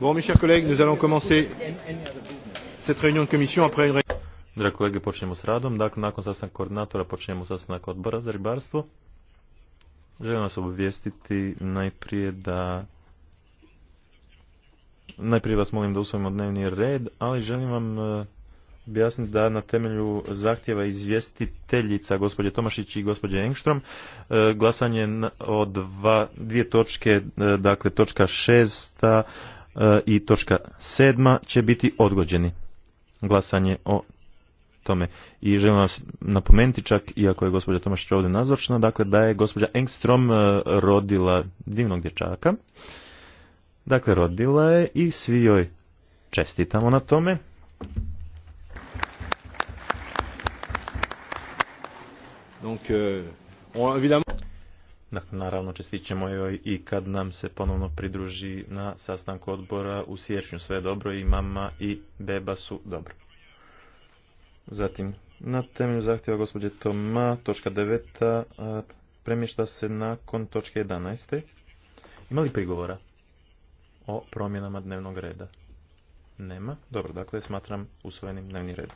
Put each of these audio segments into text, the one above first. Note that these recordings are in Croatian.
Bon, collègues, nous allons commencer kolege, počnemo s radom. Dakle, nakon sastanka koordinatora počnemo sastanak odbora za ribarstvo. Želim vas obavijestiti najprije da... Najprije vas molim da usvojimo dnevni red, ali želim vam e, objasniti da na temelju zahtjeva izvjestiteljica gospođe Tomašić i gospođe Engstrom e, glasanje o dva, dvije točke, e, dakle točka šesta E, i točka sedma će biti odgođeni glasanje o tome. I želim vam napomenuti čak, iako je gospođa Tomašić ovdje nazočna, dakle da je gospođa Engstrom e, rodila divnog dječaka. Dakle, rodila je i svi joj čestitamo na tome. Donc, euh, on, Dakle, naravno, ćemo joj i kad nam se ponovno pridruži na sastanku odbora u siječnju. Sve dobro i mama i beba su dobro. Zatim, na temelju zahtjeva gospođe Toma, točka 9. premješta se nakon točke 11. Ima li prigovora o promjenama dnevnog reda? Nema. Dobro, dakle, smatram usvojenim dnevni red.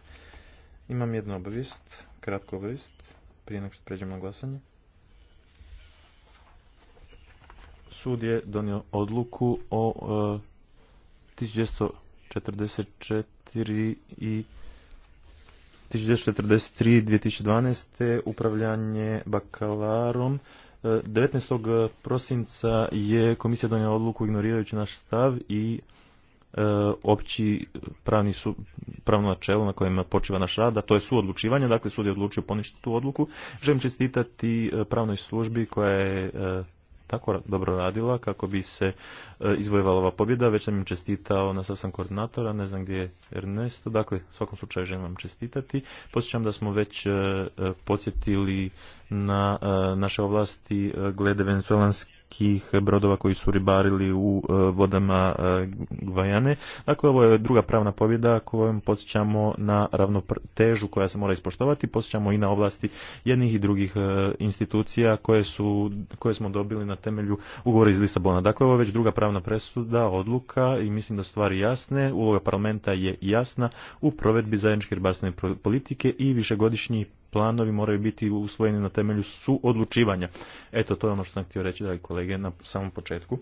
Imam jednu obavijest, kratku obavijest, prije nego što pređemo na glasanje. sud je donio odluku o e, uh, 1944 i 1943 2012. upravljanje bakalarom. 19. E, prosinca je komisija donijela odluku ignorirajući naš stav i e, opći pravni su, pravno načelo na kojem počiva naš rad, a to je suodlučivanje, dakle sud je odlučio poništiti tu odluku. Želim čestitati pravnoj službi koja je tako dobro radila kako bi se e, izvojevala ova pobjeda. Već sam im čestitao na sasvam koordinatora, ne znam gdje je Ernesto. Dakle, u svakom slučaju želim vam čestitati. Posjećam da smo već e, e, podsjetili na naše ovlasti glede venezuelanske nekih brodova koji su ribarili u e, vodama e, Gvajane. Dakle, ovo je druga pravna pobjeda kojom podsjećamo na ravnotežu koja se mora ispoštovati, podsjećamo i na ovlasti jednih i drugih e, institucija koje, su, koje smo dobili na temelju ugovora iz Lisabona. Dakle, ovo je već druga pravna presuda, odluka i mislim da stvari jasne, uloga parlamenta je jasna u provedbi zajedničke ribarstvene politike i višegodišnji planovi moraju biti usvojeni na temelju suodlučivanja. Eto, to je ono što sam htio reći, dragi kolege, na samom početku.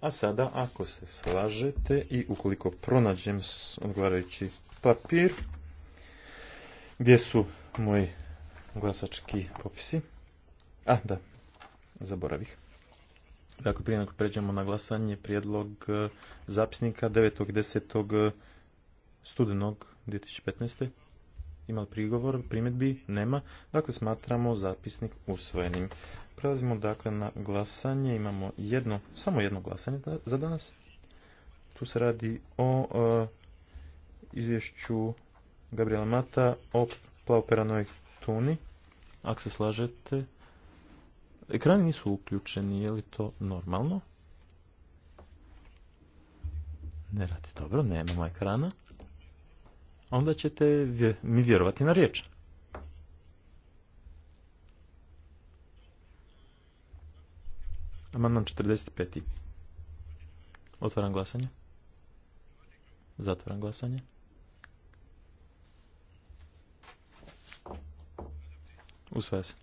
A sada, ako se slažete i ukoliko pronađem odgovarajući papir, gdje su moji glasački popisi? A, da, zaboravih. Dakle, prije nego pređemo na glasanje, prijedlog e, zapisnika 9.10. E, studenog 2015 imali prigovor, primjedbi? Nema. Dakle, smatramo zapisnik usvojenim. Prelazimo dakle na glasanje. Imamo jedno, samo jedno glasanje za danas. Tu se radi o e, izvješću Gabriela Mata o plaoperanoj tuni. Ako se slažete, ekrani nisu uključeni, je li to normalno? Ne radi dobro, nemamo ekrana onda ćete mi vjerovati na riječ. Amandman 45. Otvaram glasanje. Zatvaram glasanje. Usvaja se.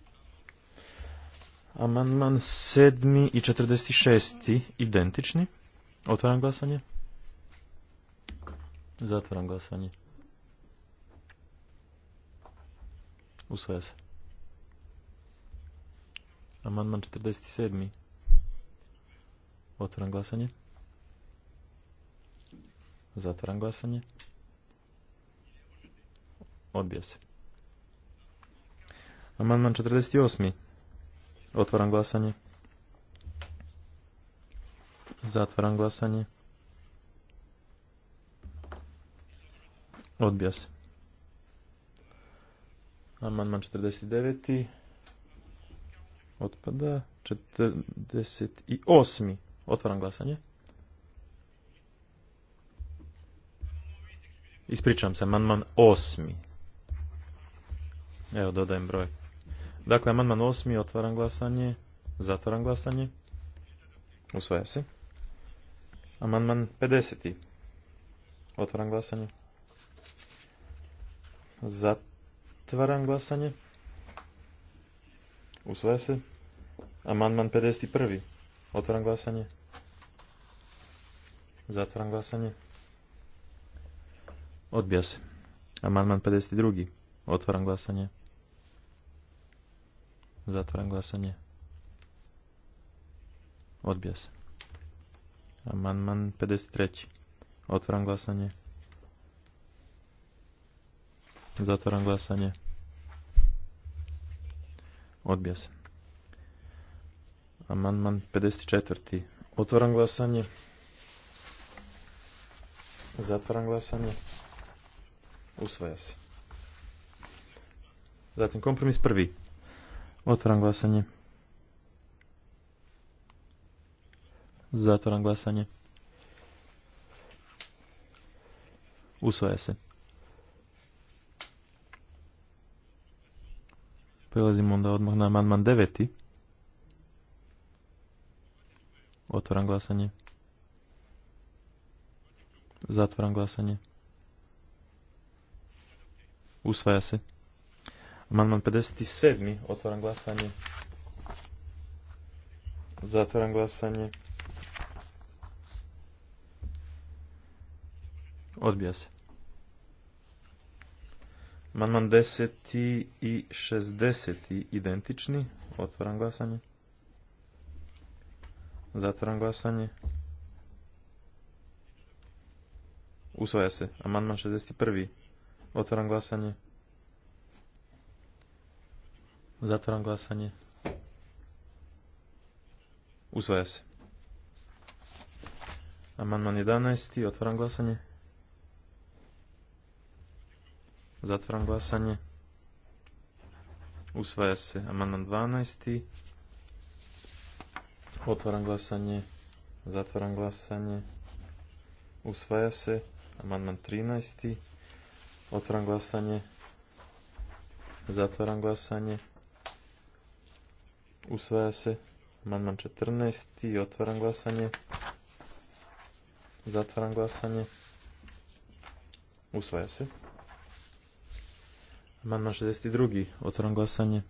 Amandman 7. i 46. identični. Otvaram glasanje. Zatvaram glasanje. Usvaja se. Amandman 47. Otvaram glasanje. Zatvaram glasanje. Odbija se. Amandman 48. Otvaram glasanje. Zatvaram glasanje. Odbija se. Amandman 49. Otpada. 48. Otvaram glasanje. Ispričavam se, amandman 8. Evo, dodajem broj. Dakle, amandman 8. Otvaram glasanje. Zatvaram glasanje. Usvaja se. Amandman 50. Otvaram glasanje. Zatvaram Otvaram glasanje. Usvaja se. Amandman 51. Otvaram glasanje. Zatvaram glasanje. Odbija se. Amandman 52. Otvaram glasanje. Zatvaram glasanje. Odbija se. Amandman 53. Otvaram glasanje. Zatvaram glasanje. Odbija se. Amandman 54. Otvaram glasanje. Zatvaram glasanje. Usvaja se. Zatim kompromis prvi. Otvaram glasanje. Zatvaram glasanje. Usvaja se. Prelazimo onda odmah na amandman deveti. Otvaram glasanje. Zatvaram glasanje. Usvaja se. Amandman 57. Otvaram glasanje. Zatvaram glasanje. Odbija se. Amandman 10. i 60. identični. Otvaram glasanje. Zatvaram glasanje. Usvaja se. Amandman 61. Otvaram glasanje. Zatvaram glasanje. Usvaja se. Amandman 11. Otvaram glasanje. Zatvaram glasanje. Usvaja se amandman 12. Otvaram glasanje. Zatvaram glasanje. Usvaja se amandman 13. Otvaram glasanje. Zatvaram glasanje. Usvaja se amandman 14. Otvaram glasanje. Zatvaram glasanje. Usvaja se. Amandman 62. Otvaram glasanje.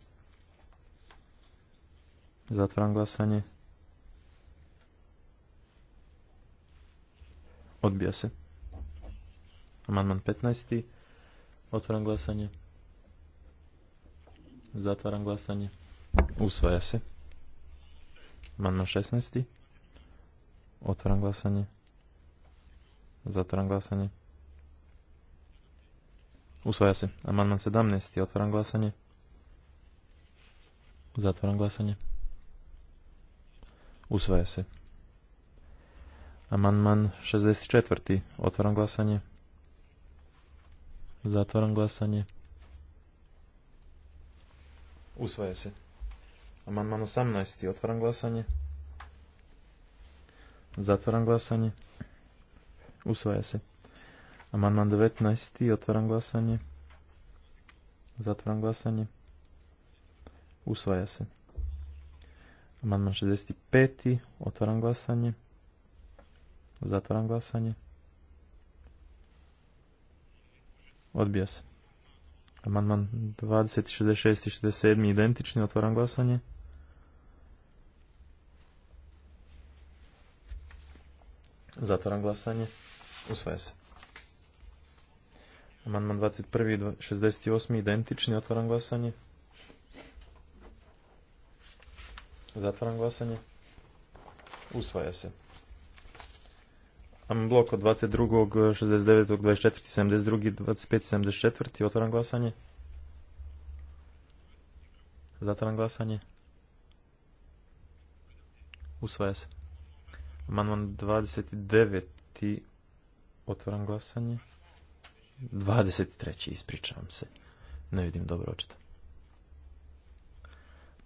Zatvaram glasanje. Odbija se. Amandman 15. Otvaram glasanje. Zatvaram glasanje. Usvaja se. Amandman 16. Otvaram glasanje. Zatvaram glasanje. Usvaja se. Amandman 17. Otvaram glasanje. Zatvaram glasanje. Usvaja se. Amandman 64. Otvaram glasanje. Zatvaram glasanje. Usvaja se. Amandman 18. Otvaram glasanje. Zatvaram glasanje. Usvaja se. Amandman 19. Otvaram glasanje. Zatvaram glasanje. Usvaja se. Amandman 65. Otvaram glasanje. Zatvaram glasanje. Odbija se. Amandman 20, 66 i 67 identični. Otvaram glasanje. Zatvaram glasanje. Usvaja se. Amandman 21. i 68. identični. Otvaram glasanje. Zatvaram glasanje. Usvaja se. Amandman blok od 22. 69. 24. 72. 25. 74. Otvaram glasanje. Zatvaram glasanje. Usvaja se. Amandman 29. Otvaram glasanje. 23. ispričavam se. Ne vidim dobro očito.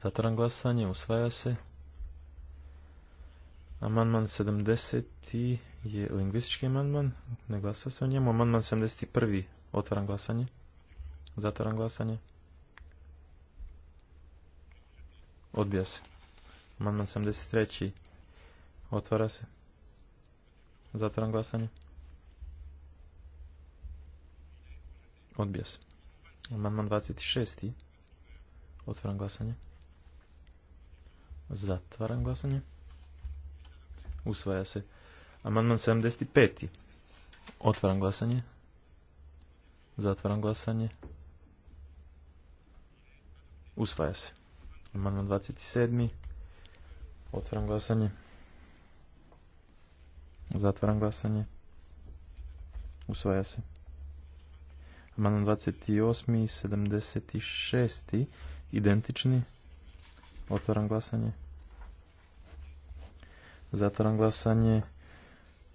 Zatvaram glasanje, usvaja se. Amandman 70. je lingvistički amandman, ne glasa se o njemu. Amandman 71. otvaram glasanje. Zatvaram glasanje. Odbija se. Amandman 73. otvara se. Zatvaram glasanje. Odbija se. Amandman 26. Otvaram glasanje. Zatvaram glasanje. Usvaja se. Amandman 75. Otvaram glasanje. Zatvaram glasanje. Usvaja se. Amandman 27. Otvaram glasanje. Zatvaram glasanje. Usvaja se. Amandman 28. i 76. identični. Otvaram glasanje. Zatvaram glasanje.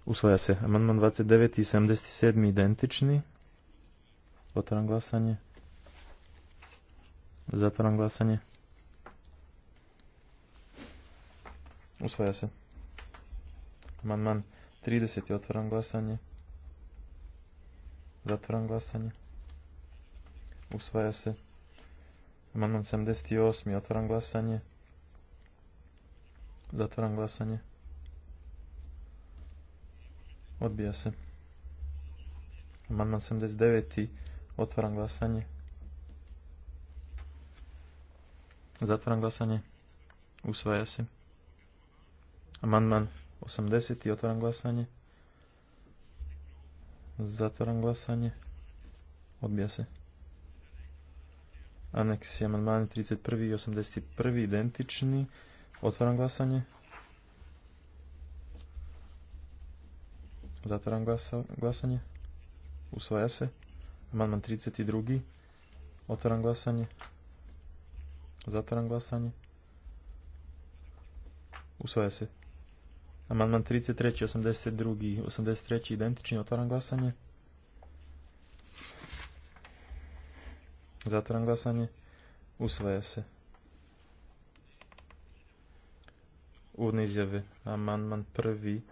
Usvaja se. Amandman 29. i 77. identični. Otvaram glasanje. Zatvaram glasanje. Usvaja se. Amandman 30. Otvaram glasanje. Zatvaram glasanje. Usvaja se. Amandman 78. Otvaram glasanje. Zatvaram glasanje. Odbija se. Amandman 79. Otvaram glasanje. Zatvaram glasanje. Usvaja se. Amandman 80. Otvaram glasanje. Zatvaram glasanje. Odbija se aneksi amandmani 31. i 81. identični. Otvaram glasanje. Zatvaram glasanje. Usvaja se. Amandman 32. Otvaram glasanje. Zatvaram glasanje. Usvaja se. Amandman 33. 82. 83. identični. Otvaram glasanje. Zatvaram glasanje. Usvaja se. Urne izjave. Amandman prvi.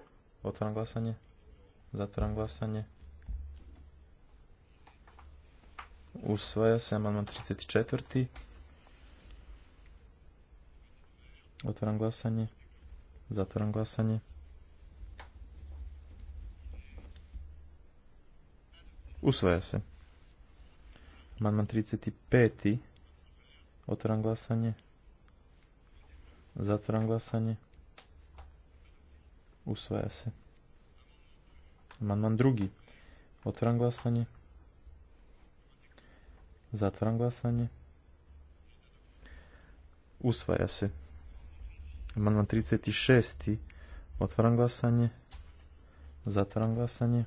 Otvaram glasanje. Zatvaram glasanje. Usvaja se. Amandman 34. Otvaram glasanje. Zatvaram glasanje. Usvaja se. Amandman 35. Otvaram glasanje. Zatvaram glasanje. Usvaja se. Amandman drugi. Otvaram glasanje. Zatvaram glasanje. Usvaja se. Amandman 36. Otvaram glasanje. Zatvaram glasanje.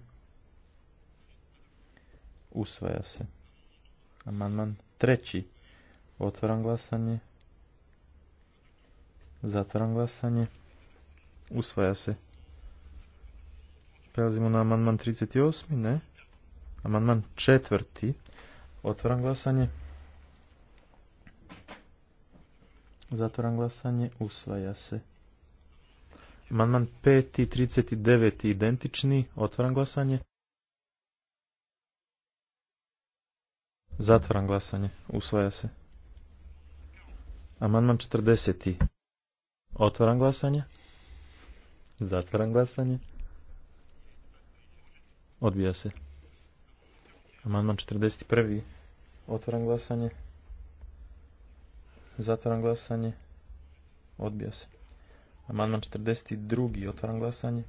Usvaja se. Amandman treći. Otvaram glasanje. Zatvaram glasanje. Usvaja se. Prelazimo na amandman 38. Ne. Amandman četvrti. Otvaram glasanje. Zatvaram glasanje. Usvaja se. Amandman peti, 39. identični. Otvaram glasanje. Zatvaram glasanje. Usvaja se. Amandman 40. Otvaram glasanje. Zatvaram glasanje. Odbija se. Amandman 41. Otvaram glasanje. Zatvaram glasanje. Odbija se. Amandman 42. Otvaram glasanje.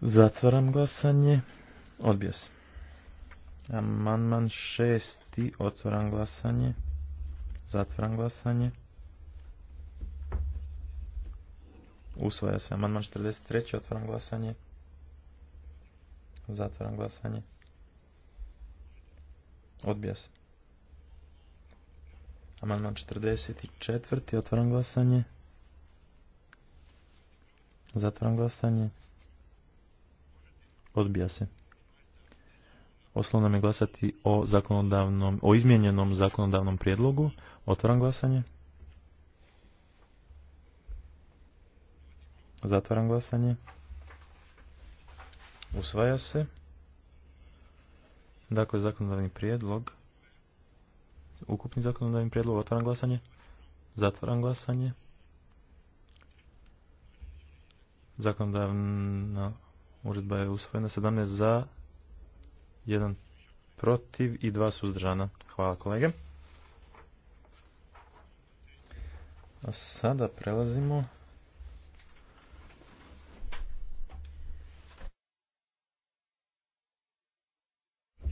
Zatvaram glasanje. Odbija se. Amandman šesti, otvoram glasanje, zatvoram glasanje. Usvaja se amandman 43. Otvaram glasanje. Zatvaram glasanje. Odbija se. Amandman 44. Otvaram glasanje. Zatvaram glasanje. Odbija se. Poslovno nam je glasati o, zakonodavnom, o izmijenjenom zakonodavnom prijedlogu. Otvaram glasanje. Zatvaram glasanje. Usvaja se. Dakle, zakonodavni prijedlog. Ukupni zakonodavni prijedlog. Otvaram glasanje. Zatvaram glasanje. Zakonodavna uredba je usvojena 17 za, jedan protiv i dva suzdržana. Hvala kolege. A sada prelazimo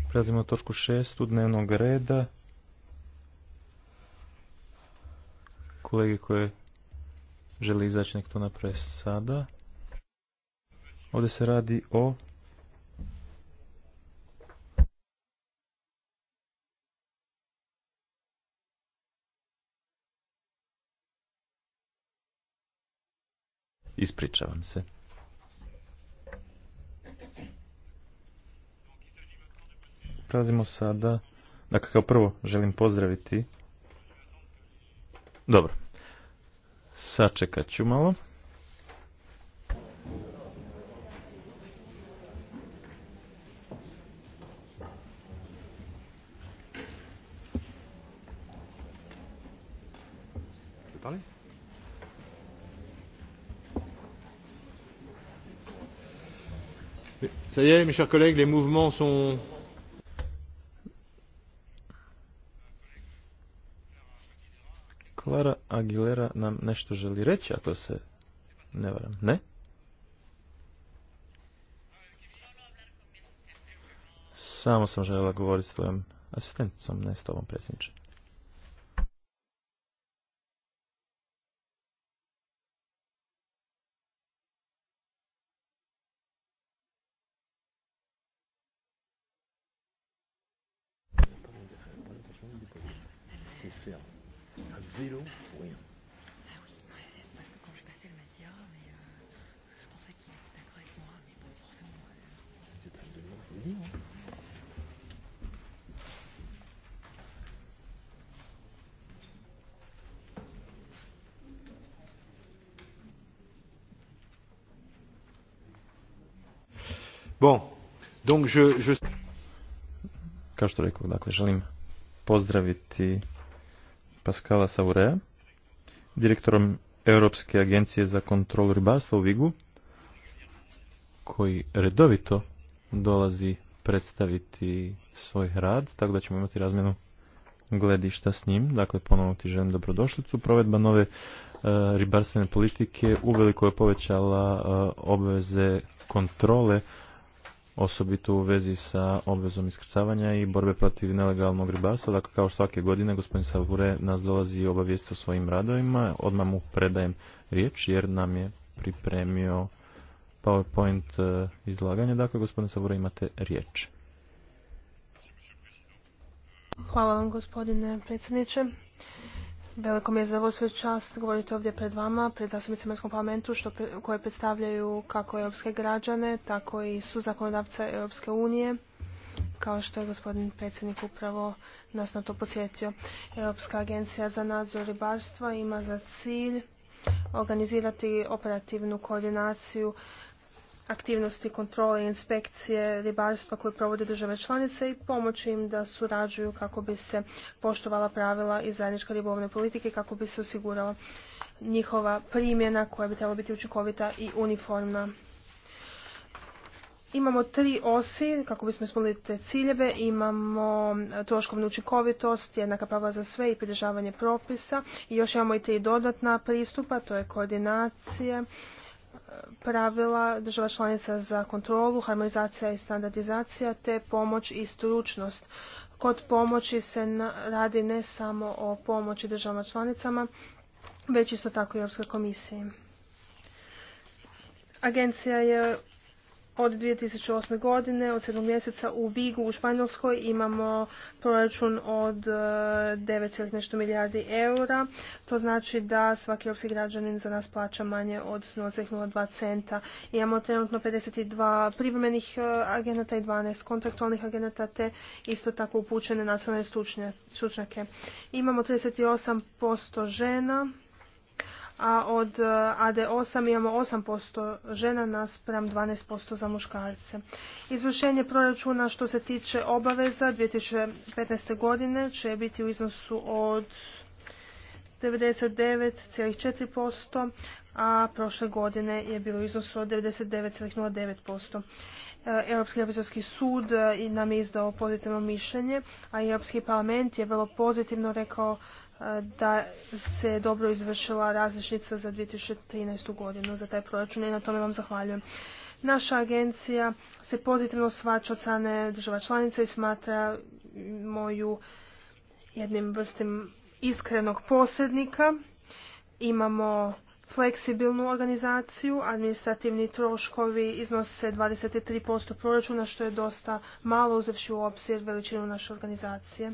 Prelazimo na točku šestu dnevnog reda. Kolege koje žele izaći nek to naprave sada. Ovdje se radi o Ispričavam se. Prelazimo sada. Dakle, kao prvo želim pozdraviti. Dobro. Sačekat ću malo. Ça y est, mes chers collègues, les mouvements sont... Clara Aguilera nam nešto želi reći, ako se ne varam. Ne? Samo sam željela govoriti s tvojom asistenticom, ne s tobom, predsjedniče. Kao što rekao, dakle, želim pozdraviti Paskala Savurea, direktorom Europske agencije za kontrolu ribarstva u Vigu, koji redovito dolazi predstaviti svoj rad, tako da ćemo imati razmjenu gledišta s njim. Dakle, ponovno ti želim dobrodošlicu. Provedba nove e, ribarstvene politike uveliko je povećala e, obveze kontrole osobito u vezi sa obvezom iskrcavanja i borbe protiv nelegalnog ribarstva. Dakle, kao svake godine, gospodin Savure nas dolazi obavijesti o svojim radovima. Odmah mu predajem riječ jer nam je pripremio PowerPoint e, izlaganje. Dakle, gospodin Savure, imate riječ. Hvala vam, gospodine predsjedniče. Veliko mi je zadovoljstvo svoj čast govoriti ovdje pred vama, pred zastupnicima Europskom parlamentu koje predstavljaju kako europske građane, tako i su zakonodavca Europske unije, kao što je gospodin predsjednik upravo nas na to podsjetio. Europska agencija za nadzor ribarstva ima za cilj organizirati operativnu koordinaciju aktivnosti kontrole i inspekcije ribarstva koje provode države članice i pomoći im da surađuju kako bi se poštovala pravila i zajedničke ribovne politike kako bi se osigurala njihova primjena koja bi trebala biti učinkovita i uniformna. Imamo tri osi kako bismo ispunili te ciljeve. Imamo e, troškovnu učinkovitost, jednaka prava za sve i pridržavanje propisa. I još imamo i tri dodatna pristupa, to je koordinacije, pravila država članica za kontrolu, harmonizacija i standardizacija te pomoć i stručnost. Kod pomoći se radi ne samo o pomoći državama članicama, već isto tako i Europskoj komisiji. Agencija je od 2008. godine, od 7 mjeseca u Vigu u Španjolskoj imamo proračun od 9, e, nešto milijardi eura. To znači da svaki europski građanin za nas plaća manje od 0,02 centa. Imamo trenutno 52 privremenih e, agenata i 12 kontraktualnih agenata te isto tako upućene nacionalne stručnjake. Imamo 38% žena a od e, AD8 imamo 8% žena naspram 12% za muškarce. Izvršenje proračuna što se tiče obaveza 2015. godine će biti u iznosu od 99,4%, a prošle godine je bilo u iznosu od 99,09%. E, Europski revizorski sud e, nam je izdao pozitivno mišljenje, a Europski parlament je vrlo pozitivno rekao da se dobro izvršila različnica za 2013. godinu za taj proračun i na tome vam zahvaljujem. Naša agencija se pozitivno svača od strane država članica i smatra moju jednim vrstim iskrenog posrednika. Imamo fleksibilnu organizaciju, administrativni troškovi iznose 23% proračuna, što je dosta malo uzevši u obzir veličinu naše organizacije.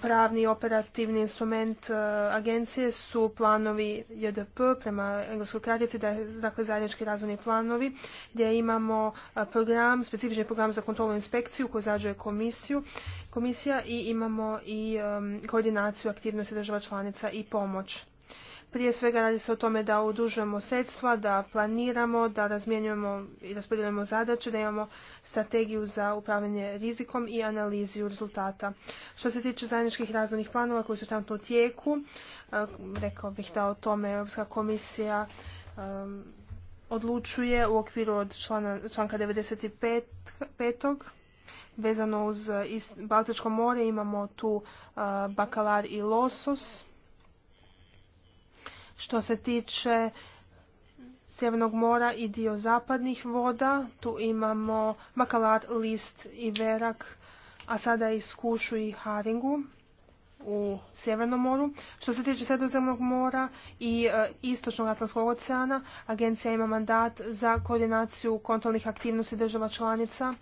pravni operativni instrument e, agencije su planovi JDP prema engleskoj kratici, dakle zajednički razvojni planovi, gdje imamo e, program, specifični program za kontrolu inspekciju koju zađuje komisiju, komisija i imamo i e, koordinaciju aktivnosti država članica i pomoć. Prije svega radi se o tome da odužujemo sredstva, da planiramo, da razmjenjujemo i raspodjeljujemo zadaće, da imamo strategiju za upravljanje rizikom i analiziju rezultata. Što se tiče zajedničkih razvojnih planova koji su trenutno u tijeku, e, rekao bih da o tome Europska komisija odlučuje u okviru od članka 95. Petog, vezano uz Baltičko more imamo tu e, bakalar i losos što se tiče Sjevernog mora i dio zapadnih voda, tu imamo Makalat, list i verak, a sada i skušu i haringu u Sjevernom moru. Što se tiče Sredozemnog mora i e, Istočnog Atlantskog oceana, agencija ima mandat za koordinaciju kontrolnih aktivnosti država članica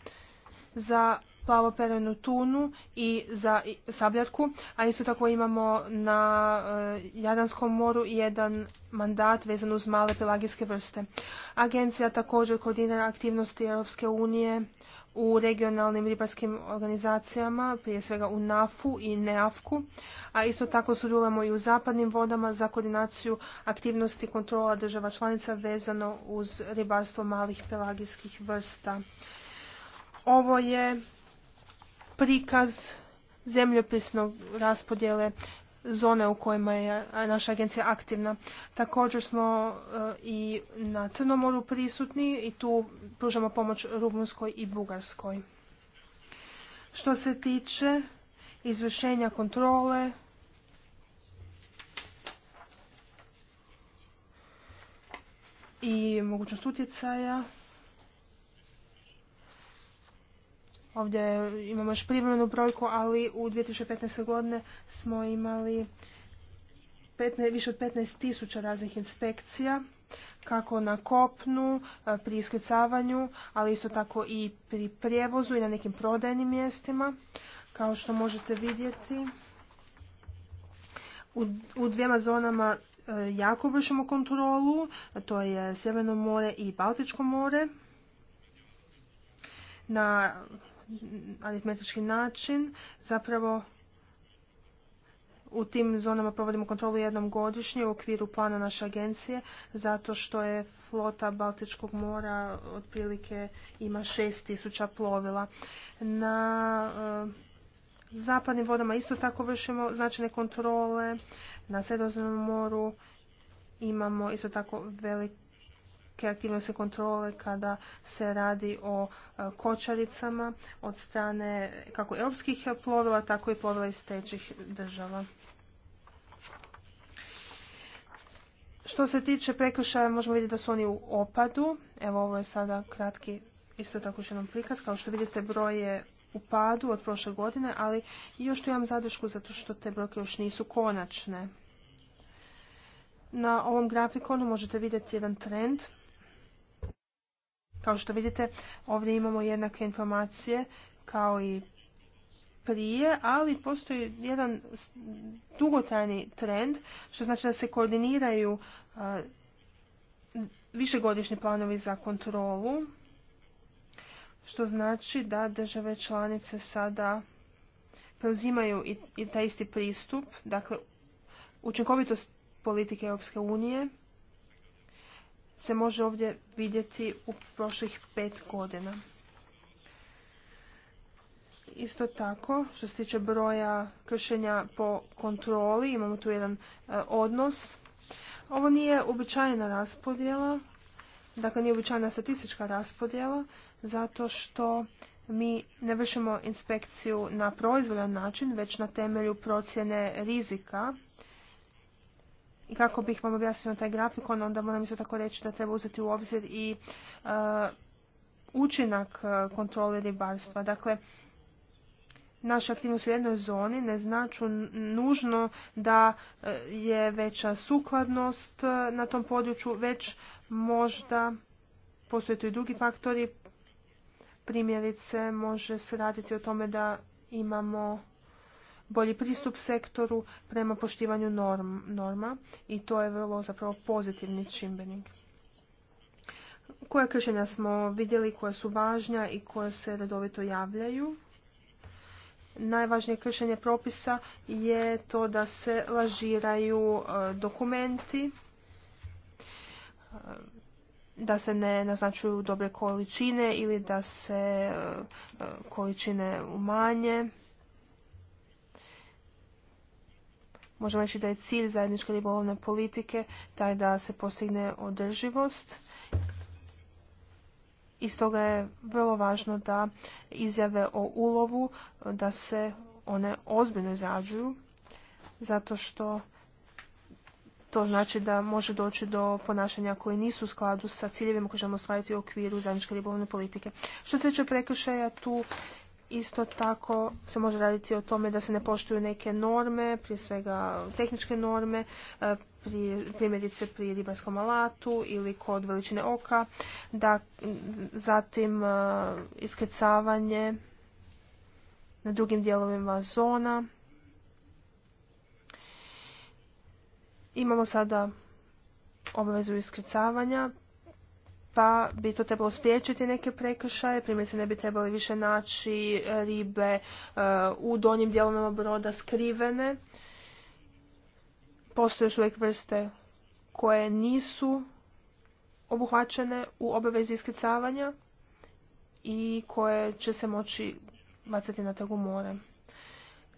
za plavoperenu tunu i za sabljarku, a isto tako imamo na e, Jadranskom moru jedan mandat vezan uz male pelagijske vrste. Agencija također koordinira aktivnosti Europske unije u regionalnim ribarskim organizacijama, prije svega u NAF-u i NEAF-ku, a isto tako sudjelujemo i u zapadnim vodama za koordinaciju aktivnosti kontrola država članica vezano uz ribarstvo malih pelagijskih vrsta. Ovo je prikaz zemljopisnog raspodjele zone u kojima je naša agencija aktivna. Također smo e, i na Crnom moru prisutni i tu pružamo pomoć Rumunskoj i Bugarskoj. Što se tiče izvršenja kontrole, i mogućnost utjecaja Ovdje imamo još privremenu brojku, ali u 2015. godine smo imali 15, više od 15 tisuća raznih inspekcija, kako na kopnu, pri iskrcavanju, ali isto tako i pri prijevozu i na nekim prodajnim mjestima. Kao što možete vidjeti, u, u dvijema zonama e, jako vršimo kontrolu, to je Sjeverno more i Baltičko more. Na aritmetički način zapravo u tim zonama provodimo kontrolu jednom godišnje u okviru plana naše agencije, zato što je flota Baltičkog mora otprilike ima 6000 plovila. Na e, zapadnim vodama isto tako vršimo značajne kontrole, na Sredozemnom moru imamo isto tako velik aktivnosti kontrole kada se radi o e, kočaricama od strane kako europskih plovila, tako i plovila iz trećih država. Što se tiče prekršaja, možemo vidjeti da su oni u opadu. Evo ovo je sada kratki isto tako još jednom prikaz. Kao što vidite, broj je u padu od prošle godine, ali još tu imam zadršku zato što te brojke još nisu konačne. Na ovom grafikonu možete vidjeti jedan trend kao što vidite, ovdje imamo jednake informacije kao i prije, ali postoji jedan dugotrajni trend, što znači da se koordiniraju e, višegodišnji planovi za kontrolu, što znači da države članice sada preuzimaju i taj isti pristup, dakle učinkovitost politike Europske unije se može ovdje vidjeti u prošlih pet godina. Isto tako, što se tiče broja kršenja po kontroli, imamo tu jedan e, odnos. Ovo nije uobičajena raspodjela, dakle nije običajna statistička raspodjela, zato što mi ne vršimo inspekciju na proizvoljan način, već na temelju procjene rizika i kako bih vam objasnila taj grafikon, onda moram isto tako reći da treba uzeti u obzir i e, učinak e, kontrole ribarstva. Dakle, naša aktivnost u jednoj zoni ne znači nužno da e, je veća sukladnost na tom području, već možda postoje tu i drugi faktori. Primjerice, može se raditi o tome da imamo bolji pristup sektoru prema poštivanju norm, norma i to je vrlo zapravo pozitivni čimbenik. Koja kršenja smo vidjeli, koja su važnja i koja se redovito javljaju? Najvažnije kršenje propisa je to da se lažiraju e, dokumenti, e, da se ne naznačuju dobre količine ili da se e, količine umanje. možemo reći da je cilj zajedničke ribolovne politike taj da se postigne održivost. I stoga je vrlo važno da izjave o ulovu, da se one ozbiljno izrađuju, zato što to znači da može doći do ponašanja koje nisu u skladu sa ciljevima koje želimo ostvariti u okviru zajedničke ribolovne politike. Što se tiče prekršaja, tu Isto tako se može raditi o tome da se ne poštuju neke norme, prije svega tehničke norme, e, primjerice pri ribarskom alatu ili kod veličine oka, da, zatim e, iskrcavanje na drugim dijelovima zona. Imamo sada obvezu iskrcavanja pa bi to trebalo spriječiti neke prekršaje, primjerice ne bi trebali više naći e, ribe e, u donjim dijelovima broda skrivene. Postoje još uvijek vrste koje nisu obuhvaćene u obavezi iskricavanja i koje će se moći bacati na tegu more.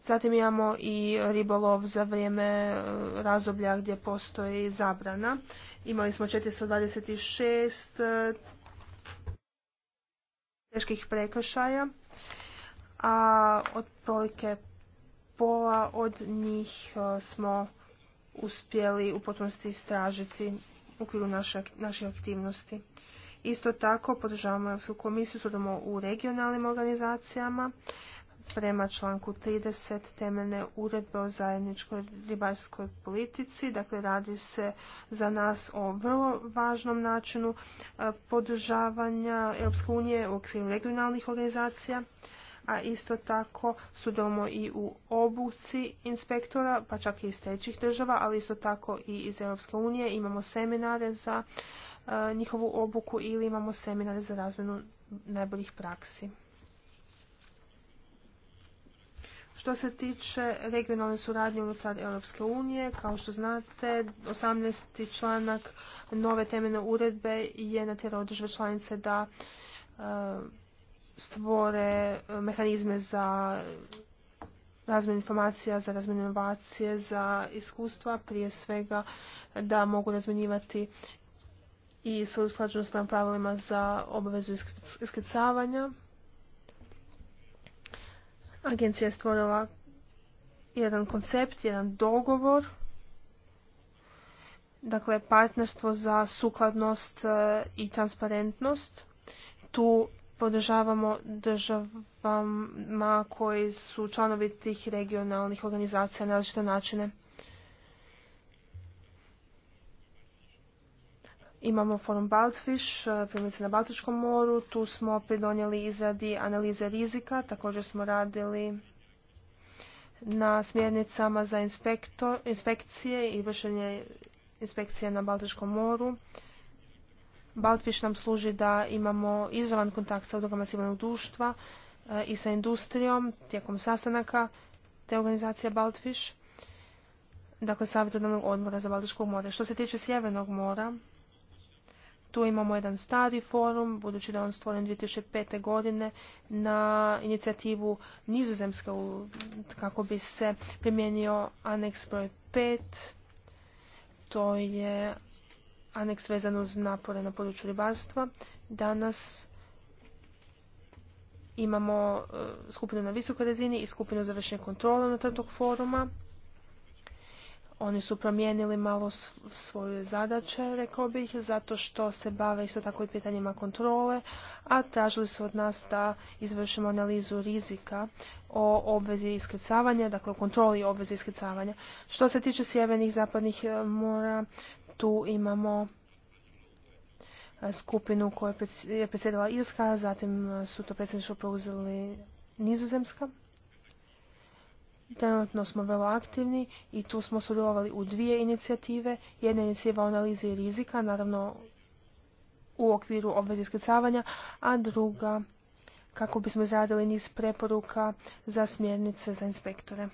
Zatim imamo i ribolov za vrijeme e, razdoblja gdje postoji zabrana. Imali smo 426 e, teških prekršaja, a otprilike pola od njih e, smo uspjeli u potpunosti istražiti u okviru naše, aktivnosti. Isto tako podržavamo Europsku komisiju, sudamo u regionalnim organizacijama prema članku 30 temeljne uredbe o zajedničkoj ribarskoj politici. Dakle, radi se za nas o vrlo važnom načinu e, podržavanja Europske unije u okviru regionalnih organizacija a isto tako su domo i u obuci inspektora, pa čak i iz trećih država, ali isto tako i iz Europske unije. Imamo seminare za e, njihovu obuku ili imamo seminare za razmjenu najboljih praksi. Što se tiče regionalne suradnje unutar Europske unije, kao što znate, 18. članak nove temeljne uredbe je natjerao države članice da e, stvore e, mehanizme za razmjenu informacija, za razmjenu inovacije, za iskustva, prije svega da mogu razmjenjivati i svoju usklađenost prema pravilima za obavezu iskrcavanja. Agencija je stvorila jedan koncept, jedan dogovor, dakle partnerstvo za sukladnost eh, i transparentnost. Tu podržavamo državama koji su članovi tih regionalnih organizacija na različite načine. Imamo forum Baltfish, e, primjerice na Baltičkom moru, tu smo pridonijeli izradi analize rizika, također smo radili na smjernicama za inspekcije i vršenje inspekcije na Baltičkom moru. Baltfish nam služi da imamo izravan kontakt sa udrugama civilnog društva e, i sa industrijom tijekom sastanaka te organizacija Baltfish, dakle savjetodavnog odmora za Baltičko more. Što se tiče Sjevernog mora, tu imamo jedan stari forum, budući da je on stvoren 2005. godine na inicijativu Nizozemske kako bi se primijenio aneks broj 5. To je aneks vezan uz napore na području ribarstva. Danas imamo e, skupinu na visokoj razini i skupinu za vršenje kontrole na tog foruma oni su promijenili malo svoje zadaće, rekao bih, zato što se bave isto tako i pitanjima kontrole, a tražili su od nas da izvršimo analizu rizika o obvezi iskrcavanja, dakle o kontroli obveze iskrcavanja. Što se tiče sjevernih zapadnih e, mora, tu imamo e, skupinu koja je predsjedila Irska, zatim e, su to predsjedništvo preuzeli Nizozemska. Trenutno smo vrlo aktivni i tu smo sudjelovali u dvije inicijative. Jedna inicijativa o analizi rizika, naravno u okviru obveze iskrcavanja, a druga kako bismo izradili niz preporuka za smjernice za inspektore.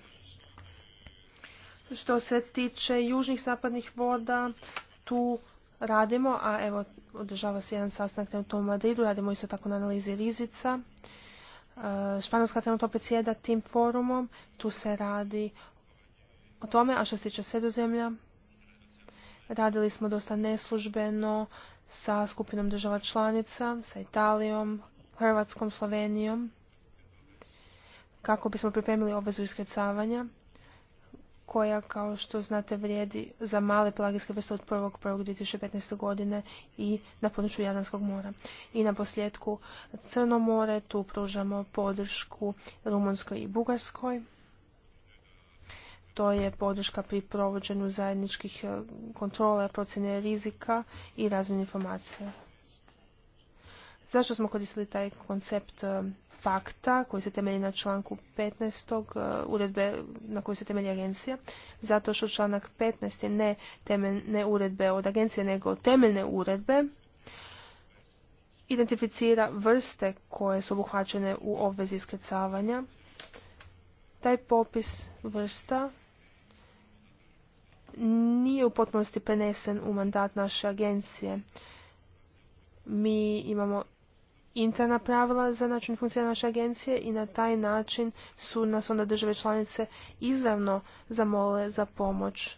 Što se tiče južnih zapadnih voda, tu radimo, a evo održava se jedan sastanak na tom Madridu, radimo isto tako na analizi rizica Španjolska trenutno predsjeda tim forumom, tu se radi o tome, a što se tiče sredozemlja, radili smo dosta neslužbeno sa skupinom država članica, sa Italijom, Hrvatskom, Slovenijom, kako bismo pripremili obvezu iskrecavanja koja kao što znate vrijedi za male pelagijske vrste od 1.1.2015. godine i na području Jadranskog mora. I na posljedku Crno more tu pružamo podršku Rumunskoj i Bugarskoj. To je podrška pri provođenju zajedničkih e, kontrola, procjene rizika i razmjene informacija. Zašto smo koristili taj koncept e, pakta koji se temelji na članku 15. E, uredbe na koji se temelji agencija, zato što članak 15. ne uredbe od agencije, nego temeljne uredbe, identificira vrste koje su obuhvaćene u obvezi iskrcavanja. Taj popis vrsta nije u potpunosti prenesen u mandat naše agencije. Mi imamo interna pravila za način funkcioniranja naše agencije i na taj način su nas onda države članice izravno zamole za pomoć.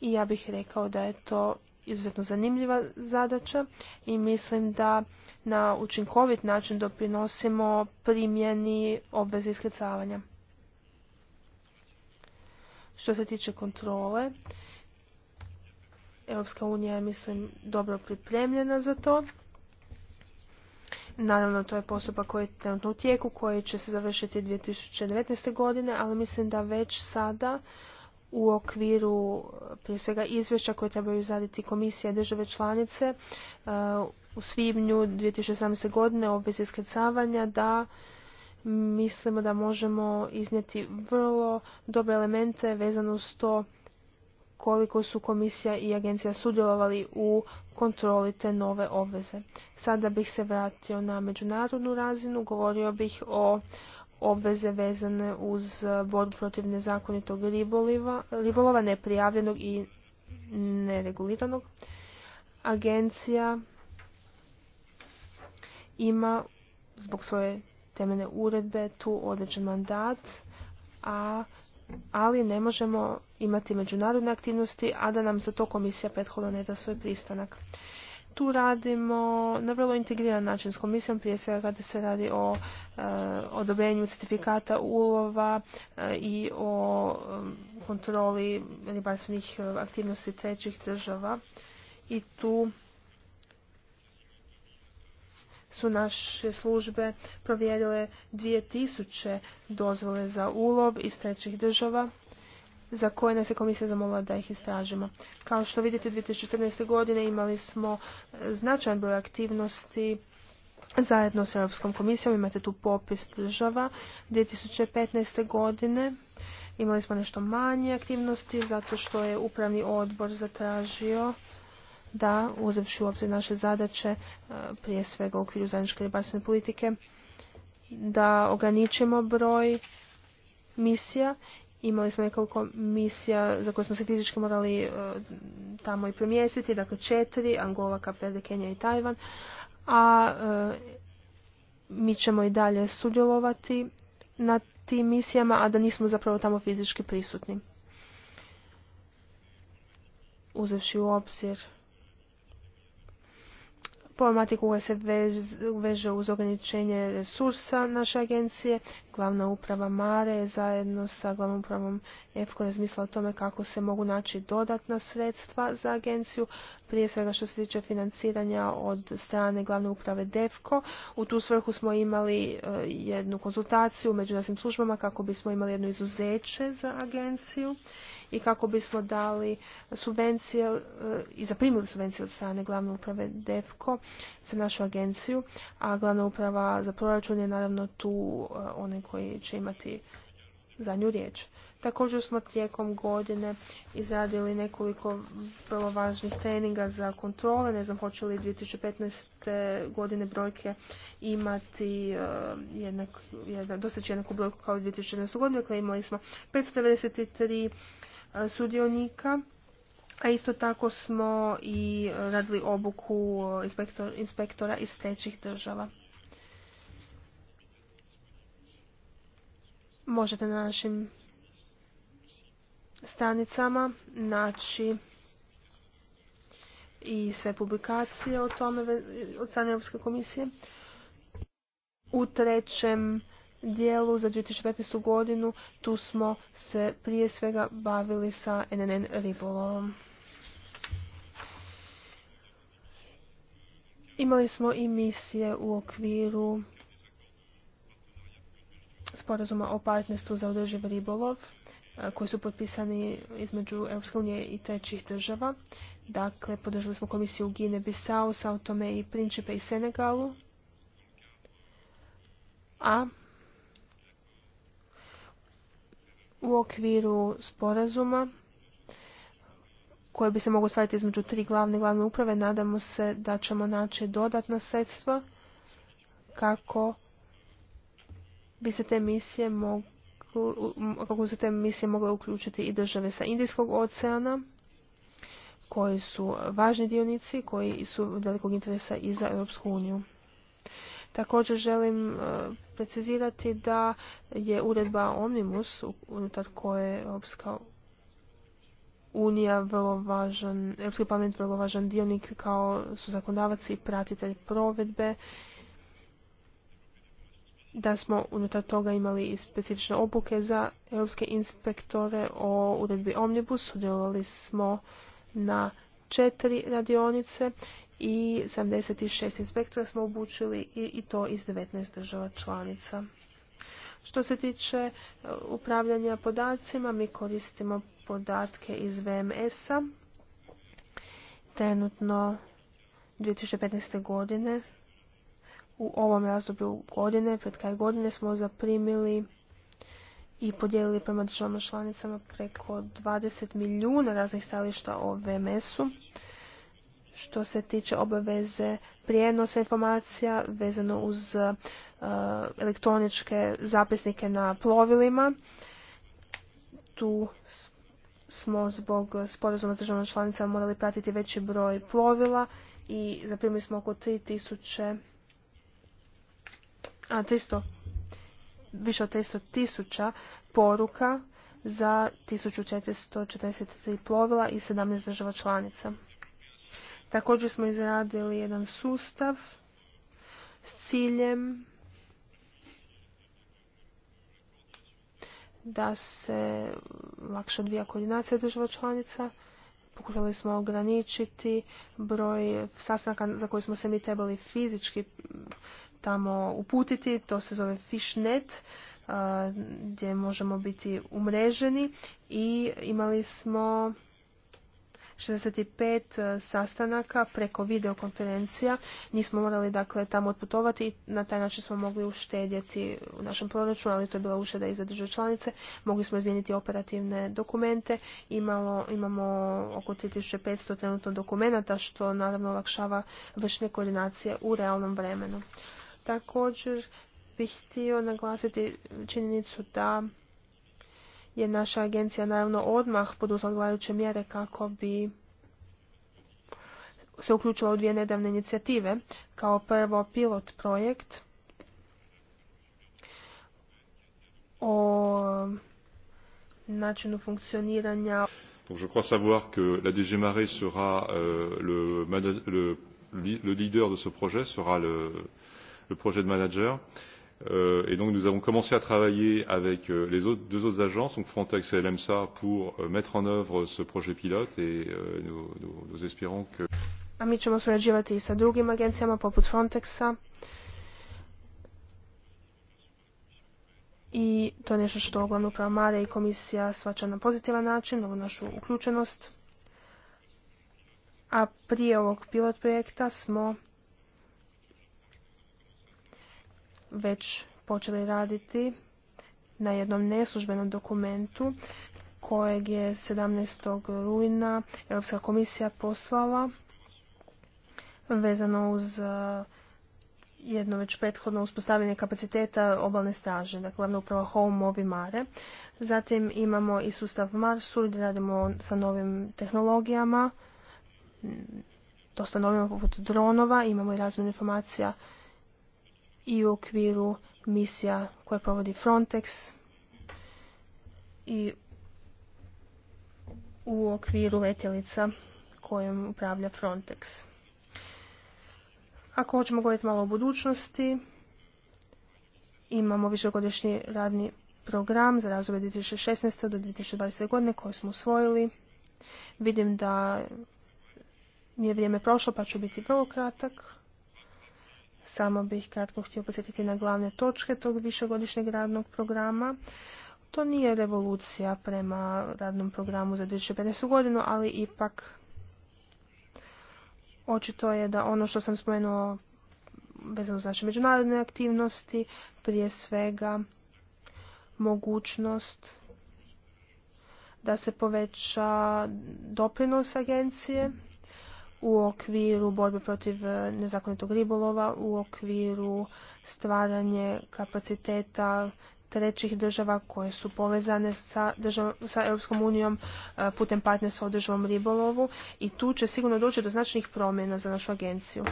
I ja bih rekao da je to izuzetno zanimljiva zadaća i mislim da na učinkovit način doprinosimo primjeni obveze iskrcavanja. Što se tiče kontrole, Europska unija je, mislim, dobro pripremljena za to. Naravno, to je postupak koji je trenutno u tijeku, koji će se završiti 2019. godine, ali mislim da već sada u okviru prije svega izvješća koje trebaju izraditi komisije države članice uh, u svibnju 2017. godine obvez iskrcavanja da mislimo da možemo iznijeti vrlo dobre elemente vezano uz to koliko su komisija i agencija sudjelovali u kontroli te nove obveze. Sada bih se vratio na međunarodnu razinu, govorio bih o obveze vezane uz borbu protiv nezakonitog riboliva, ribolova, neprijavljenog i nereguliranog. Agencija ima zbog svoje temene uredbe tu određen mandat, a ali ne možemo imati međunarodne aktivnosti, a da nam za to komisija prethodno ne da svoj pristanak. Tu radimo na vrlo integriran način s komisijom, prije svega kada se radi o eh, odobrenju certifikata ulova eh, i o eh, kontroli ribarstvenih aktivnosti trećih država. I tu su naše službe provjerile 2000 dozvole za ulov iz trećih država za koje nas je komisija zamolila da ih istražimo. Kao što vidite, 2014. godine imali smo e, značajan broj aktivnosti zajedno s Europskom komisijom. Imate tu popis država. 2015. godine imali smo nešto manje aktivnosti zato što je upravni odbor zatražio da, uzevši u obzir naše zadaće, e, prije svega u okviru zajedničke ribarstvene politike, da ograničimo broj misija. Imali smo nekoliko misija za koje smo se fizički morali e, tamo i premjestiti, dakle četiri, Angola, Kapverde, Kenija i Tajvan. A e, mi ćemo i dalje sudjelovati na tim misijama, a da nismo zapravo tamo fizički prisutni. Uzevši u obzir problematiku koja se veže uz ograničenje resursa naše agencije. Glavna uprava Mare je zajedno sa glavnom upravom EFKO razmisla o tome kako se mogu naći dodatna sredstva za agenciju, prije svega što se tiče financiranja od strane glavne uprave DEFCO, U tu svrhu smo imali e, jednu konzultaciju među nasim službama kako bismo imali jedno izuzeće za agenciju i kako bismo dali subvencije e, i zaprimili subvencije od strane glavne uprave DEFCO za našu agenciju, a glavna uprava za proračun je naravno tu e, onaj koji će imati zadnju riječ. Također smo tijekom godine izradili nekoliko vrlo važnih treninga za kontrole. Ne znam hoće li 2015. godine brojke imati e, jednak, jednaku brojku kao i 2014. godine. Dakle, imali smo 593 sudionika. A isto tako smo i radili obuku inspektora iz trećih država. Možete na našim stranicama naći i sve publikacije o tome od strane Europske komisije. U trećem dijelu za 2015. godinu. Tu smo se prije svega bavili sa NNN ribolovom. Imali smo i misije u okviru sporazuma o partnerstvu za održiv ribolov koji su potpisani između Europske i trećih država. Dakle, podržali smo komisiju Gine Bissau, Sao Tome i Principe i Senegalu. A u okviru sporazuma koje bi se mogu staviti između tri glavne glavne uprave, nadamo se da ćemo naći dodatna sredstva kako bi se te misije mogle kako se te misije mogle uključiti i države sa Indijskog oceana, koji su važni dionici, koji su velikog interesa i za Europsku uniju. Također želim e, precizirati da je uredba Omnibus unutar koje Europska unija vrlo važan, Europski parlament vrlo važan dionik kao su zakonodavac i pratitelj provedbe da smo unutar toga imali i specifične obuke za europske inspektore o uredbi Omnibus. Sudjelovali smo na četiri radionice i 76 inspektora smo obučili i to iz 19 država članica. Što se tiče e, upravljanja podacima, mi koristimo podatke iz VMS-a. Trenutno 2015. godine, u ovom razdoblju godine, pred kraj godine smo zaprimili i podijelili prema državama članicama preko 20 milijuna raznih stajališta o VMS-u što se tiče obaveze prijenosa informacija vezano uz uh, elektroničke zapisnike na plovilima. Tu smo zbog sporazuma s državnom članicama morali pratiti veći broj plovila i zaprimili smo oko 3000 a 300 više od 300 tisuća poruka za 1443 plovila i 17 država članica. Također smo izradili jedan sustav s ciljem da se lakše odvija koordinacija država članica. Pokušali smo ograničiti broj sastanaka za koje smo se mi trebali fizički tamo uputiti. To se zove fishnet gdje možemo biti umreženi i imali smo 65 e, sastanaka preko videokonferencija. Nismo morali dakle tamo otputovati i na taj način smo mogli uštedjeti u našem proračunu, ali to je bila ušteda i za države članice. Mogli smo izmijeniti operativne dokumente. Imalo, imamo oko 3500 trenutno dokumenata što naravno olakšava vršne koordinacije u realnom vremenu. Također bih htio naglasiti činjenicu da je naša agencija naravno odmah poduzela odgovarajuće mjere kako bi se uključila u dvije nedavne inicijative. Kao prvo pilot projekt o načinu funkcioniranja. je crois savoir que la DG Marais sera euh, le, leader de ce projet, sera le, projet de manager. Euh, et donc nous avons commencé à travailler avec euh, les autres, deux autres agences, donc Frontex et LMSA, pour euh, mettre en œuvre ce projet pilote et nous, nous, nous espérons que... A mi ćemo surađivati i sa drugim agencijama poput Frontexa. I to je nešto što uglavnom uprava Mare i komisija svača na pozitivan način, ovu našu uključenost. A prije ovog pilot projekta smo već počeli raditi na jednom neslužbenom dokumentu kojeg je 17. rujna Europska komisija poslala vezano uz e, jedno već prethodno uspostavljanje kapaciteta obalne straže, dakle glavno uprava Home, Mobi, Mare. Zatim imamo i sustav Marsur gdje radimo sa novim tehnologijama, dosta novima poput dronova, imamo i razmjenu informacija i u okviru misija koje provodi Frontex i u okviru letjelica kojom upravlja Frontex. Ako hoćemo govoriti malo o budućnosti, imamo višegodišnji radni program za razvoj 2016. do 2020. godine koji smo usvojili. Vidim da nije vrijeme prošlo pa ću biti vrlo kratak. Samo bih kratko htio posjetiti na glavne točke tog višegodišnjeg radnog programa. To nije revolucija prema radnom programu za 2015. godinu, ali ipak očito je da ono što sam spomenuo vezano za međunarodne aktivnosti, prije svega mogućnost da se poveća doprinos agencije u okviru borbe protiv e, nezakonitog ribolova, u okviru stvaranje kapaciteta trećih država koje su povezane sa, EU Europskom unijom e, putem partnerstva o državom ribolovu i tu će sigurno doći do značajnih promjena za našu agenciju.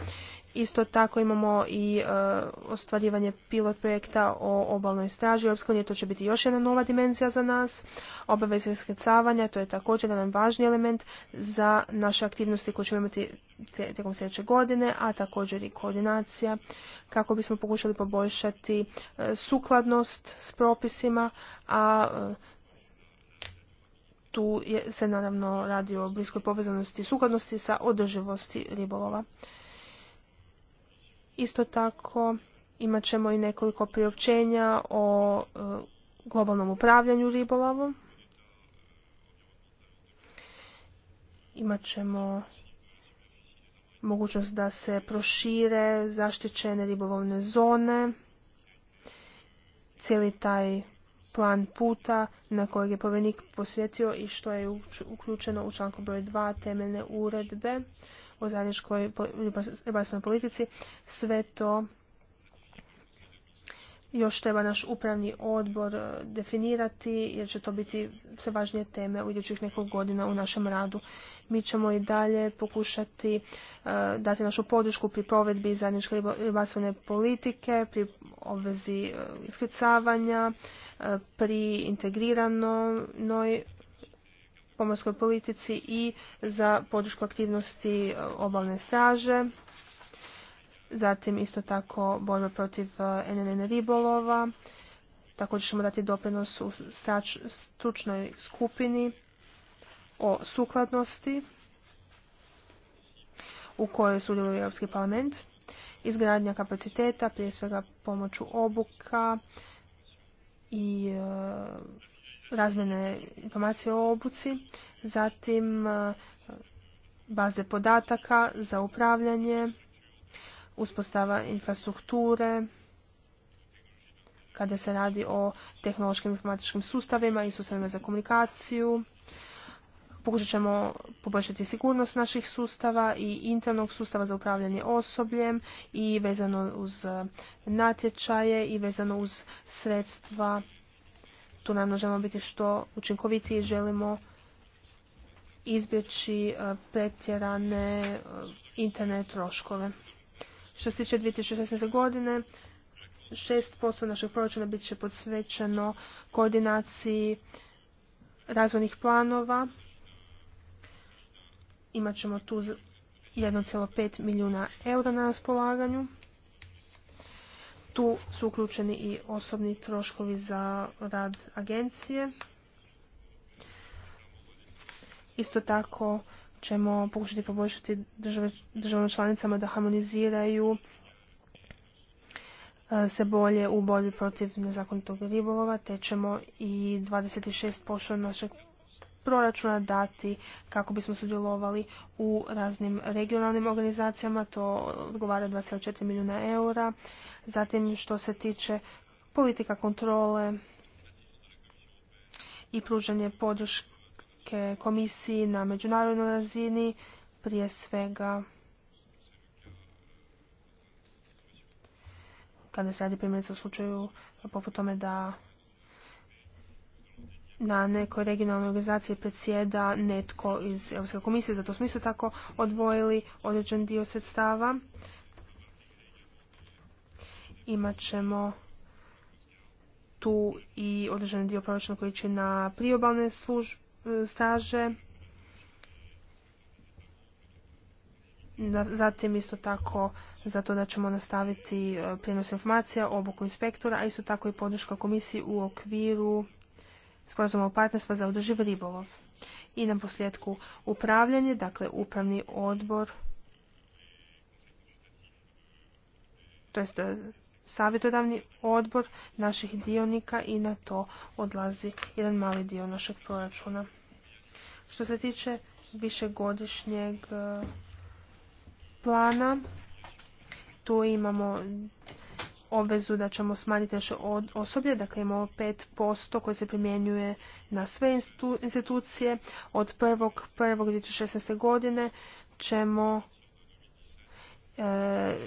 Isto tako imamo i e, ostvarivanje pilot projekta o obalnoj straži Europske To će biti još jedna nova dimenzija za nas. Obaveze iskrcavanja, to je također jedan važni element za naše aktivnosti koje ćemo imati tijekom sljedeće godine, a također i koordinacija kako bismo pokušali poboljšati e, sukladnost s propisima, a e, tu je, se naravno radi o bliskoj povezanosti sukladnosti sa održivosti ribolova. Isto tako imat ćemo i nekoliko priopćenja o e, globalnom upravljanju ribolovom. Imat ćemo mogućnost da se prošire zaštićene ribolovne zone, cijeli taj plan puta na kojeg je povjerenik posvjetio i što je uključeno u članku broj 2 temeljne uredbe o zajedničkoj ribarstvenoj politici. Sve to još treba naš upravni odbor e, definirati jer će to biti sve važnije teme u idućih nekog godina u našem radu. Mi ćemo i dalje pokušati e, dati našu podršku pri provedbi zajedničke ribarstvene politike, pri obvezi e, iskricavanja, pri integriranoj pomorskoj politici i za podršku aktivnosti e, obalne straže. Zatim isto tako borba protiv NNN e, ribolova. Također ćemo dati doprinos u stručnoj skupini o sukladnosti u kojoj sudjeluje Europski parlament. Izgradnja kapaciteta, prije svega pomoću obuka i e, razmjene informacije o obuci, zatim e, baze podataka za upravljanje, uspostava infrastrukture, kada se radi o tehnološkim informatičkim sustavima i sustavima za komunikaciju. Pokušat ćemo poboljšati sigurnost naših sustava i internog sustava za upravljanje osobljem i vezano uz e, natječaje i vezano uz sredstva tu naravno želimo biti što učinkovitiji, želimo izbjeći e, pretjerane e, internet troškove. Što se tiče 2016. godine, 6% našeg proračuna bit će podsvećeno koordinaciji razvojnih planova. Imat ćemo tu 1,5 milijuna eura na raspolaganju. Tu su uključeni i osobni troškovi za rad agencije. Isto tako ćemo pokušati poboljšati državnom državama članicama da harmoniziraju e, se bolje u borbi protiv nezakonitog ribolova, te ćemo i 26% našeg proračuna dati kako bismo sudjelovali u raznim regionalnim organizacijama, to odgovara 2,4 milijuna eura. Zatim što se tiče politika kontrole i pružanje podrške komisiji na međunarodnoj razini, prije svega kada se radi primjerice u slučaju poput tome da na nekoj regionalnoj organizaciji predsjeda netko iz Europske komisije, zato smo isto tako odvojili određen dio sredstava. Imat ćemo tu i određen dio proračuna koji će na priobalne staže. Zatim isto tako zato da ćemo nastaviti e, prijenos informacija, obuku inspektora, a isto tako i podrška komisiji u okviru sporazuma o partnerstva za održiv ribolov. I na posljedku upravljanje, dakle upravni odbor, to jest e, savjetodavni odbor naših dionika i na to odlazi jedan mali dio našeg proračuna. Što se tiče višegodišnjeg e, plana, tu imamo obvezu da ćemo smanjiti naše osoblje, dakle imamo 5% koje se primjenjuje na sve institucije. Od 1.1.2016. godine ćemo e,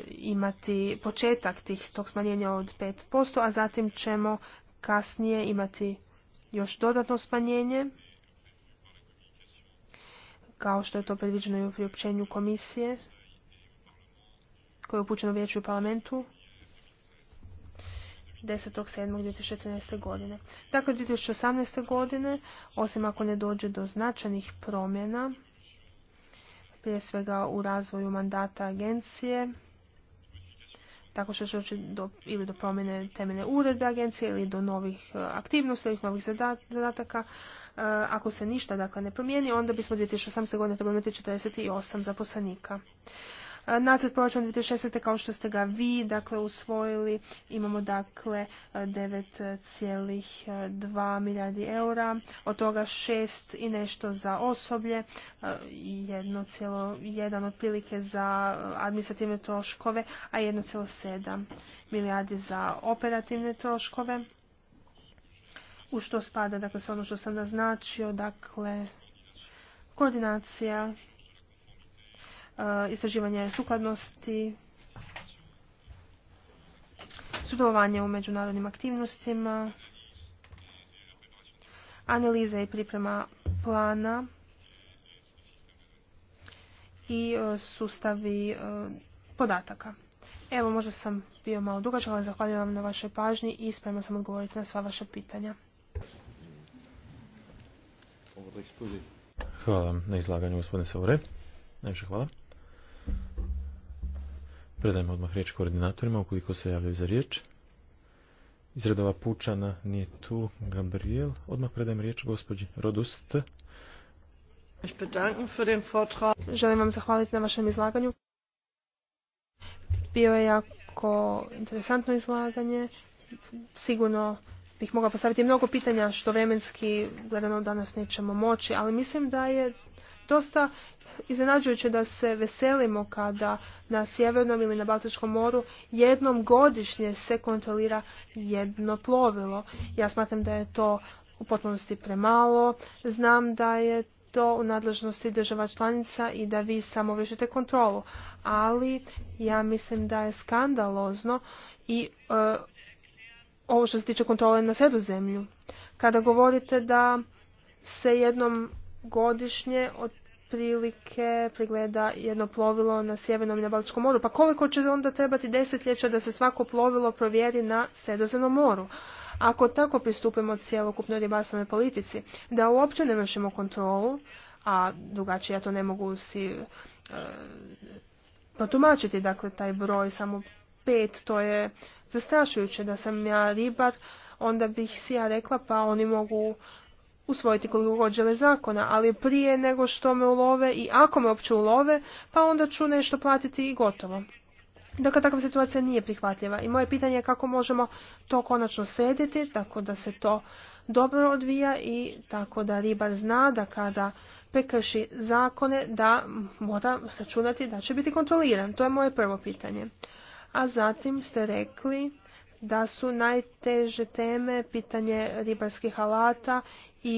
imati početak tih, tog smanjenja od 5%, a zatim ćemo kasnije imati još dodatno smanjenje, kao što je to predviđeno i u priopćenju komisije koje je upućeno vijeću i parlamentu 10.7.2014. godine. Dakle, 2018. godine, osim ako ne dođe do značajnih promjena, prije svega u razvoju mandata agencije, tako što će doći do, ili do promjene temeljne uredbe agencije ili do novih e, aktivnosti ili novih zadataka. E, ako se ništa dakle, ne promijeni, onda bismo 2018. godine trebali imati 48 zaposlenika. Nacrt proračuna 2016. kao što ste ga vi dakle usvojili imamo dakle 9,2 milijardi eura, od toga 6 i nešto za osoblje, 1,1 otprilike za administrativne troškove, a 1,7 milijardi za operativne troškove. U što spada, dakle, sve ono što sam naznačio, dakle, koordinacija, E, istraživanje sukladnosti, sudjelovanje u međunarodnim aktivnostima, analiza i priprema plana i e, sustavi e, podataka. Evo, možda sam bio malo dugačak, ali zahvaljujem vam na vašoj pažnji i spremno sam odgovoriti na sva vaša pitanja. Hvala na izlaganju, gospodine Saure. Najviše hvala. Predajem odmah riječ koordinatorima ukoliko se javljaju za riječ. Izredova Pučana nije tu Gabriel. Odmah predajem riječ gospođi Rodust. Želim vam zahvaliti na vašem izlaganju. Bio je jako interesantno izlaganje. Sigurno bih mogla postaviti mnogo pitanja što vremenski gledano danas nećemo moći, ali mislim da je dosta iznenađujuće da se veselimo kada na sjevernom ili na Baltičkom moru jednom godišnje se kontrolira jedno plovilo. Ja smatram da je to u potpunosti premalo. Znam da je to u nadležnosti država članica i da vi samo vršite kontrolu. Ali ja mislim da je skandalozno i e, ovo što se tiče kontrole na zemlju. Kada govorite da se jednom godišnje otprilike pregleda jedno plovilo na Sjevernom i na Balčkom moru. Pa koliko će onda trebati desetljeća da se svako plovilo provjeri na Sredozemnom moru? Ako tako pristupimo cjelokupnoj ribarstvenoj politici, da uopće ne vršimo kontrolu, a drugačije ja to ne mogu si e, protumačiti, dakle taj broj samo pet, to je zastrašujuće da sam ja ribar, onda bih si ja rekla pa oni mogu usvojiti koliko god žele zakona, ali prije nego što me ulove i ako me uopće ulove, pa onda ću nešto platiti i gotovo. Dakle, takva situacija nije prihvatljiva i moje pitanje je kako možemo to konačno srediti, tako da se to dobro odvija i tako da ribar zna da kada prekrši zakone da mora računati da će biti kontroliran. To je moje prvo pitanje. A zatim ste rekli da su najteže teme pitanje ribarskih alata i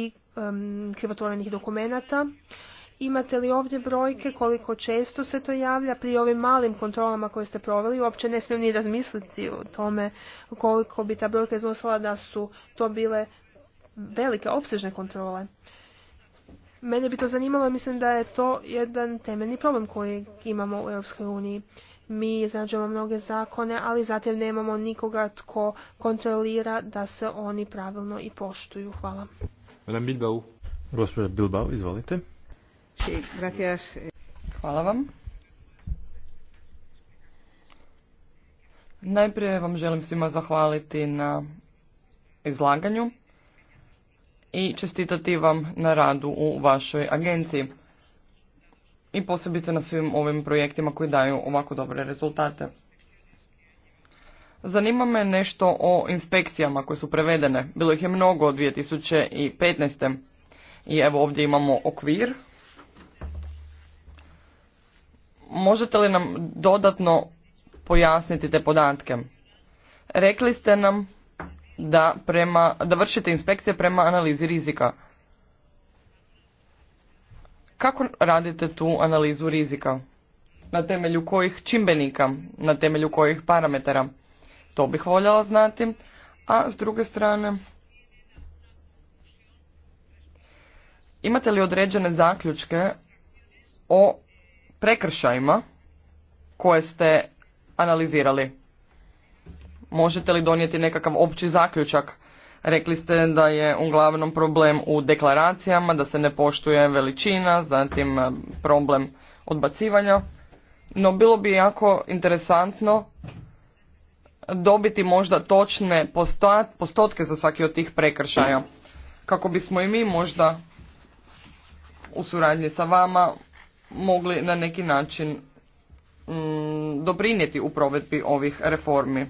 krivotvorenih dokumenata. Imate li ovdje brojke koliko često se to javlja pri ovim malim kontrolama koje ste proveli? Uopće ne smijem ni razmisliti o tome koliko bi ta brojka iznosila da su to bile velike, opsežne kontrole. Mene bi to zanimalo mislim da je to jedan temeljni problem koji imamo u EU. Mi izrađujemo mnoge zakone, ali zatim nemamo nikoga tko kontrolira da se oni pravilno i poštuju. Hvala. Madame Bilbao. Bilbao, Hvala vam. Najprije vam želim svima zahvaliti na izlaganju i čestitati vam na radu u vašoj agenciji i posebice na svim ovim projektima koji daju ovako dobre rezultate. Zanima me nešto o inspekcijama koje su prevedene. Bilo ih je mnogo od 2015. I evo ovdje imamo okvir. Možete li nam dodatno pojasniti te podatke? Rekli ste nam da, prema, da vršite inspekcije prema analizi rizika. Kako radite tu analizu rizika? Na temelju kojih čimbenika? Na temelju kojih parametara? To bih voljela znati. A s druge strane, imate li određene zaključke o prekršajima koje ste analizirali? Možete li donijeti nekakav opći zaključak? Rekli ste da je uglavnom problem u deklaracijama, da se ne poštuje veličina, zatim eh, problem odbacivanja. No bilo bi jako interesantno dobiti možda točne postotke za svaki od tih prekršaja kako bismo i mi možda u suradnji sa vama mogli na neki način mm, doprinijeti u provedbi ovih reformi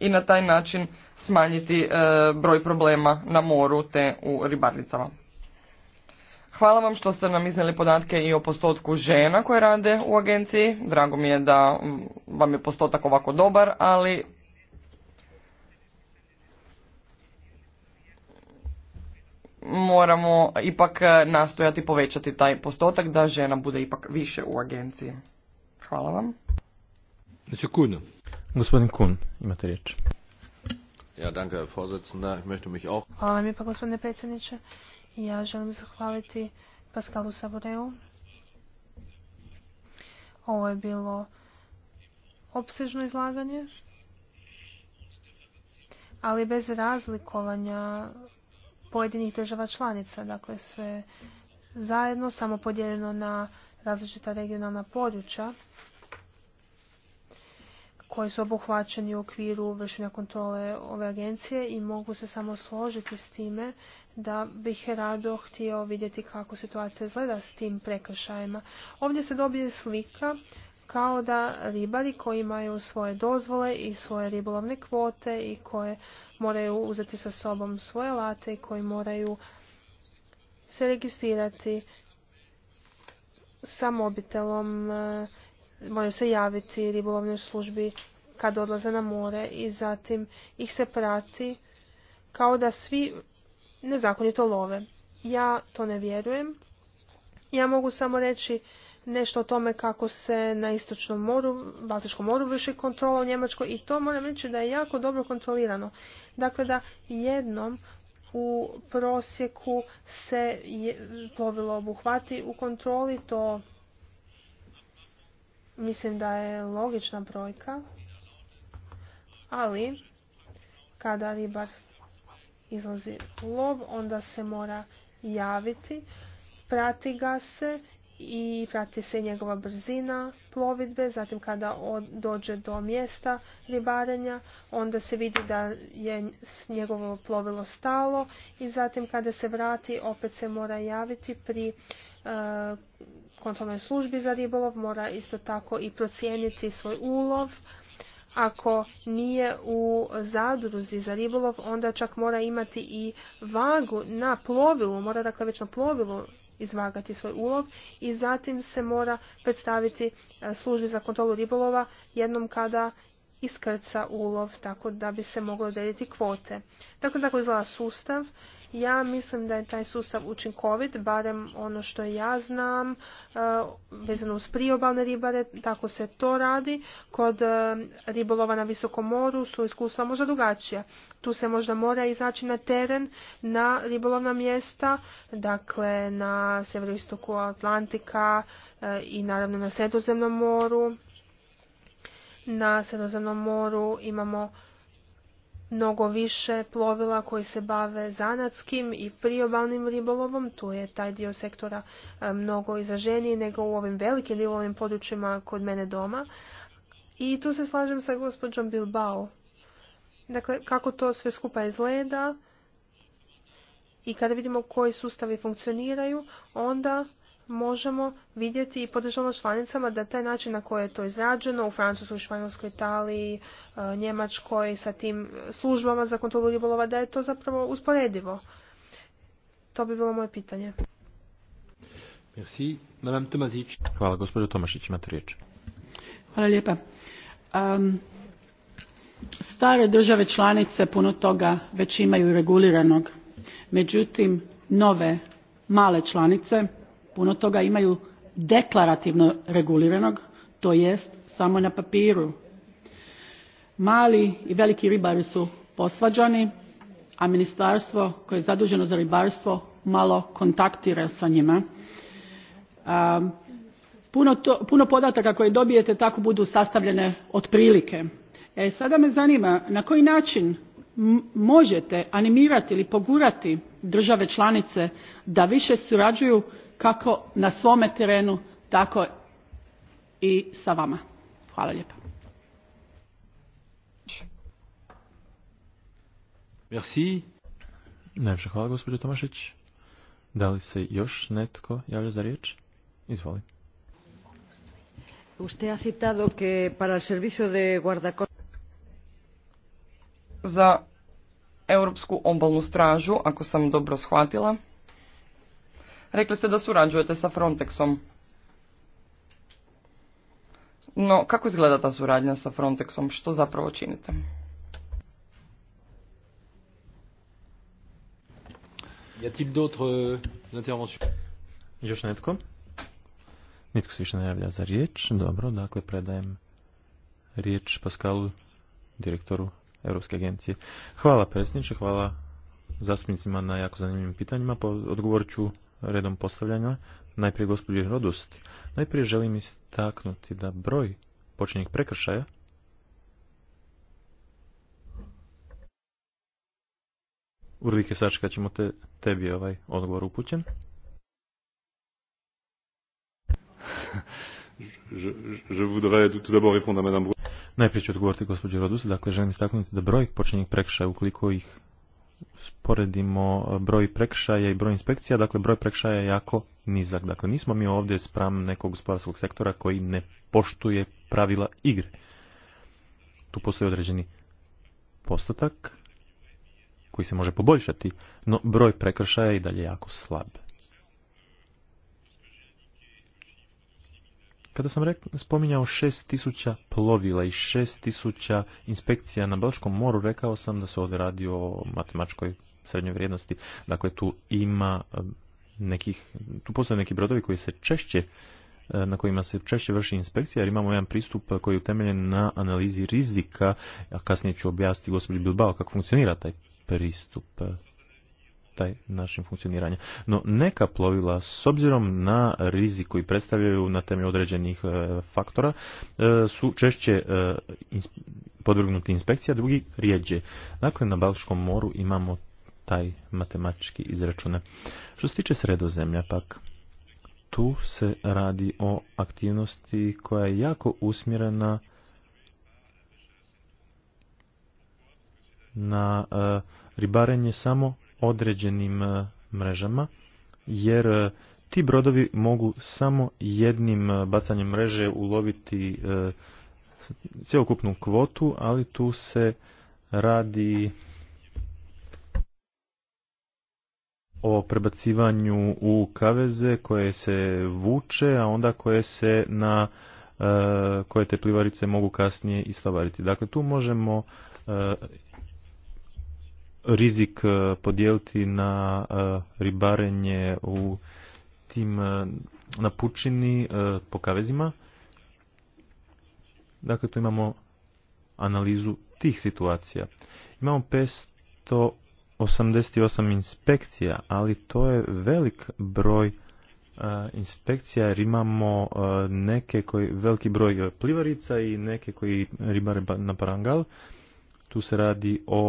i na taj način smanjiti e, broj problema na moru te u ribarnicama Hvala vam što ste nam iznijeli podatke i o postotku žena koje rade u agenciji. Drago mi je da mm, vam je postotak ovako dobar, ali moramo ipak e, nastojati povećati taj postotak da žena bude ipak više u agenciji. Hvala vam. Gospodin Kun, imate riječ. Ja, danke, Ich möchte mich auch... Hvala gospodine ja želim zahvaliti Paskalu Saboreu. Ovo je bilo opsežno izlaganje, ali bez razlikovanja pojedinih država članica, dakle sve zajedno, samo podijeljeno na različita regionalna područja koji su obuhvaćeni u okviru vršenja kontrole ove agencije i mogu se samo složiti s time da bih rado htio vidjeti kako situacija izgleda s tim prekršajima. Ovdje se dobije slika kao da ribari koji imaju svoje dozvole i svoje ribolovne kvote i koje moraju uzeti sa sobom svoje late i koji moraju se registrirati sa mobitelom moraju se javiti ribolovnoj službi kad odlaze na more i zatim ih se prati kao da svi nezakonito love. Ja to ne vjerujem. Ja mogu samo reći nešto o tome kako se na istočnom moru, Baltičkom moru vrši kontrola u Njemačkoj i to moram reći da je jako dobro kontrolirano. Dakle da jednom u prosjeku se je, plovilo obuhvati u kontroli, to mislim da je logična brojka, ali kada ribar izlazi u lov, onda se mora javiti, prati ga se i prati se njegova brzina plovidbe, zatim kada dođe do mjesta ribarenja, onda se vidi da je njegovo plovilo stalo i zatim kada se vrati opet se mora javiti pri eh, kontrolnoj službi za ribolov mora isto tako i procijeniti svoj ulov. Ako nije u zadruzi za ribolov, onda čak mora imati i vagu na plovilu, mora dakle već na plovilu izvagati svoj ulov i zatim se mora predstaviti e, službi za kontrolu ribolova jednom kada iskrca ulov tako da bi se moglo odrediti kvote. Dakle, tako izgleda sustav ja mislim da je taj sustav učinkovit, barem ono što ja znam, e, vezano uz priobalne ribare, tako se to radi. Kod e, ribolova na visokom moru su iskustva možda drugačija. Tu se možda mora izaći na teren, na ribolovna mjesta, dakle na sjeveroistoku Atlantika e, i naravno na Sredozemnom moru. Na Sredozemnom moru imamo mnogo više plovila koji se bave zanatskim i priobalnim ribolovom. Tu je taj dio sektora e, mnogo izraženiji nego u ovim velikim ribolovnim područjima kod mene doma. I tu se slažem sa gospođom Bilbao. Dakle, kako to sve skupa izgleda i kada vidimo koji sustavi funkcioniraju, onda možemo vidjeti i po članicama da taj način na koji je to izrađeno u Francuskoj, Španjolskoj, Italiji, e, Njemačkoj sa tim službama za kontrolu ribolova da je to zapravo usporedivo. To bi bilo moje pitanje. Hvala, gospođo Tomašić, imate riječ. Hvala lijepa. stare države članice puno toga već imaju reguliranog. Međutim, nove male članice puno toga imaju deklarativno reguliranog to jest samo na papiru. mali i veliki ribari su posvađani a ministarstvo koje je zaduženo za ribarstvo malo kontaktira sa njima. Puno, puno podataka koje dobijete tako budu sastavljene otprilike. E, sada me zanima na koji način možete animirati ili pogurati države članice da više surađuju kako na svome terenu tako i sa vama. Hvala lijepa. Merci. Najviše hvala gospođo Tomašić. Da li se još netko javlja za riječ? Izvoli. Usted ha citado que para el servicio de guardacor za Europsku obalnu stražu, ako sam dobro shvatila, Rekli ste da surađujete sa Frontexom. No, kako izgleda ta suradnja sa Frontexom? Što zapravo činite? Euh, Još netko? Nitko se više ne javlja za riječ. Dobro, dakle predajem riječ Paskalu, direktoru Europske agencije. Hvala predsjedniče, hvala zastupnicima na jako zanimljivim pitanjima. Odgovorit ću redom postavljanja. Najprije gospođi Rodust. Najprije želim istaknuti da broj počinjenih prekršaja Urlike Sačka ćemo te, tebi ovaj odgovor upućen. je, je tout d'abord répondre à Madame Najprije ću odgovoriti gospođi Rodus, dakle želim istaknuti da broj počinjenih prekršaja ukoliko ih sporedimo broj prekršaja i broj inspekcija, dakle broj prekršaja je jako nizak. Dakle, nismo mi ovdje spram nekog gospodarskog sektora koji ne poštuje pravila igre. Tu postoji određeni postotak koji se može poboljšati, no broj prekršaja je i dalje jako slab. Kada sam rekao spominjao tisuća plovila i tisuća inspekcija na Balčkom moru, rekao sam da se ovdje radi o matematičkoj srednjoj vrijednosti. Dakle, tu ima eh, nekih, tu postoje neki brodovi koji se češće eh, na kojima se češće vrši inspekcija, jer imamo jedan pristup koji je utemeljen na analizi rizika, a kasnije ću objasniti gospođi Bilbao kako funkcionira taj pristup taj način funkcioniranja. No neka plovila s obzirom na rizik koji predstavljaju na temelju određenih e, faktora e, su češće e, podvrgnuti inspekcija, drugi rijeđe. Dakle, na Balškom moru imamo taj matematički izračune. Što se tiče sredozemlja pak, tu se radi o aktivnosti koja je jako usmjerena na ribarenje samo određenim e, mrežama, jer e, ti brodovi mogu samo jednim e, bacanjem mreže uloviti cjelokupnu kvotu, ali tu se radi o prebacivanju u kaveze koje se vuče, a onda koje se na koje te plivarice mogu kasnije islavariti. Dakle, tu možemo rizik e, podijeliti na e, ribarenje u tim e, na pučini po kavezima. Dakle, tu imamo analizu tih situacija. Imamo 588 inspekcija, ali to je velik broj inspekcija jer imamo neke koji, veliki broj plivarica i neke koji ribare na parangal. Tu se radi o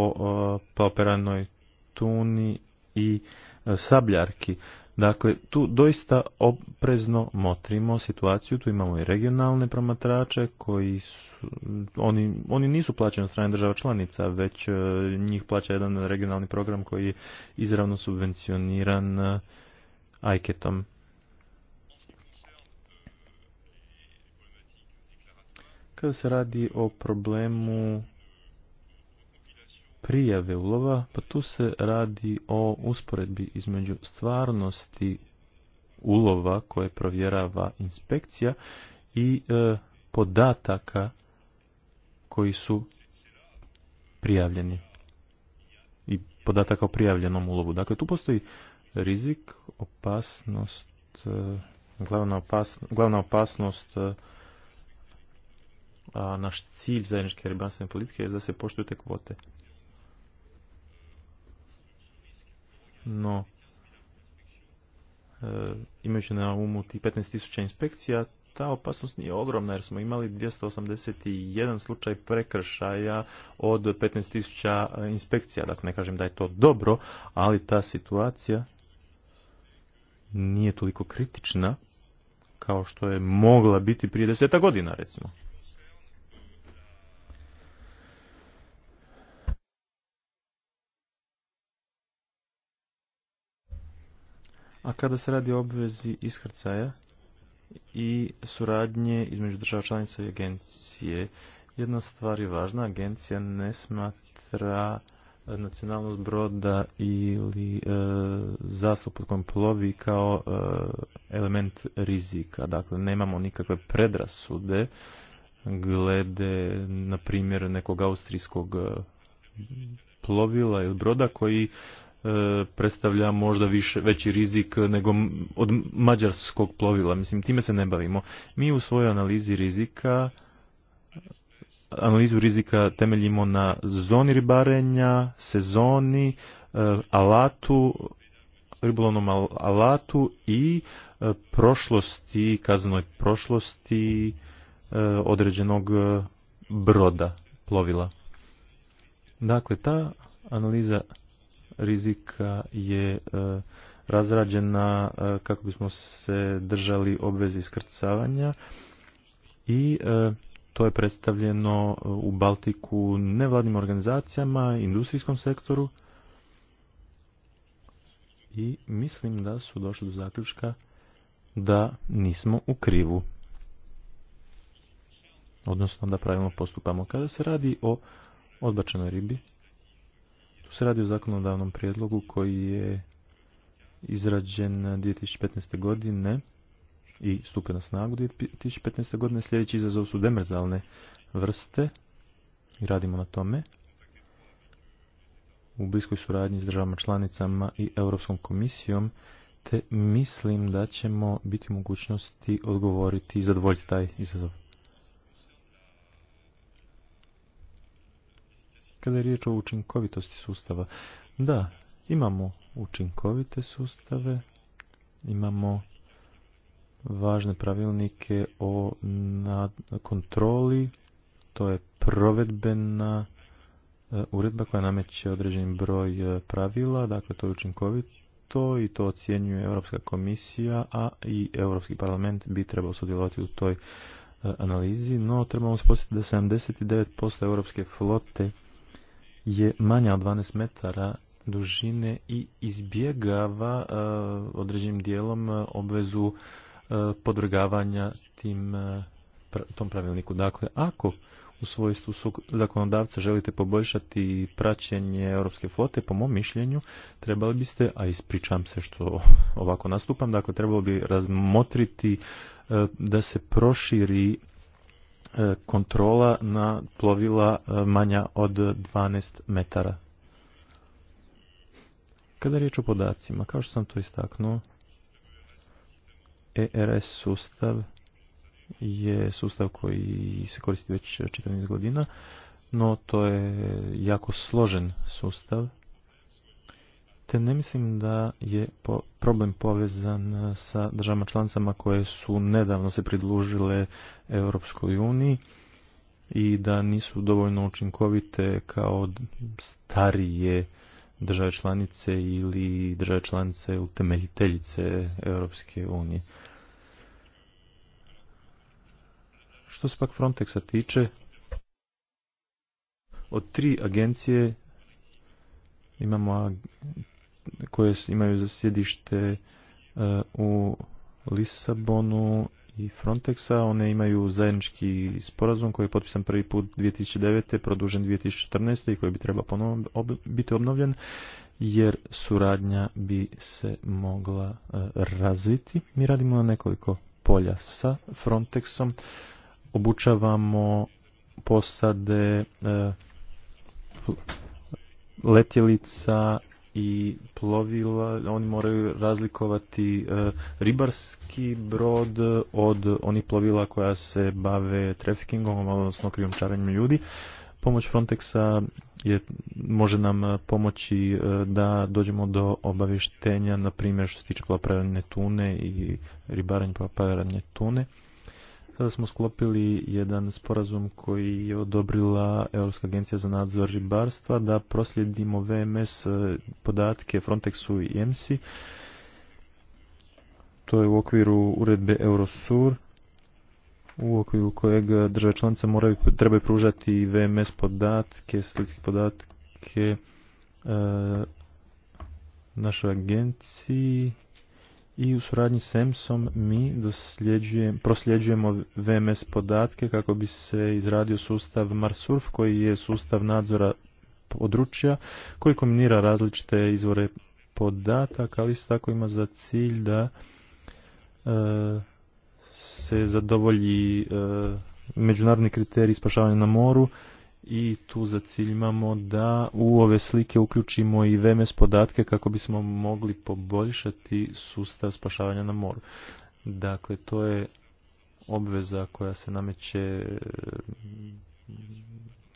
paperanoj tuni i e, sabljarki. Dakle, tu doista oprezno motrimo situaciju, tu imamo i regionalne promatrače koji su, oni, oni nisu plaćeni od strane država članica, već e, njih plaća jedan regionalni program koji je izravno subvencioniran e, ajketom. Kada se radi o problemu prijave ulova, pa tu se radi o usporedbi između stvarnosti ulova koje provjerava inspekcija i e, podataka koji su prijavljeni i podataka o prijavljenom ulovu. Dakle, tu postoji rizik, opasnost, e, glavna, opasnost e, a naš cilj zajedničke ribarstvene politike je da se poštuju te kvote. no e, imajući na umu tih 15.000 inspekcija, ta opasnost nije ogromna jer smo imali 281 slučaj prekršaja od 15.000 inspekcija. Dakle, ne kažem da je to dobro, ali ta situacija nije toliko kritična kao što je mogla biti prije deseta godina, recimo. A kada se radi o obvezi iskrcaja i suradnje između država članica i agencije, jedna stvar je važna, agencija ne smatra nacionalnost broda ili e, zastup plovi kao e, element rizika. Dakle, nemamo nikakve predrasude glede, na primjer, nekog austrijskog e, plovila ili broda koji E, predstavlja možda više, veći rizik nego od mađarskog plovila. Mislim, time se ne bavimo. Mi u svojoj analizi rizika analizu rizika temeljimo na zoni ribarenja, sezoni, e, alatu, ribolovnom alatu i e, prošlosti, kaznoj prošlosti određenog broda, plovila. Dakle, ta analiza rizika je e, razrađena e, kako bismo se držali obvezi iskrcavanja i e, to je predstavljeno u Baltiku nevladnim organizacijama, industrijskom sektoru i mislim da su došli do zaključka da nismo u krivu. Odnosno da pravilno postupamo. Kada se radi o odbačenoj ribi, se radi o zakonodavnom prijedlogu koji je izrađen 2015. godine i stupe na snagu 2015. godine. Sljedeći izazov su demerzalne vrste i radimo na tome u bliskoj suradnji s državama članicama i Europskom komisijom te mislim da ćemo biti mogućnosti odgovoriti i zadovoljiti taj izazov. kada je riječ o učinkovitosti sustava. Da, imamo učinkovite sustave, imamo važne pravilnike o nad kontroli, to je provedbena e, uredba koja nameće određeni broj e, pravila, dakle to je učinkovito i to ocjenjuje Europska komisija, a i Europski parlament bi trebao sudjelovati u toj e, analizi, no trebamo posjetiti da 79% europske flote je manja od 12 metara dužine i izbjegava e, određenim dijelom e, obvezu e, podvrgavanja tim, tom pravilniku. Dakle, ako u svojstvu zakonodavca želite poboljšati praćenje europske flote, po mom mišljenju trebali biste, a ispričam se što ovako nastupam, dakle trebalo bi razmotriti da se proširi E, kontrola na plovila e, manja od 12 metara. Kada je riječ o podacima, kao što sam to istaknuo, ERS sustav je sustav koji se koristi već 14 godina, no to je jako složen sustav ne mislim da je problem povezan eh, sa državama članicama koje su nedavno se pridružile Europskoj uniji i da nisu dovoljno učinkovite kao starije države članice ili države članice utemeljiteljice Europske unije. Što se pak Frontexa tiče, od tri agencije imamo koje imaju za sjedište e, u Lisabonu i Frontexa. One imaju zajednički sporazum koji je potpisan prvi put 2009. produžen 2014. i koji bi trebao ponovno biti obnovljen jer suradnja bi se mogla e, razviti. Mi radimo na nekoliko polja sa Frontexom. Obučavamo posade e, letjelica i plovila, oni moraju razlikovati e, ribarski brod od onih plovila koja se bave trafikingom, odnosno krijumčarenjem ljudi. Pomoć Frontexa je, može nam e, pomoći e, da dođemo do obavještenja, na primjer što se tiče plaparanje tune i ribaranje plaparanje tune. Sada smo sklopili jedan sporazum koji je odobrila Europska agencija za nadzor ribarstva da proslijedimo VMS e, podatke Frontexu i EMSI. To je u okviru uredbe Eurosur u okviru kojeg države članice moraju, trebaju pružati VMS podatke, statističke podatke e, našoj agenciji i u suradnji s EMSom mi prosljeđujemo VMS podatke kako bi se izradio sustav MarSurf koji je sustav nadzora područja koji kombinira različite izvore podataka, ali isto tako ima za cilj da e, se zadovolji e, međunarodni kriterij spašavanja na moru i tu za cilj imamo da u ove slike uključimo i VMS podatke kako bismo mogli poboljšati sustav spašavanja na moru. Dakle, to je obveza koja se nameće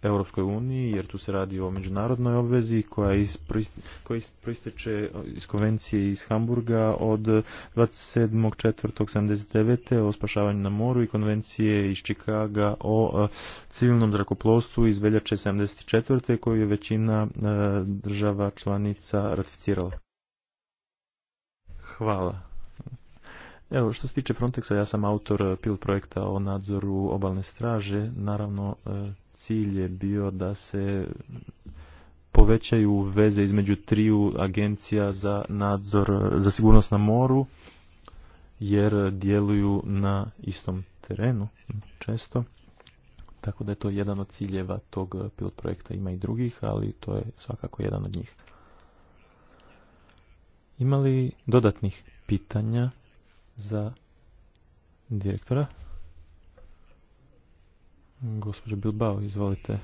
Europskoj uniji, jer tu se radi o međunarodnoj obvezi koja, iz, koja iz konvencije iz Hamburga od 27.4.79. o spašavanju na moru i konvencije iz Čikaga o e, civilnom zrakoplovstvu iz veljače 74. koju je većina e, država članica ratificirala. Hvala. Evo, što se tiče Frontexa, ja sam autor e, pil projekta o nadzoru obalne straže. Naravno, cilj je bio da se povećaju veze između triju agencija za nadzor za sigurnost na moru jer djeluju na istom terenu često. Tako da je to jedan od ciljeva tog pilot projekta, ima i drugih, ali to je svakako jedan od njih. Imali dodatnih pitanja za direktora? Gospođo Bilbao, izvolite.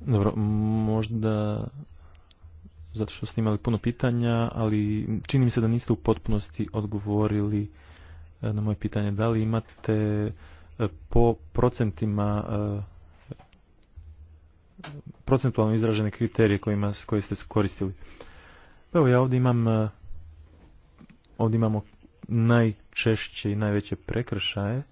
Dobro, možda zato što ste imali puno pitanja, ali čini mi se da niste u potpunosti odgovorili e, na moje pitanje. Da li imate e, po procentima e, procentualno izražene kriterije kojima, koje ste koristili? Pa evo ja ovdje imam ovdje imamo najčešće i najveće prekršaje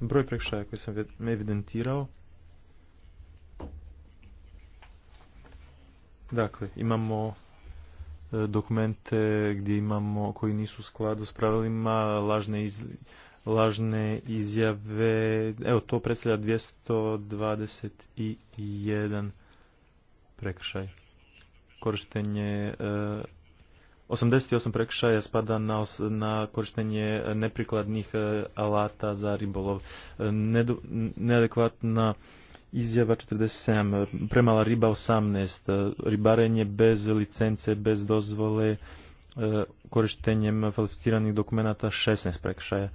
broj prekršaja koji sam evidentirao dakle imamo e, dokumente gdje imamo koji nisu u skladu s pravilima lažne izli lažne izjave. Evo, to predstavlja 221 prekršaj. Korištenje 88 e, prekršaja spada na, na korištenje neprikladnih e, alata za ribolov. E, neadekvatna izjava 47, premala riba 18, ribarenje bez licence, bez dozvole, korištenjem falsificiranih dokumenata 16 prekršaja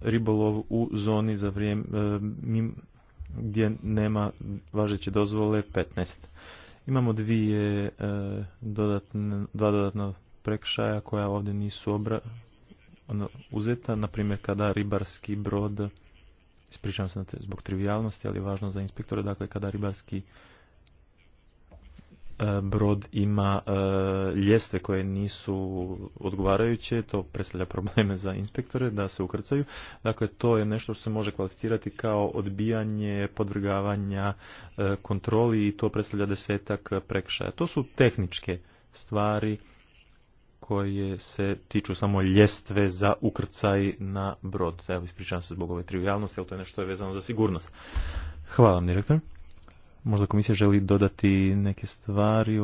ribolov u zoni za vrijeme gdje nema važeće dozvole 15. Imamo dvije e, dodatne, dva dodatna prekršaja koja ovdje nisu obra, ono, uzeta, na primjer kada ribarski brod, ispričavam se zbog trivijalnosti, ali važno za inspektore, dakle kada ribarski E, brod ima e, ljestve koje nisu odgovarajuće, to predstavlja probleme za inspektore da se ukrcaju. Dakle, to je nešto što se može kvalificirati kao odbijanje, podvrgavanja e, kontroli i to predstavlja desetak prekršaja. To su tehničke stvari koje se tiču samo ljestve za ukrcaj na brod. Evo, ispričavam se zbog ove trivialnosti, ali to je nešto je vezano za sigurnost. Hvala vam, direktor možda komisija želi dodati neke stvari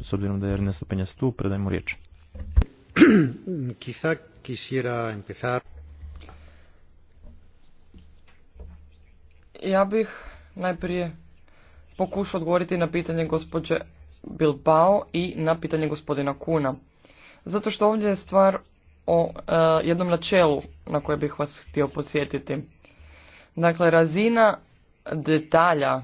s obzirom da je Ernest Penja tu, predajmo riječ. Quizá empezar. Ja bih najprije pokušao odgovoriti na pitanje gospođe Bilbao i na pitanje gospodina Kuna. Zato što ovdje je stvar o e, jednom načelu na koje bih vas htio podsjetiti. Dakle, razina detalja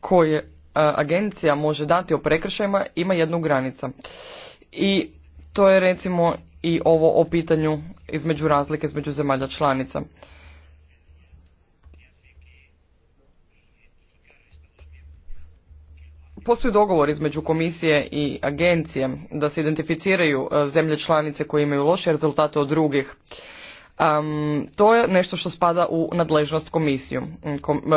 koje e, agencija može dati o prekršajima ima jednu granica. I to je recimo i ovo o pitanju između razlike između zemalja članica. Postoji dogovor između komisije i agencije da se identificiraju e, zemlje članice koje imaju loše rezultate od drugih. Um, to je nešto što spada u nadležnost komisiju. Mm, e,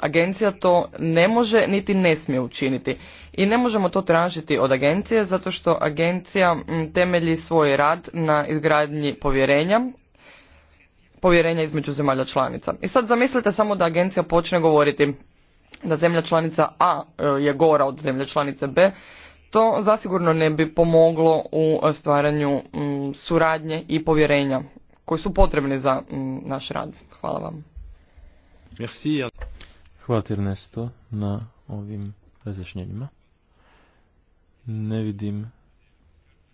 agencija to ne može niti ne smije učiniti. I ne možemo to tražiti od agencije zato što agencija mm, temelji svoj rad na izgradnji povjerenja povjerenja između zemalja članica. I sad zamislite samo da agencija počne govoriti da zemlja članica A e, je gora od zemlje članice B, to zasigurno ne bi pomoglo u stvaranju mm, suradnje i povjerenja koje su potrebne za mm, naš rad. Hvala vam. Merci. Hvala ti Ernesto na ovim razjašnjenjima. Ne vidim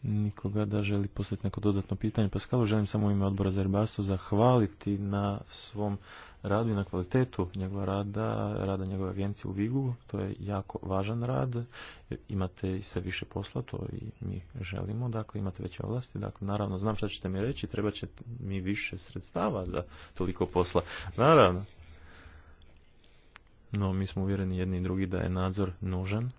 nikoga da želi postaviti neko dodatno pitanje. skalo želim samo u ime odbora za ribarstvo zahvaliti na svom radu i na kvalitetu njegova rada, rada njegove agencije u Vigu. To je jako važan rad. Imate i sve više posla, to i mi želimo. Dakle, imate veće ovlasti. Dakle, naravno, znam šta ćete mi reći. Treba će mi više sredstava za toliko posla. Naravno. No, mi smo uvjereni jedni i drugi da je nadzor nužan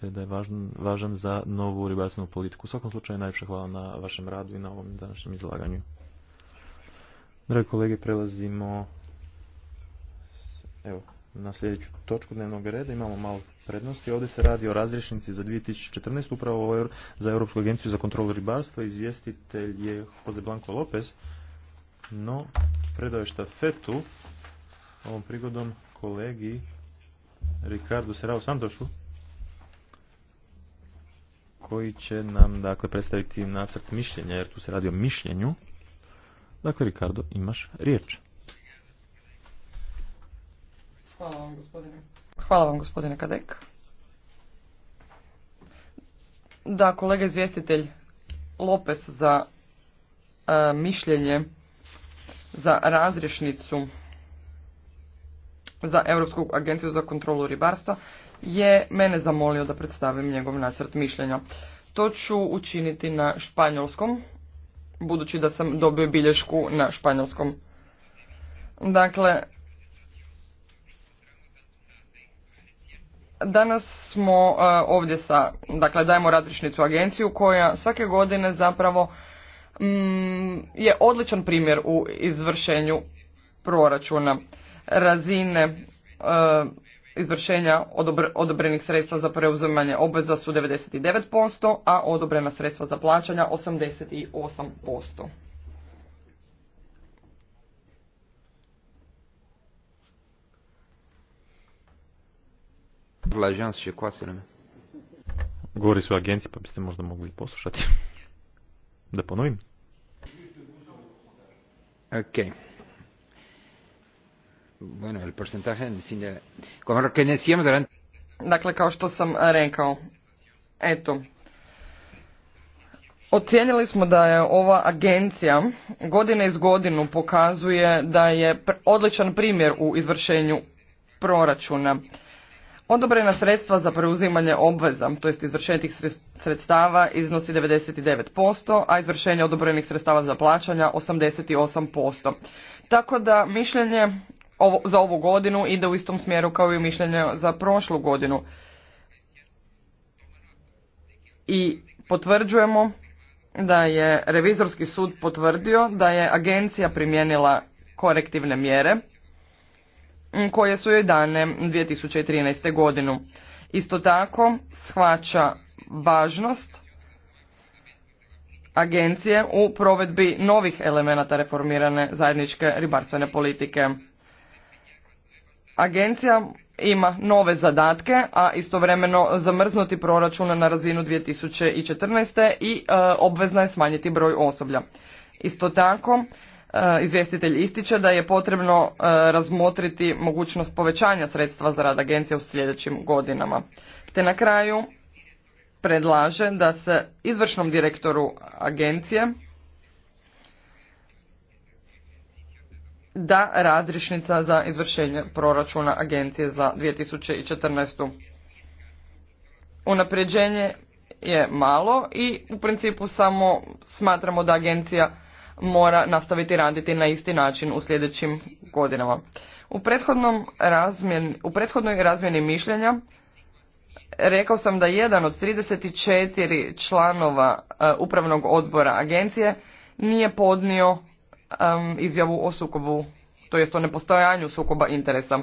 te da je važan, važan za novu ribarstvenu politiku. U svakom slučaju najviše hvala na vašem radu i na ovom današnjem izlaganju. Dragi kolege, prelazimo evo, na sljedeću točku dnevnog reda. Imamo malo prednosti. Ovdje se radi o razrješnici za 2014. upravo za Europsku agenciju za kontrolu ribarstva. Izvjestitelj je Jose Blanco Lopez, no predao je štafetu ovom prigodom kolegi Ricardo Serao Santosu koji će nam dakle predstaviti nacrt mišljenja, jer tu se radi o mišljenju. Dakle, Ricardo, imaš riječ. Hvala vam, gospodine. Hvala vam, gospodine Kadek. Da, kolega izvjestitelj Lopes za e, mišljenje za razrješnicu za Europsku agenciju za kontrolu ribarstva je mene zamolio da predstavim njegov nacrt mišljenja. To ću učiniti na španjolskom, budući da sam dobio bilješku na španjolskom. Dakle, danas smo e, ovdje sa, dakle dajemo različnicu agenciju koja svake godine zapravo mm, je odličan primjer u izvršenju proračuna razine e, izvršenja odobrenih sredstva za preuzimanje obveza su 99%, a odobrena sredstva za plaćanja 88%. Govori su agenciji, pa biste možda mogli poslušati. Da ponovim. ok. Dakle, kao što sam rekao, eto, Ocijenili smo da je ova agencija godine iz godinu pokazuje da je odličan primjer u izvršenju proračuna. Odobrena sredstva za preuzimanje obveza, to jest izvršenje tih sredstava, iznosi 99%, a izvršenje odobrenih sredstava za plaćanja 88%. Tako da mišljenje za ovu godinu ide u istom smjeru kao i mišljenje za prošlu godinu. I potvrđujemo da je revizorski sud potvrdio da je agencija primijenila korektivne mjere koje su joj dane 2013. godinu. Isto tako shvaća važnost agencije u provedbi novih elemenata reformirane zajedničke ribarstvene politike. Agencija ima nove zadatke, a istovremeno zamrznuti proračun na razinu 2014. i e, obvezna je smanjiti broj osoblja. Isto tako, e, izvjestitelj ističe da je potrebno e, razmotriti mogućnost povećanja sredstva za rad agencije u sljedećim godinama. Te na kraju predlaže da se izvršnom direktoru agencije da razrišnica za izvršenje proračuna agencije za 2014. Unapređenje je malo i u principu samo smatramo da agencija mora nastaviti raditi na isti način u sljedećim godinama. U, u prethodnoj razmjeni mišljenja rekao sam da jedan od 34 članova e, upravnog odbora agencije nije podnio izjavu o sukobu, to jest o nepostojanju sukoba interesa.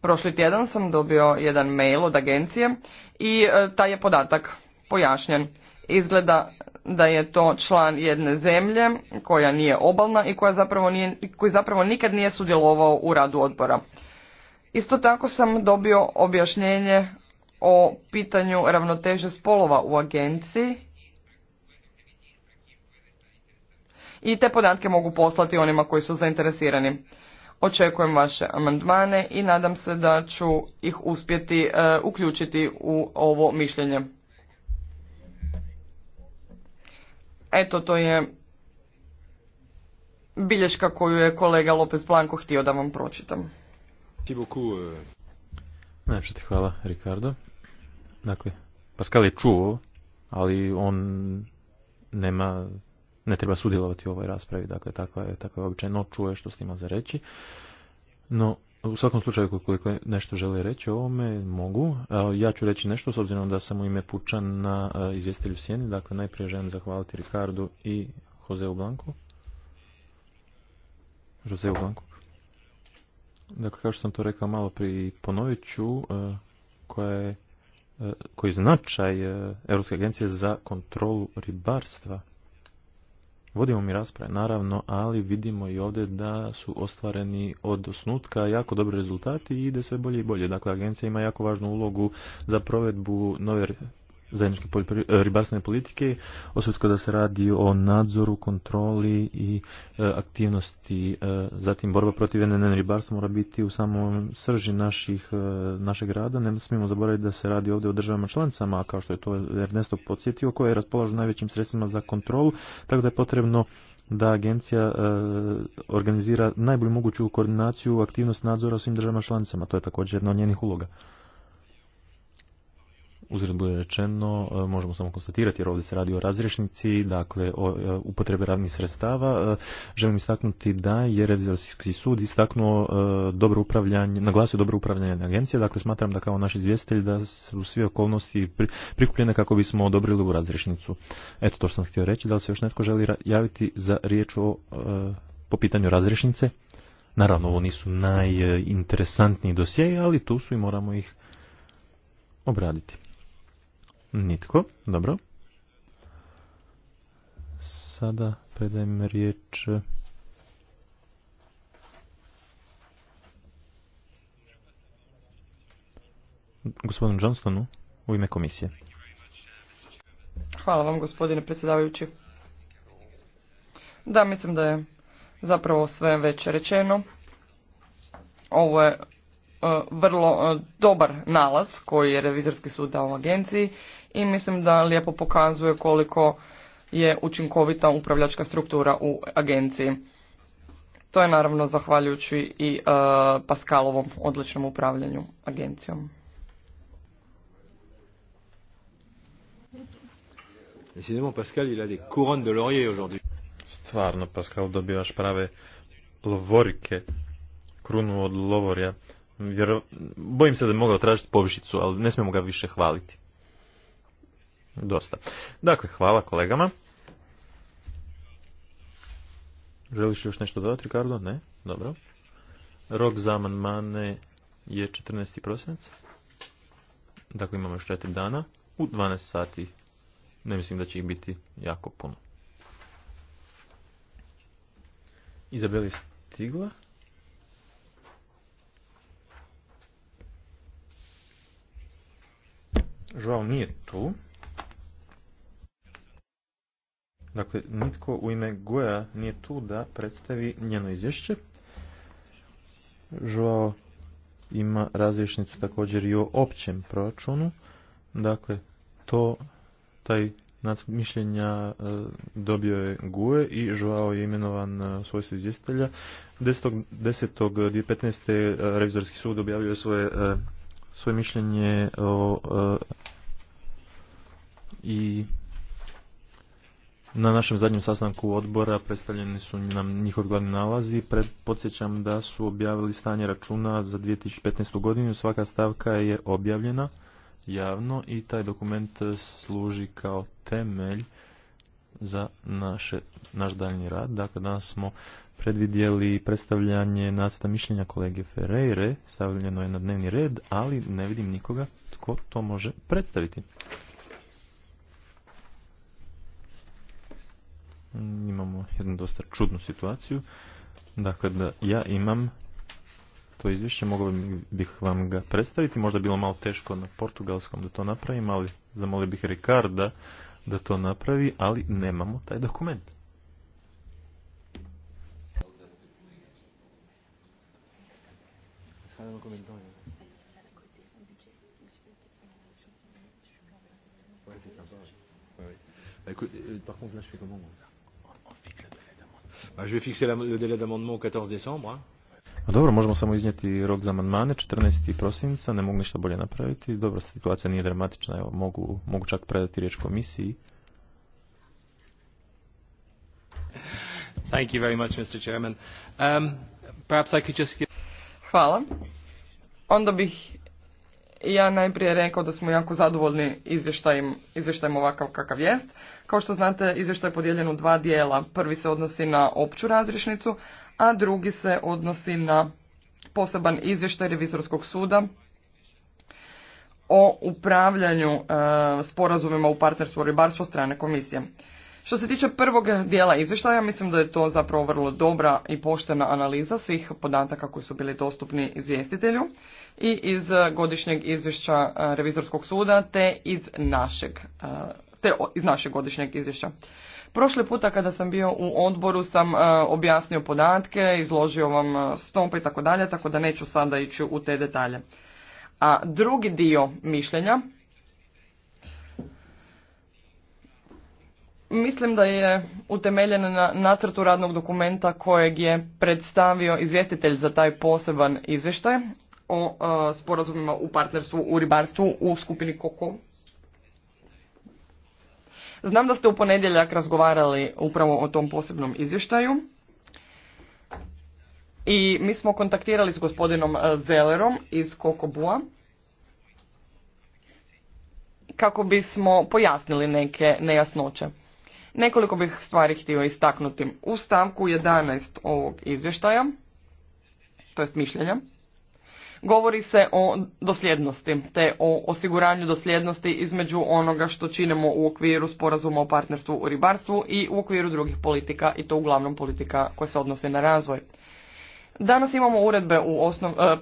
Prošli tjedan sam dobio jedan mail od agencije i e, taj je podatak pojašnjen. Izgleda da je to član jedne zemlje koja nije obalna i koja zapravo nije, koji zapravo nikad nije sudjelovao u radu odbora. Isto tako sam dobio objašnjenje o pitanju ravnoteže spolova u agenciji i te podatke mogu poslati onima koji su zainteresirani. Očekujem vaše amandmane i nadam se da ću ih uspjeti e, uključiti u ovo mišljenje. Eto, to je bilješka koju je kolega Lopez Blanco htio da vam pročitam. E. Najpšte ti hvala, Ricardo. Dakle, Pascal je čuo, ali on nema ne treba sudjelovati u ovoj raspravi, dakle takva je, takva je običajno čuje što s njima za reći. No, u svakom slučaju, koliko nešto žele reći o ovome, mogu. E, ja ću reći nešto, s obzirom da sam u ime Pučan na e, izvjestelju Sjeni. Dakle, najprije želim zahvaliti Ricardu i Joseu Blanku. Joseu Blanku. Dakle, kao što sam to rekao malo prije, ponovit ću e, koja je koji značaj Europske agencije za kontrolu ribarstva. Vodimo mi rasprave, naravno, ali vidimo i ovdje da su ostvareni od osnutka jako dobri rezultati i ide sve bolje i bolje. Dakle, agencija ima jako važnu ulogu za provedbu nove zajedničke e, ribarstvene politike, osutko da se radi o nadzoru, kontroli i e, aktivnosti. E, zatim borba protiv NNN ribarstva mora biti u samom srži naših, našeg rada. Ne smijemo zaboraviti da se radi ovdje o državama članicama, kao što je to Ernesto podsjetio, koje raspolažu najvećim sredstvima za kontrolu, tako da je potrebno da agencija organizira najbolju moguću koordinaciju aktivnost nadzora u svim državama članicama. To je također jedna od njenih uloga uzred bude rečeno, e, možemo samo konstatirati jer ovdje se radi o razrješnici, dakle o e, upotrebe ravnih sredstava. E, želim istaknuti da je revizorski sud istaknuo dobro upravljanje, naglasio dobro upravljanje agencije, dakle smatram da kao naš izvjestitelj da su sve okolnosti prikupljene kako bismo odobrili u razrješnicu. Eto to što sam htio reći, da li se još netko želi javiti za riječ o, po pitanju razrješnice? Naravno, ovo nisu najinteresantniji dosjeji, ali tu su i moramo ih obraditi. Nitko, dobro. Sada predajem riječ... Gospodinu Johnstonu u ime komisije. Hvala vam gospodine predsjedavajući. Da, mislim da je zapravo sve već rečeno. Ovo je E, vrlo e, dobar nalaz koji je revizorski sud dao agenciji i mislim da lijepo pokazuje koliko je učinkovita upravljačka struktura u agenciji. To je naravno zahvaljujući i e, Paskalovom odličnom upravljanju agencijom. Stvarno, Pascal, dobivaš prave lovorike, krunu od lovorja vjero... bojim se da bi mogao tražiti povišicu, ali ne smijemo ga više hvaliti. Dosta. Dakle, hvala kolegama. Želiš još nešto dodati, Ricardo? Ne? Dobro. Rok za amandmane je 14. prosinac. Dakle, imamo još 4 dana. U 12 sati ne mislim da će ih biti jako puno. Izabeli stigla. Žao nije tu. Dakle, nitko u ime Goja nije tu da predstavi njeno izvješće. Žao ima razrješnicu također i o općem proračunu. Dakle, to, taj nacrt mišljenja e, dobio je Gue i Žuao je imenovan e, u svojstvu izvjestitelja. 10.10.2015. 10. E, revizorski sud objavio svoje svoje mišljenje o, e, i na našem zadnjem sastanku odbora predstavljeni su nam njihovi glavni nalazi. Pred, podsjećam da su objavili stanje računa za 2015. godinu. Svaka stavka je objavljena javno i taj dokument služi kao temelj za naše, naš daljnji rad. Dakle, danas smo predvidjeli predstavljanje nacrta mišljenja kolege Ferreire, stavljeno je na dnevni red, ali ne vidim nikoga tko to može predstaviti. Imamo jednu dosta čudnu situaciju. Dakle, da ja imam to izvješće, mogao bih vam ga predstaviti. Možda bilo malo teško na portugalskom da to napravim, ali zamolio bih Rikarda da to napravi, ali nemamo taj dokument. Par contre, là, je fais comment bah, Je vais fixer le délai d'amendement au 14 décembre. Hein. Pa dobro, možemo samo iznijeti rok za amandmane, 14. prosinca, ne mogu ništa bolje napraviti. Dobro, situacija nije dramatična, evo, mogu, mogu čak predati riječ komisiji. Thank you very much, Mr. Um, I could just Hvala. Onda bih ja najprije rekao da smo jako zadovoljni izvještajem, izvještajem ovakav kakav jest. Kao što znate, izvještaj je podijeljen u dva dijela. Prvi se odnosi na opću razrišnicu, a drugi se odnosi na poseban izvještaj revizorskog suda o upravljanju e, sporazumima u partnerstvu ribarstvo strane komisije. Što se tiče prvog dijela izvještaja, mislim da je to zapravo vrlo dobra i poštena analiza svih podataka koji su bili dostupni izvjestitelju i iz godišnjeg izvješća e, revizorskog suda te iz našeg, e, te iz našeg godišnjeg izvješća. Prošli puta kada sam bio u odboru sam e, objasnio podatke, izložio vam e, stope i tako dalje, tako da neću sada ići u te detalje. A drugi dio mišljenja, mislim da je utemeljen na nacrtu radnog dokumenta kojeg je predstavio izvjestitelj za taj poseban izvještaj o e, sporazumima u partnerstvu u ribarstvu u skupini Koko Znam da ste u ponedjeljak razgovarali upravo o tom posebnom izvještaju. I mi smo kontaktirali s gospodinom e, Zelerom iz Kokobua kako bismo pojasnili neke nejasnoće. Nekoliko bih stvari htio istaknuti. U stavku 11 ovog izvještaja, to jest mišljenja, Govori se o dosljednosti, te o osiguranju dosljednosti između onoga što činimo u okviru sporazuma o partnerstvu u ribarstvu i u okviru drugih politika i to uglavnom politika koje se odnose na razvoj. Danas imamo uredbe u osnov, e,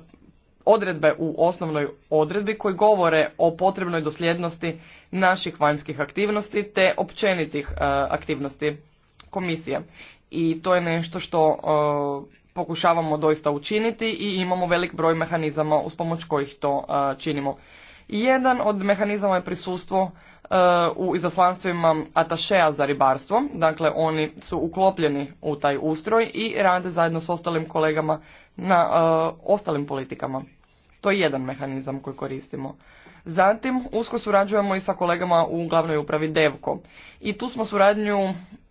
odredbe u osnovnoj odredbi koji govore o potrebnoj dosljednosti naših vanjskih aktivnosti te općenitih e, aktivnosti komisije. I to je nešto što e, pokušavamo doista učiniti i imamo velik broj mehanizama uz pomoć kojih to e, činimo. Jedan od mehanizama je prisustvo e, u izaslanstvima atašeja za ribarstvo, dakle oni su uklopljeni u taj ustroj i rade zajedno s ostalim kolegama na e, ostalim politikama. To je jedan mehanizam koji koristimo. Zatim, usko surađujemo i sa kolegama u glavnoj upravi DEVKO. I tu smo suradnju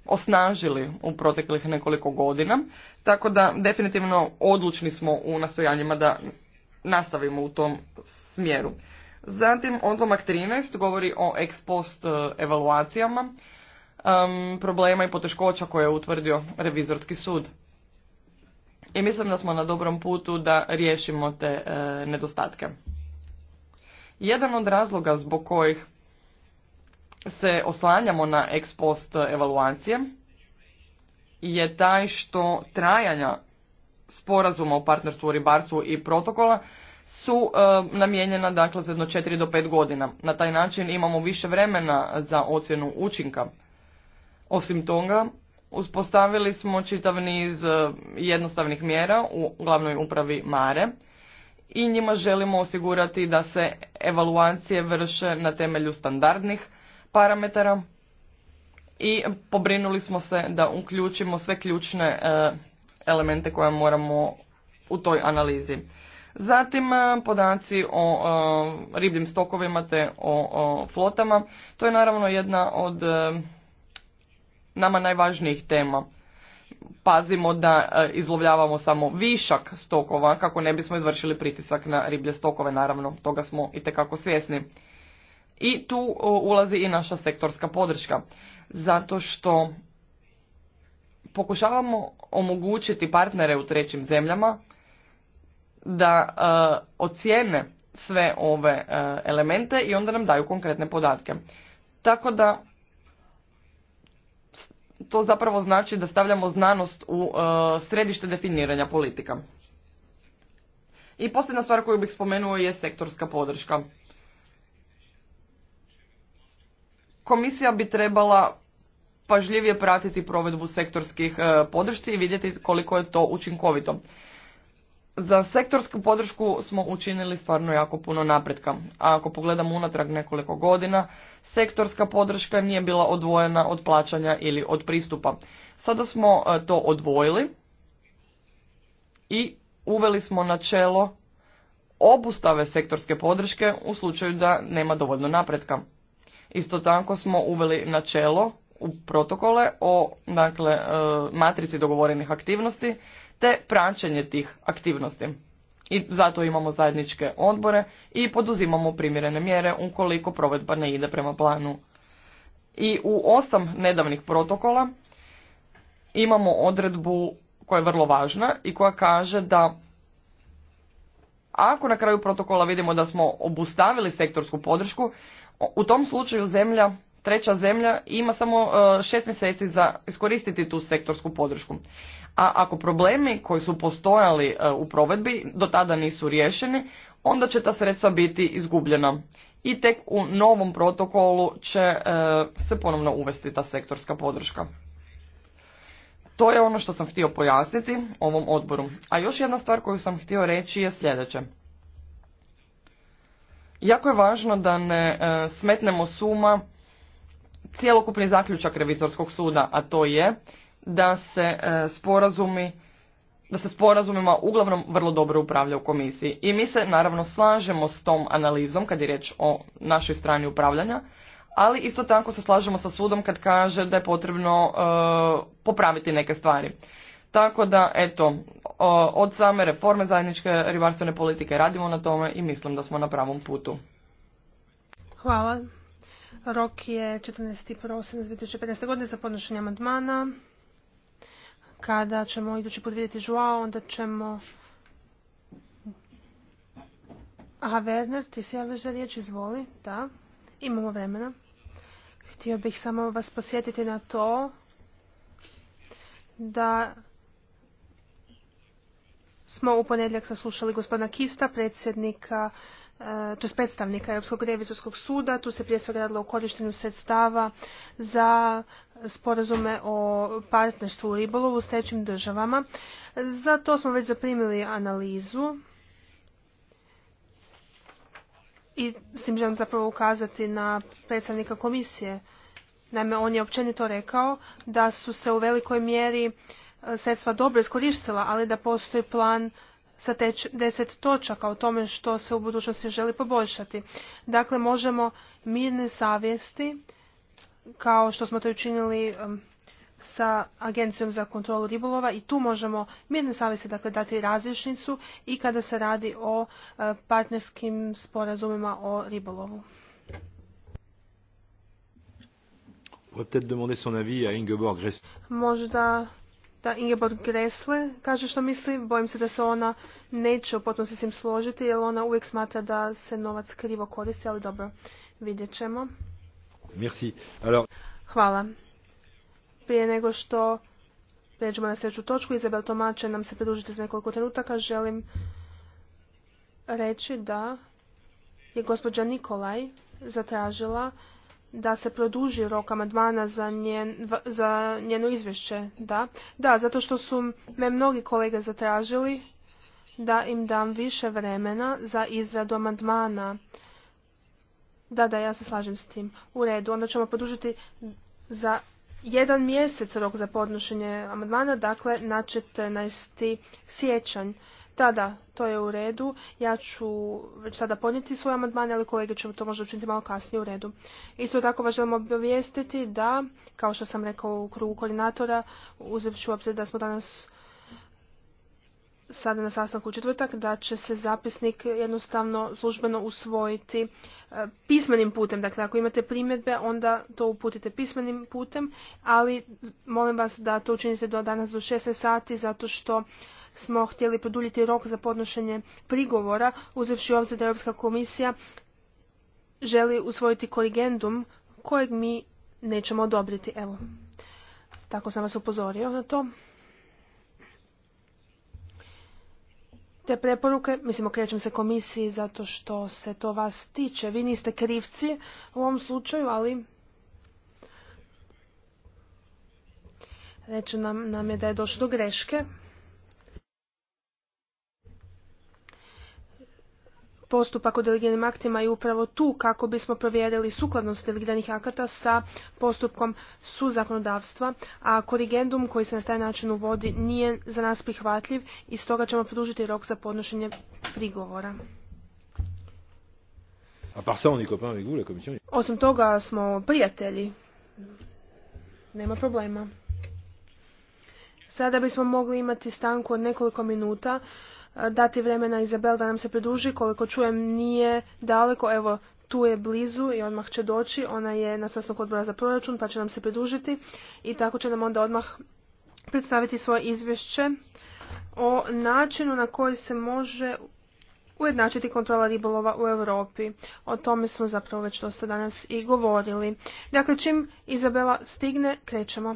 osnažili u proteklih nekoliko godina, tako da definitivno odlučni smo u nastojanjima da nastavimo u tom smjeru. Zatim odlomak 13 govori o ex post e, evaluacijama, problema i poteškoća koje je utvrdio revizorski sud. I mislim da smo na dobrom putu da riješimo te e, nedostatke. Jedan od razloga zbog kojih se oslanjamo na ex post evaluacije je taj što trajanja sporazuma o partnerstvu u ribarstvu i protokola su e, namijenjena dakle za jedno 4 do 5 godina. Na taj način imamo više vremena za ocjenu učinka. Osim toga, uspostavili smo čitav niz e, jednostavnih mjera u glavnoj upravi Mare i njima želimo osigurati da se evaluacije vrše na temelju standardnih parametara i pobrinuli smo se da uključimo sve ključne e, elemente koje moramo u toj analizi. Zatim e, podaci o e, ribljim stokovima te o, flotama. To je naravno jedna od nama najvažnijih tema. Pazimo da izlovljavamo samo višak stokova kako ne bismo izvršili pritisak na riblje stokove. Naravno, toga smo i svjesni. I tu ulazi i naša sektorska podrška, zato što pokušavamo omogućiti partnere u trećim zemljama da e, ocijene sve ove e, elemente i onda nam daju konkretne podatke. Tako da to zapravo znači da stavljamo znanost u e, središte definiranja politika. I posljedna stvar koju bih spomenuo je sektorska podrška. Komisija bi trebala pažljivije pratiti provedbu sektorskih e, podršci i vidjeti koliko je to učinkovito. Za sektorsku podršku smo učinili stvarno jako puno napretka. A ako pogledamo unatrag nekoliko godina, sektorska podrška nije bila odvojena od plaćanja ili od pristupa. Sada smo e, to odvojili i uveli smo načelo obustave sektorske podrške u slučaju da nema dovoljno napretka. Isto tako smo uveli načelo u protokole o dakle, e, matrici dogovorenih aktivnosti te praćenje tih aktivnosti. I zato imamo zajedničke odbore i poduzimamo primjerene mjere ukoliko provedba ne ide prema planu. I u osam nedavnih protokola imamo odredbu koja je vrlo važna i koja kaže da ako na kraju protokola vidimo da smo obustavili sektorsku podršku, u tom slučaju zemlja, treća zemlja ima samo e, šest mjeseci za iskoristiti tu sektorsku podršku. A ako problemi koji su postojali e, u provedbi do tada nisu riješeni, onda će ta sredstva biti izgubljena. I tek u novom protokolu će e, se ponovno uvesti ta sektorska podrška. To je ono što sam htio pojasniti ovom odboru. A još jedna stvar koju sam htio reći je sljedeće. Jako je važno da ne e, smetnemo suma cjelokupni zaključak revizorskog suda, a to je da se e, sporazumi da se sporazumima uglavnom vrlo dobro upravlja u komisiji. I mi se naravno slažemo s tom analizom kad je riječ o našoj strani upravljanja, ali isto tako se slažemo sa sudom kad kaže da je potrebno e, popraviti neke stvari. Tako da, eto, od same reforme zajedničke ribarstvene politike radimo na tome i mislim da smo na pravom putu. Hvala. Rok je 14. prosinac 2015. godine za podnošenje amandmana. Kada ćemo idući put vidjeti Joao, onda ćemo... Aha, Werner, ti se javljaš za riječ, izvoli. Da, imamo vremena. Htio bih samo vas posjetiti na to da smo u ponedjeljak saslušali gospodina Kista, predsjednika, e, to predstavnika Europskog revizorskog suda. Tu se prije svega radilo o korištenju sredstava za sporazume o partnerstvu u ribolovu s trećim državama. Za to smo već zaprimili analizu i s tim želim zapravo ukazati na predstavnika komisije. Naime, on je općenito rekao da su se u velikoj mjeri E, sredstva dobro iskoristila, ali da postoji plan sa deset točaka o tome što se u budućnosti želi poboljšati. Dakle, možemo mirne savjesti, kao što smo to učinili e, sa Agencijom za kontrolu ribolova i tu možemo mirne savjesti dakle, dati različnicu i kada se radi o e, partnerskim sporazumima o ribolovu. Možda da Ingeborg Gressle kaže što misli, bojim se da se ona neće u potpunosti s tim složiti, jer ona uvijek smatra da se novac krivo koristi, ali dobro, vidjet ćemo. Hvala. Prije nego što pređemo na sljedeću točku, Izabel Tomače nam se pridružiti za nekoliko trenutaka, želim reći da je gospođa Nikolaj zatražila da se produži rok amandmana za, za njeno izvješće, da. Da, zato što su me mnogi kolege zatražili da im dam više vremena za izradu amandmana. Da, da, ja se slažem s tim. U redu, onda ćemo produžiti za jedan mjesec rok za podnošenje amandmana, dakle na 14. siječanj da, to je u redu. Ja ću već sada podnijeti svoje amandmane, ali kolege ću to možda učiniti malo kasnije u redu. Isto tako vas želim obavijestiti da, kao što sam rekao u krugu koordinatora, uzet ću obzir da smo danas sada na sastanku u četvrtak, da će se zapisnik jednostavno službeno usvojiti e, pismenim putem. Dakle, ako imate primjedbe, onda to uputite pismenim putem, ali molim vas da to učinite do danas do 16 sati, zato što smo htjeli produljiti rok za podnošenje prigovora, uzevši obzir da Europska komisija želi usvojiti korigendum kojeg mi nećemo odobriti. Evo, tako sam vas upozorio na to. Te preporuke, mislim okrećem se komisiji zato što se to vas tiče. Vi niste krivci u ovom slučaju, ali reći nam, nam je da je došlo do greške postupak o delegiranim aktima je upravo tu kako bismo provjerili sukladnost delegiranih akata sa postupkom suzakonodavstva, a korigendum koji se na taj način uvodi nije za nas prihvatljiv i stoga ćemo produžiti rok za podnošenje prigovora. Osim toga smo prijatelji. Nema problema. Sada bismo mogli imati stanku od nekoliko minuta dati vremena Izabel da nam se priduži, Koliko čujem nije daleko, evo tu je blizu i odmah će doći. Ona je na sastanku odbora za proračun pa će nam se pridružiti i tako će nam onda odmah predstaviti svoje izvješće o načinu na koji se može ujednačiti kontrola ribolova u Europi. O tome smo zapravo već dosta danas i govorili. Dakle, čim Izabela stigne, krećemo.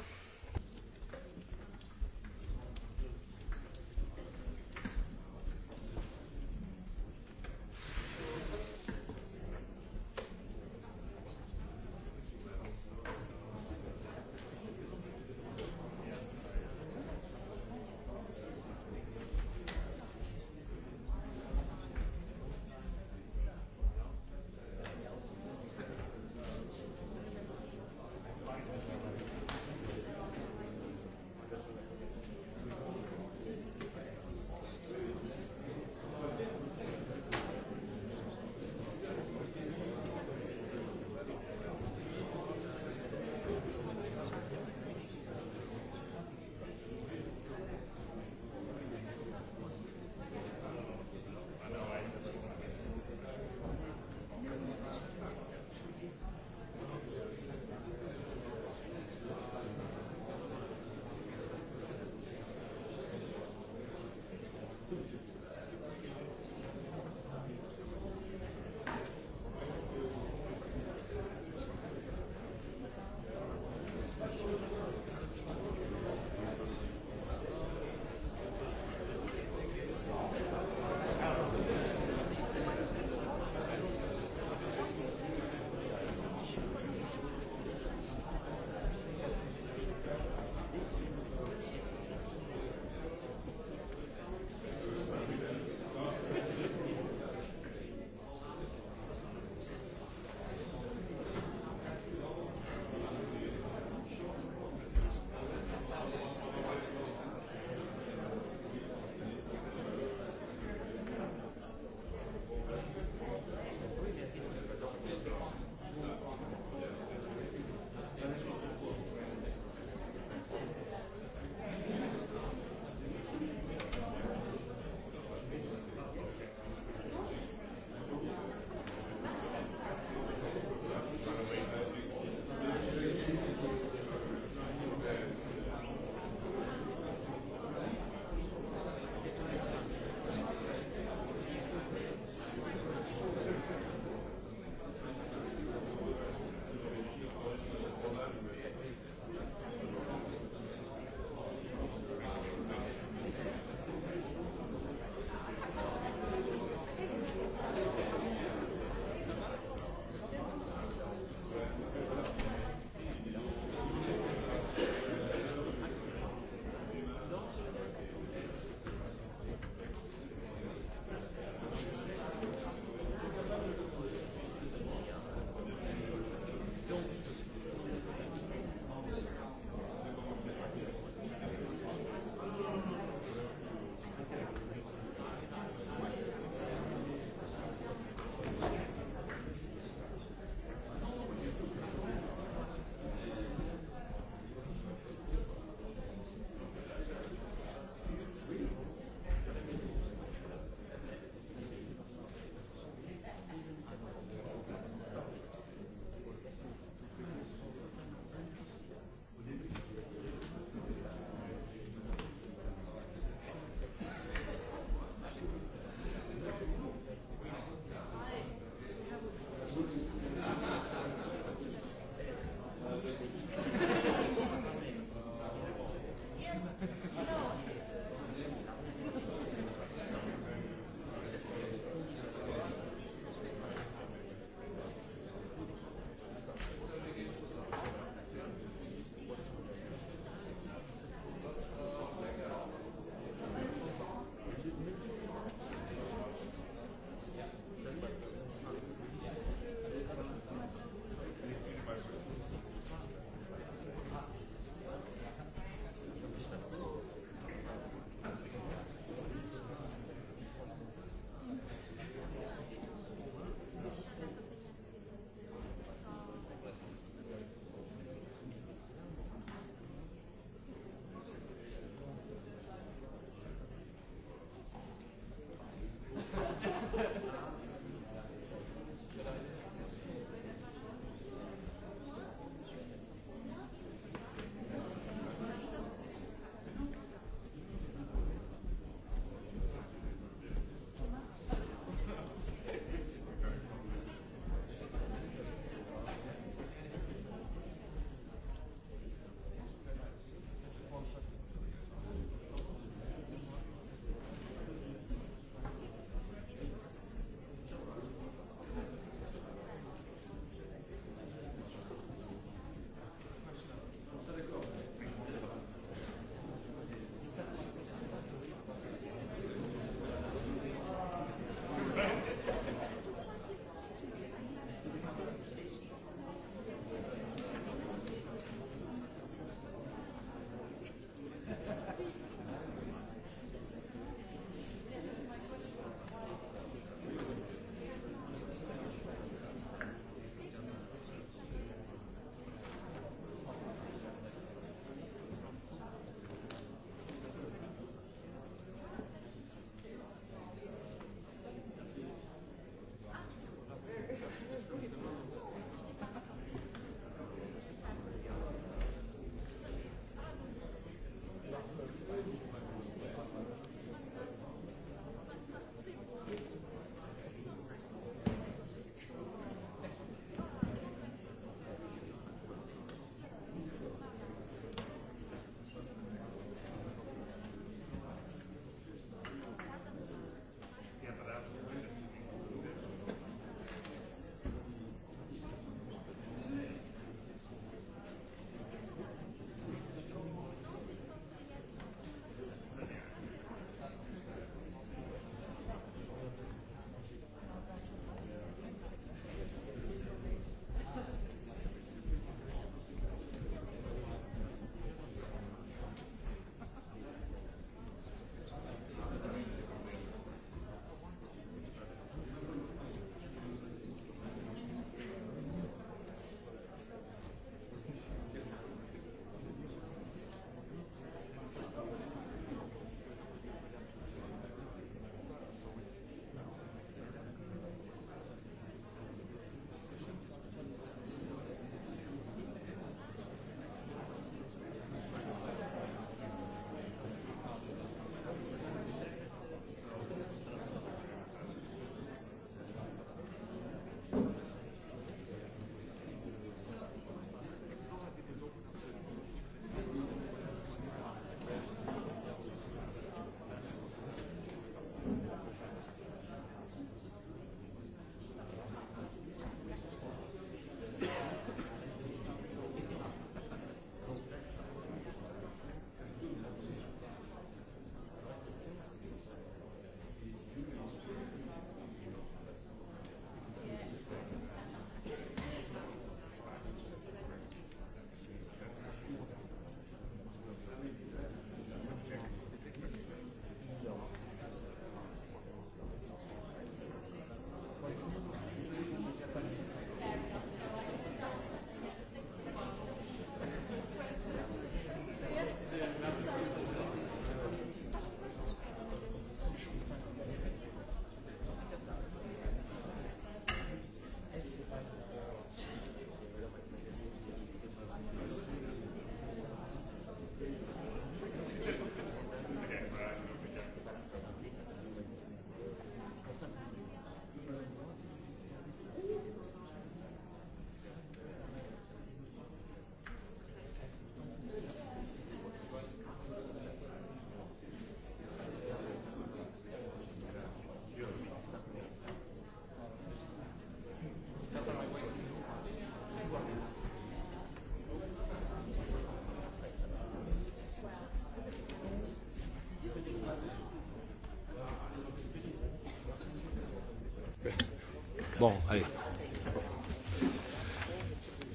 Bon, allez.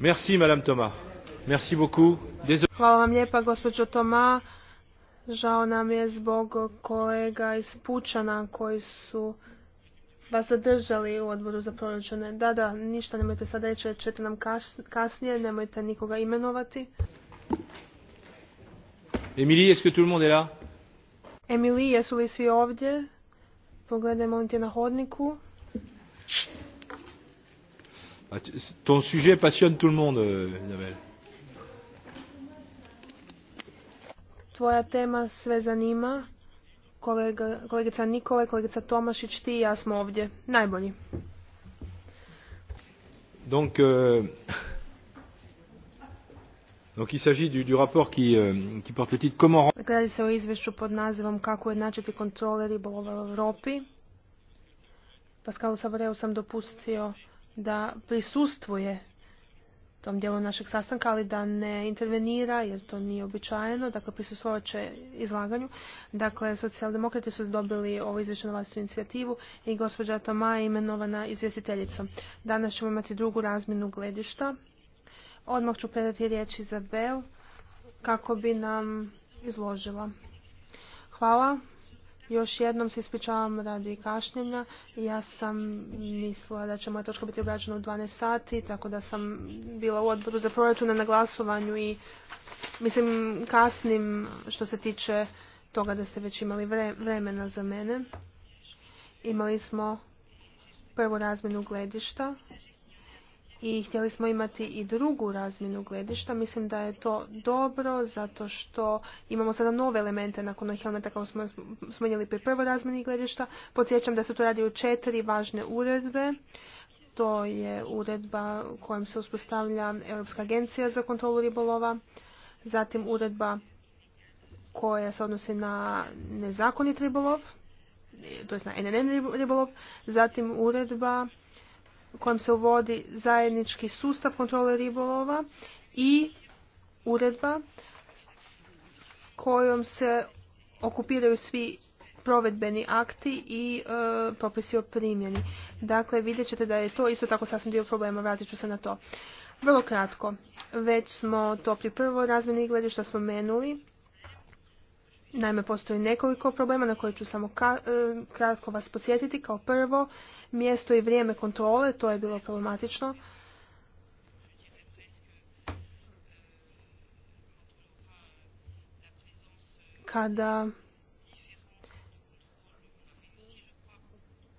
Merci, Madame Thomas. Merci Hvala vam lijepa, gospođo Toma. Žao nam je zbog kolega iz Pučana koji su vas zadržali u odboru za proračune. Da, da, ništa nemojte sad reći, ćete nam kasnije, nemojte nikoga imenovati. Emili est-ce tout le jesu li svi ovdje? Pogledaj, molim te, na hodniku. Ah, ton sujet passionne euh, Tvoja tema sve zanima. Kolega, kolegica Nikole, kolegica Tomašić, ti i ja smo ovdje. Najbolji. Donc, euh, donc il s'agit Radi se o izvješću pod nazivom Kako je jednačiti kontrole ribolova u Europi. Pascalu Savoreu sam dopustio da prisustvuje tom dijelu našeg sastanka, ali da ne intervenira jer to nije običajeno, dakle prisustvovat će izlaganju. Dakle, socijaldemokrati su dobili ovo izvješće vlastnu inicijativu i gospođa Toma je imenovana izvjestiteljicom. Danas ćemo imati drugu razminu gledišta. Odmah ću predati riječ Izabel kako bi nam izložila. Hvala, još jednom se ispričavam radi kašnjenja. Ja sam mislila da će moja točka biti obrađena u 12 sati, tako da sam bila u odboru za proračune na glasovanju i mislim kasnim što se tiče toga da ste već imali vremena za mene. Imali smo prvu razmjenu gledišta i htjeli smo imati i drugu razmjenu gledišta. Mislim da je to dobro zato što imamo sada nove elemente nakon onih elementa kao smo smanjili pri prvo razmjeni gledišta. Podsjećam da se tu radi o četiri važne uredbe. To je uredba kojom se uspostavlja Europska agencija za kontrolu ribolova, zatim uredba koja se odnosi na nezakonit ribolov, to je na NNN ribolov, zatim uredba kojom se uvodi zajednički sustav kontrole ribolova i uredba s kojom se okupiraju svi provedbeni akti i e, propisi o primjeni. Dakle, vidjet ćete da je to isto tako sasvim dio problema, vratit ću se na to. Vrlo kratko, već smo to pri prvoj razmjeni smo spomenuli. Naime, postoji nekoliko problema na koje ću samo e, kratko vas podsjetiti. Kao prvo, mjesto i vrijeme kontrole, to je bilo problematično. Kada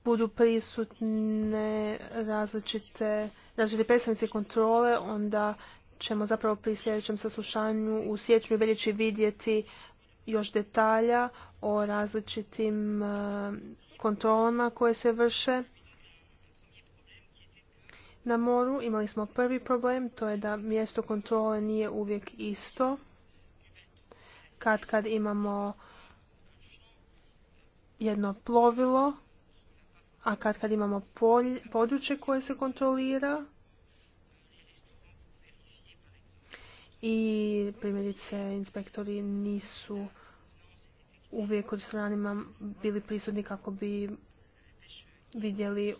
budu prisutne različite, različite predstavnici kontrole, onda ćemo zapravo pri sljedećem saslušanju u siječnju i vidjeti još detalja o različitim e, kontrolama koje se vrše. Na moru imali smo prvi problem, to je da mjesto kontrole nije uvijek isto. Kad kad imamo jedno plovilo, a kad kad imamo područje koje se kontrolira, i primjerice inspektori nisu uvijek u restoranima bili prisutni kako bi vidjeli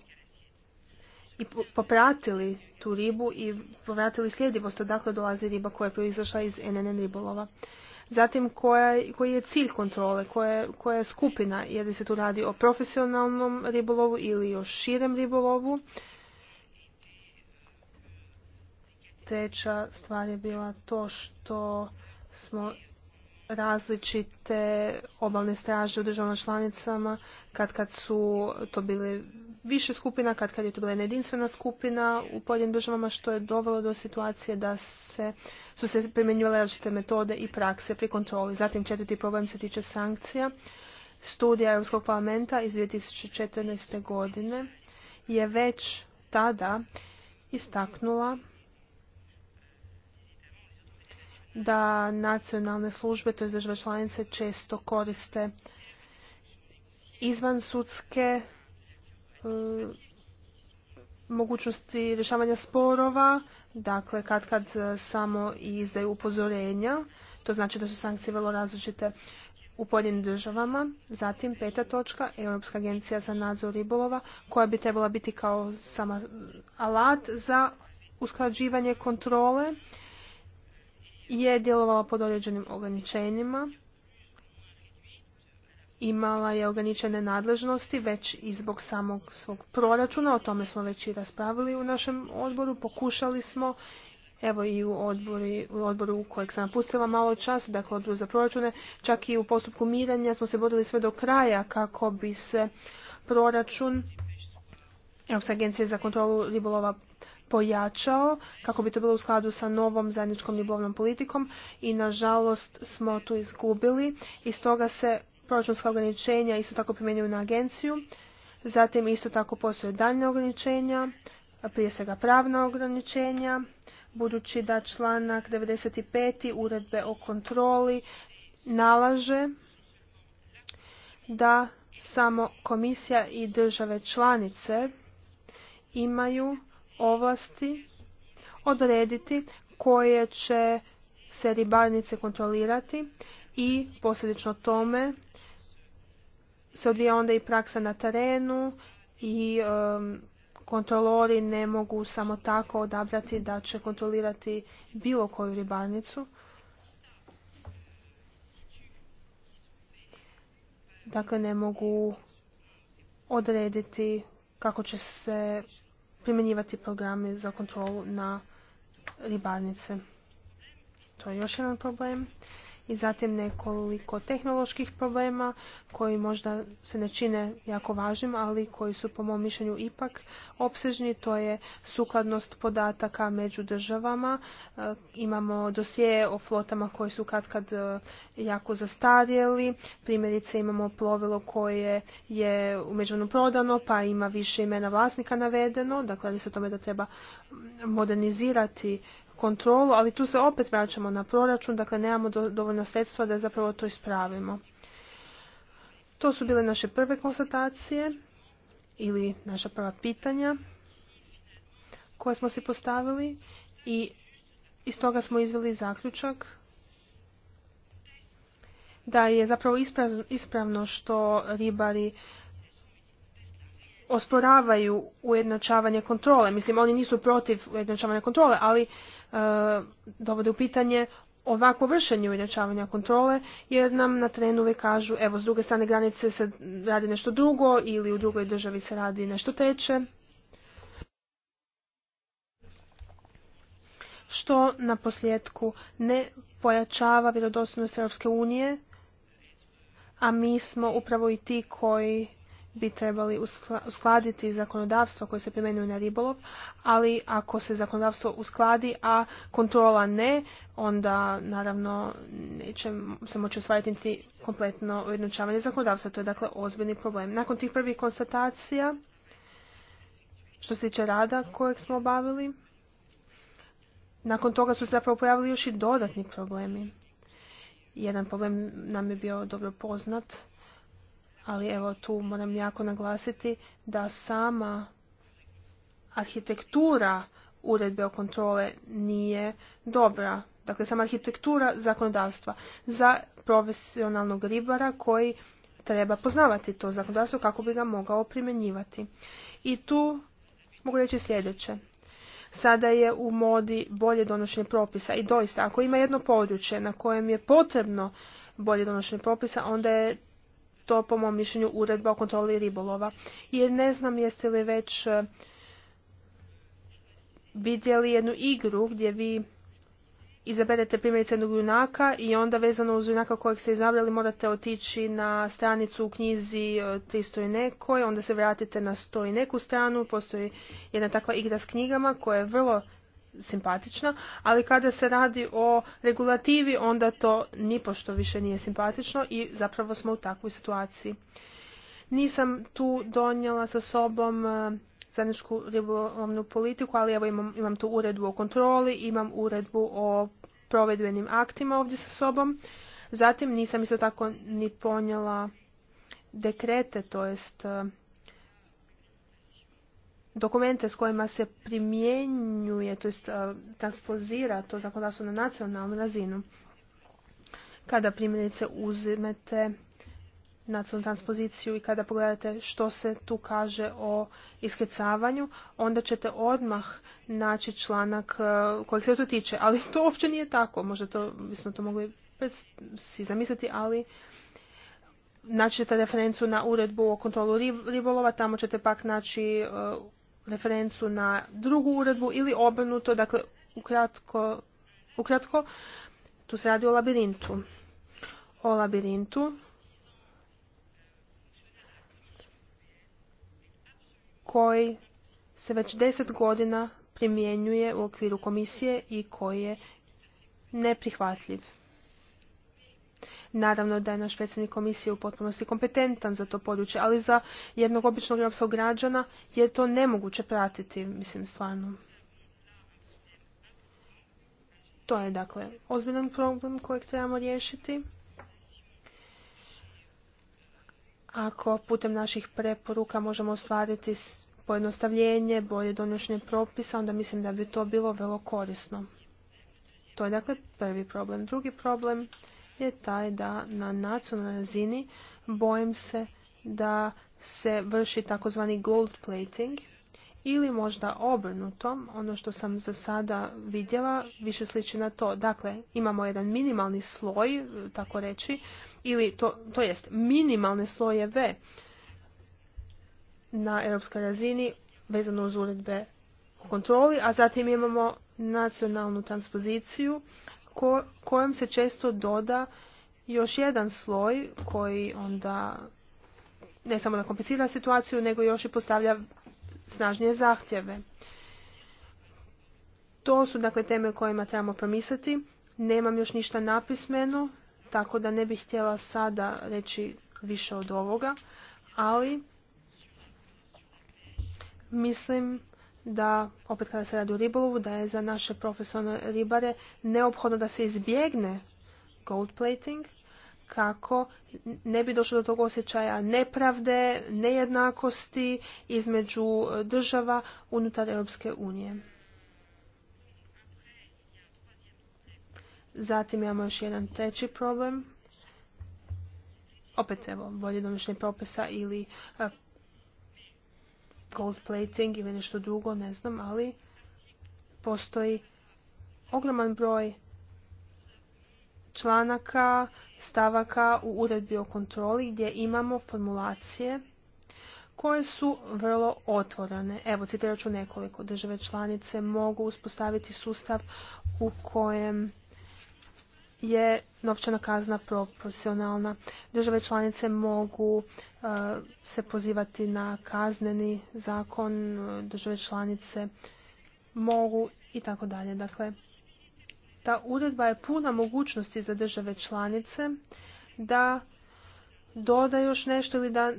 i popratili tu ribu i povratili sljedivost odakle dolazi riba koja je proizašla iz NNN ribolova. Zatim koji je cilj kontrole, koja, koja je skupina, je li se tu radi o profesionalnom ribolovu ili o širem ribolovu. Treća stvar je bila to što smo različite obalne straže u državama članicama, kad kad su to bile više skupina, kad kad je to bila jedinstvena skupina u pojedinim državama, što je dovelo do situacije da se, su se primjenjivale različite metode i prakse pri kontroli. Zatim četvrti problem se tiče sankcija. Studija Europskog parlamenta iz 2014. godine je već tada istaknula da nacionalne službe, to je države članice, često koriste izvan sudske mm, mogućnosti rješavanja sporova, dakle kad kad e, samo izdaju upozorenja, to znači da su sankcije vrlo različite u pojedinim državama. Zatim peta točka, Europska agencija za nadzor ribolova, koja bi trebala biti kao sama alat za usklađivanje kontrole je djelovala pod određenim ograničenjima, imala je ograničene nadležnosti već i zbog samog svog proračuna, o tome smo već i raspravili u našem odboru, pokušali smo, evo i u, odbori, u odboru kojeg sam napustila malo čas, dakle odboru za proračune, čak i u postupku miranja smo se borili sve do kraja kako bi se proračun evo agencije za kontrolu ribolova pojačao kako bi to bilo u skladu sa novom zajedničkom ljubovnom politikom i nažalost smo tu izgubili i stoga se proračunska ograničenja isto tako primjenjuju na agenciju. Zatim isto tako postoje daljne ograničenja, prije svega pravna ograničenja, budući da članak 95. uredbe o kontroli nalaže da samo komisija i države članice imaju ovlasti odrediti koje će se ribarnice kontrolirati i posljedično tome se odvija onda i praksa na terenu i um, kontrolori ne mogu samo tako odabrati da će kontrolirati bilo koju ribarnicu. Dakle, ne mogu odrediti kako će se primjenjivati programe za kontrolu na ribarnice. To je još jedan problem i zatim nekoliko tehnoloških problema koji možda se ne čine jako važnim, ali koji su po mom mišljenju ipak opsežni. To je sukladnost podataka među državama. E, imamo dosije o flotama koji su kad-kad e, jako zastarjeli. Primjerice imamo plovilo koje je umeđunom prodano pa ima više imena vlasnika navedeno. Dakle, radi se o tome da treba modernizirati kontrolu, ali tu se opet vraćamo na proračun, dakle nemamo dovoljno sredstva da zapravo to ispravimo. To su bile naše prve konstatacije ili naša prva pitanja koje smo si postavili i iz toga smo izveli zaključak da je zapravo ispravno što ribari osporavaju ujednačavanje kontrole. Mislim, oni nisu protiv ujednačavanja kontrole, ali E, dovode u pitanje ovako vršenje ujednačavanja kontrole jer nam na trenu uvijek kažu evo s druge strane granice se radi nešto drugo ili u drugoj državi se radi nešto treće. Što na posljedku ne pojačava vjerodostojnost Europske unije, a mi smo upravo i ti koji bi trebali uskladiti zakonodavstvo koje se primjenjuje na ribolov, ali ako se zakonodavstvo uskladi, a kontrola ne, onda naravno neće se moći osvajati kompletno ujednočavanje zakonodavstva. To je dakle ozbiljni problem. Nakon tih prvih konstatacija, što se tiče rada kojeg smo obavili, nakon toga su se zapravo pojavili još i dodatni problemi. Jedan problem nam je bio dobro poznat, ali evo tu moram jako naglasiti da sama arhitektura uredbe o kontrole nije dobra. Dakle, sama arhitektura zakonodavstva za profesionalnog ribara koji treba poznavati to zakonodavstvo kako bi ga mogao primjenjivati. I tu mogu reći sljedeće. Sada je u modi bolje donošenje propisa i doista ako ima jedno područje na kojem je potrebno bolje donošenje propisa, onda je to po mom mišljenju uredba o kontroli ribolova. Jer ne znam jeste li već e, vidjeli jednu igru gdje vi izaberete primjerice jednog junaka i onda vezano uz junaka kojeg ste izabrali morate otići na stranicu u knjizi 300 e, i nekoj, onda se vratite na 100 i neku stranu, postoji jedna takva igra s knjigama koja je vrlo simpatična, ali kada se radi o regulativi onda to nipošto više nije simpatično i zapravo smo u takvoj situaciji. Nisam tu donijela sa sobom e, zajedničku ribolovnu politiku, ali evo imam, imam tu uredbu o kontroli, imam uredbu o provedbenim aktima ovdje sa sobom. Zatim nisam isto tako ni ponijela dekrete, to jest e, dokumente s kojima se primjenjuje, to jest transpozira to zakonodavstvo na nacionalnu razinu. Kada primjerice uzmete nacionalnu transpoziciju i kada pogledate što se tu kaže o iskrcavanju, onda ćete odmah naći članak kojeg se to tiče. Ali to uopće nije tako. Možda to bismo to mogli si zamisliti, ali naći ćete referencu na uredbu o kontrolu ribolova, tamo ćete pak naći referencu na drugu uredbu ili obrnuto, dakle ukratko, ukratko tu se radi o labirintu. O labirintu koji se već deset godina primjenjuje u okviru komisije i koji je neprihvatljiv. Naravno da je naš predsjednik komisije u potpunosti kompetentan za to područje, ali za jednog običnog europskog građana je to nemoguće pratiti, mislim stvarno. To je dakle ozbiljan problem kojeg trebamo riješiti. Ako putem naših preporuka možemo ostvariti pojednostavljenje, bolje donošenje propisa, onda mislim da bi to bilo vrlo korisno. To je dakle prvi problem. Drugi problem je taj da na nacionalnoj razini bojim se da se vrši takozvani gold plating ili možda obrnuto, ono što sam za sada vidjela više sliči na to. Dakle, imamo jedan minimalni sloj, tako reći, ili to, to jest minimalne slojeve na europskoj razini vezano uz uredbe o kontroli, a zatim imamo nacionalnu transpoziciju ko kojom se često doda još jedan sloj koji onda ne samo da komplicira situaciju, nego još i postavlja snažnije zahtjeve. To su dakle teme kojima trebamo promisliti. Nemam još ništa napismeno, tako da ne bih htjela sada reći više od ovoga, ali mislim da, opet kada se radi o ribolovu, da je za naše profesionalne ribare neophodno da se izbjegne gold plating kako ne bi došlo do tog osjećaja nepravde, nejednakosti između država unutar Europske unije. Zatim imamo još jedan treći problem. Opet evo, bolje domišljenje propisa ili e, gold plating ili nešto drugo, ne znam, ali postoji ogroman broj članaka, stavaka u uredbi o kontroli gdje imamo formulacije koje su vrlo otvorene. Evo, citirat ću nekoliko. Države članice mogu uspostaviti sustav u kojem je novčana kazna proporcionalna. Države članice mogu e, se pozivati na kazneni zakon, države članice mogu i tako dalje. Dakle, ta uredba je puna mogućnosti za države članice da doda još nešto ili da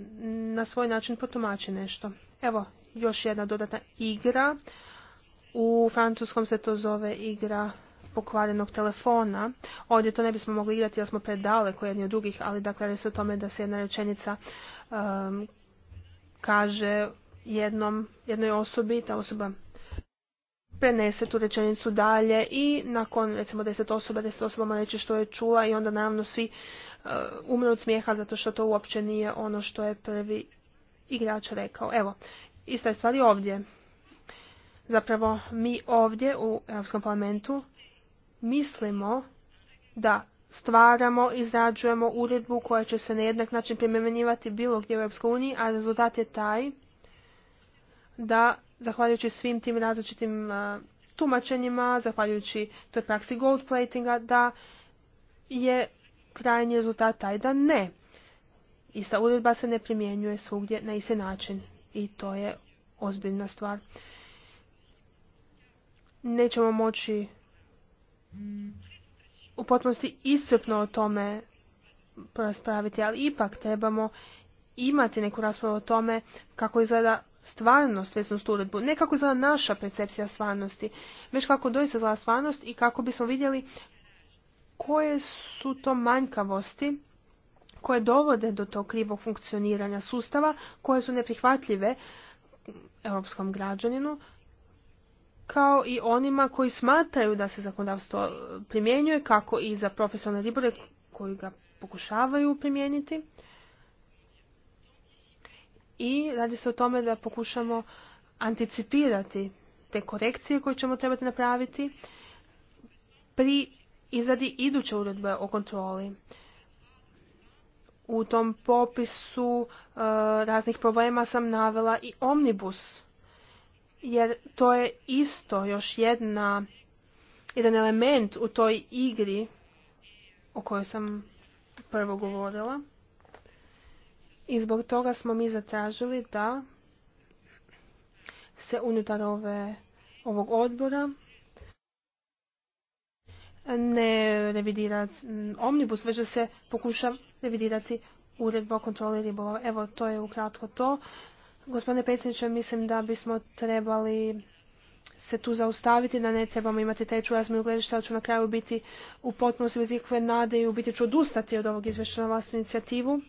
na svoj način potumači nešto. Evo, još jedna dodatna igra. U francuskom se to zove igra pokvarenog telefona. Ovdje to ne bismo mogli igrati jer smo predaleko jedni od drugih, ali dakle radi se o tome da se jedna rečenica um, kaže jednom, jednoj osobi, ta osoba prenese tu rečenicu dalje i nakon recimo deset osoba, deset osobama reći što je čula i onda naravno svi uh, umre od smijeha zato što to uopće nije ono što je prvi igrač rekao. Evo, ista je stvar i ovdje. Zapravo mi ovdje u Europskom parlamentu mislimo da stvaramo, izrađujemo uredbu koja će se na jednak način primjenjivati bilo gdje u EU, a rezultat je taj da, zahvaljujući svim tim različitim e, tumačenjima, zahvaljujući toj praksi gold platinga, da je krajnji rezultat taj da ne. Ista uredba se ne primjenjuje svugdje na isti način i to je ozbiljna stvar. Nećemo moći u potpunosti iscrpno o tome raspraviti, ali ipak trebamo imati neku raspravu o tome kako izgleda stvarnost vezano uredbu, ne kako izgleda naša percepcija stvarnosti, već kako doista izgleda stvarnost i kako bismo vidjeli koje su to manjkavosti koje dovode do tog krivog funkcioniranja sustava, koje su neprihvatljive europskom građaninu, kao i onima koji smatraju da se zakonodavstvo primjenjuje, kako i za profesionalne ribore koji ga pokušavaju primijeniti. I radi se o tome da pokušamo anticipirati te korekcije koje ćemo trebati napraviti pri izradi iduće uredbe o kontroli. U tom popisu e, raznih problema sam navela i omnibus jer to je isto još jedna, jedan element u toj igri o kojoj sam prvo govorila. I zbog toga smo mi zatražili da se unutar ove, ovog odbora ne revidira omnibus, već da se pokuša revidirati uredba o kontroli ribolova. Evo, to je ukratko to. Gospodine predsjedniče, mislim da bismo trebali se tu zaustaviti, da ne trebamo imati treću razmiju gledešta, ali ću na kraju biti u potpunosti bez ikakve nade i u biti ću odustati od ovog izvješća na vlastnu inicijativu.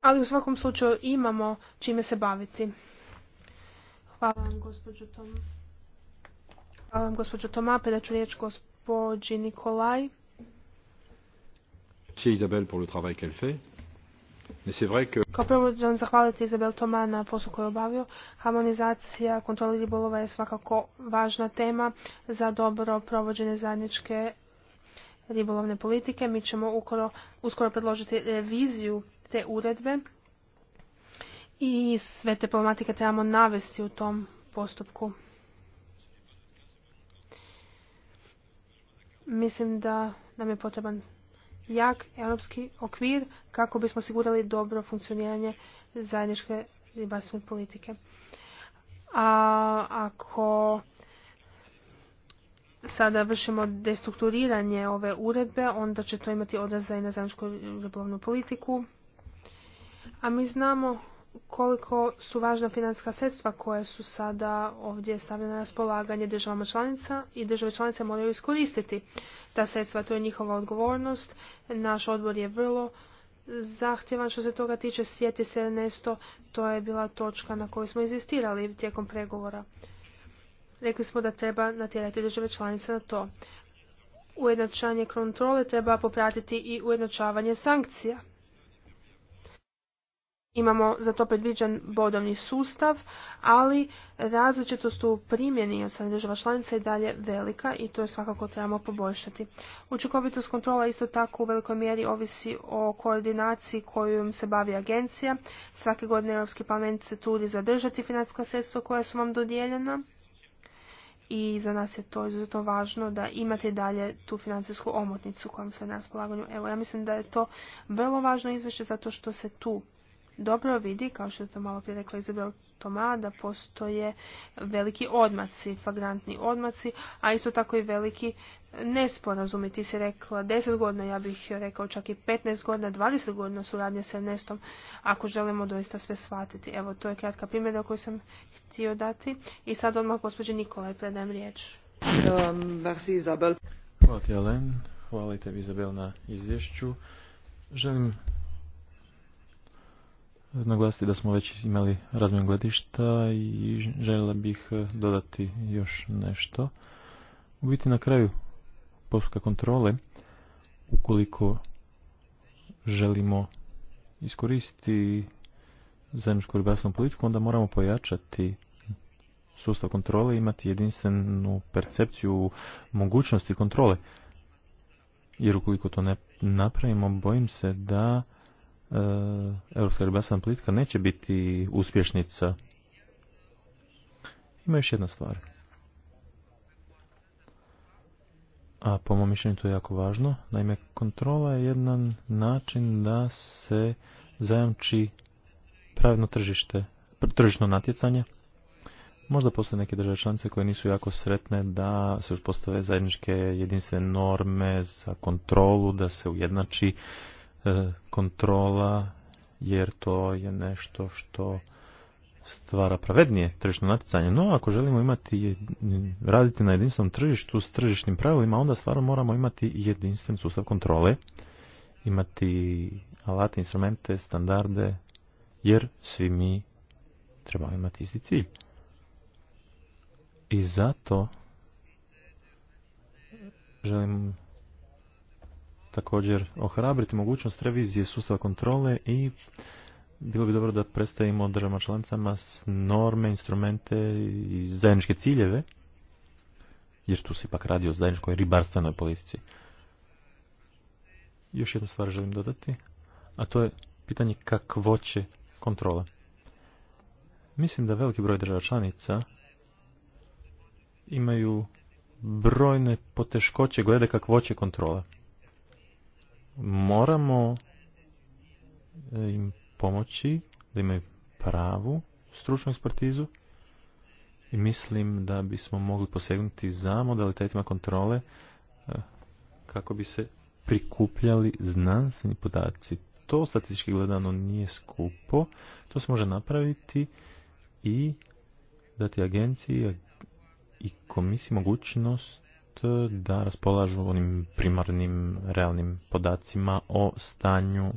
Ali u svakom slučaju imamo čime se baviti. Hvala vam, gospođo Toma. Hvala vam, riječ gospođi Nikolaj. Isabel pour le travail qu'elle fait. Kao prvo želim zahvaliti Izabel Toma na poslu koju je obavio. Harmonizacija kontroli ribolova je svakako važna tema za dobro provođene zajedničke ribolovne politike. Mi ćemo uskoro predložiti reviziju te uredbe i sve te problematike trebamo navesti u tom postupku. Mislim da nam je potreban jak europski okvir kako bismo osigurali dobro funkcioniranje zajedničke ribarstvene politike. A ako sada vršimo destrukturiranje ove uredbe, onda će to imati odraza i na zajedničku ribolovnu politiku. A mi znamo koliko su važna financijska sredstva koja su sada ovdje stavljena na raspolaganje državama članica i države članice moraju iskoristiti ta sredstva. To je njihova odgovornost. Naš odbor je vrlo zahtjevan što se toga tiče. Sjeti se nesto, to je bila točka na kojoj smo izistirali tijekom pregovora. Rekli smo da treba natjerati države članice na to. Ujednačanje kontrole treba popratiti i ujednačavanje sankcija Imamo za to predviđen bodovni sustav, ali različitost u primjeni od strane država članica je dalje velika i to je svakako trebamo poboljšati. Učinkovitost kontrola isto tako u velikoj mjeri ovisi o koordinaciji kojom se bavi agencija. Svake godine Europski parlament se trudi zadržati financijska sredstva koja su vam dodijeljena i za nas je to izuzetno važno da imate dalje tu financijsku omotnicu kojom se na raspolaganju. Evo, ja mislim da je to vrlo važno izvješće zato što se tu dobro vidi, kao što je to malo rekla Izabel Toma, da postoje veliki odmaci, flagrantni odmaci, a isto tako i veliki nesporazumi. Ti si rekla 10 godina, ja bih rekao čak i 15 godina, 20 godina suradnje sa Ernestom, ako želimo doista sve shvatiti. Evo, to je kratka primjera koju sam htio dati. I sad odmah gospođi Nikolaj predajem riječ. Ehm, merci Izabel. Hvala ti, Alen. Hvala tebi, Izabel, na izvješću. Želim naglasiti da smo već imali razmijen gledišta i željela bih e, dodati još nešto. U biti na kraju postupka kontrole, ukoliko želimo iskoristiti zajedničku ribarstvenu politiku, onda moramo pojačati sustav kontrole, imati jedinstvenu percepciju mogućnosti kontrole. Jer ukoliko to ne napravimo, bojim se da E, europska ribarstvena politika neće biti uspješnica. Ima još jedna stvar. A po mom mišljenju to je jako važno. Naime, kontrola je jedan način da se zajamči pravno tržište, tržišno natjecanje. Možda postoje neke države članice koje nisu jako sretne da se uspostave zajedničke jedinstvene norme za kontrolu, da se ujednači E, kontrola jer to je nešto što stvara pravednije tržišno natjecanje. No, ako želimo imati raditi na jedinstvenom tržištu s tržišnim pravilima, onda stvarno moramo imati jedinstven sustav kontrole, imati alate, instrumente, standarde, jer svi mi trebamo imati isti cilj. I zato želim također ohrabriti mogućnost revizije sustava kontrole i bilo bi dobro da predstavimo državama članicama norme, instrumente i zajedničke ciljeve, jer tu se ipak radi o zajedničkoj ribarstvenoj politici. Još jednu stvar želim dodati, a to je pitanje kakvoće kontrola. Mislim da veliki broj država članica imaju brojne poteškoće glede kakvoće kontrola moramo eh, im pomoći da imaju pravu stručnu ekspertizu i mislim da bismo mogli posegnuti za modalitetima kontrole eh, kako bi se prikupljali znanstveni podaci. To statistički gledano nije skupo, to se može napraviti i dati agenciji i komisiji mogućnost da raspolažu onim primarnim realnim podacima o stanju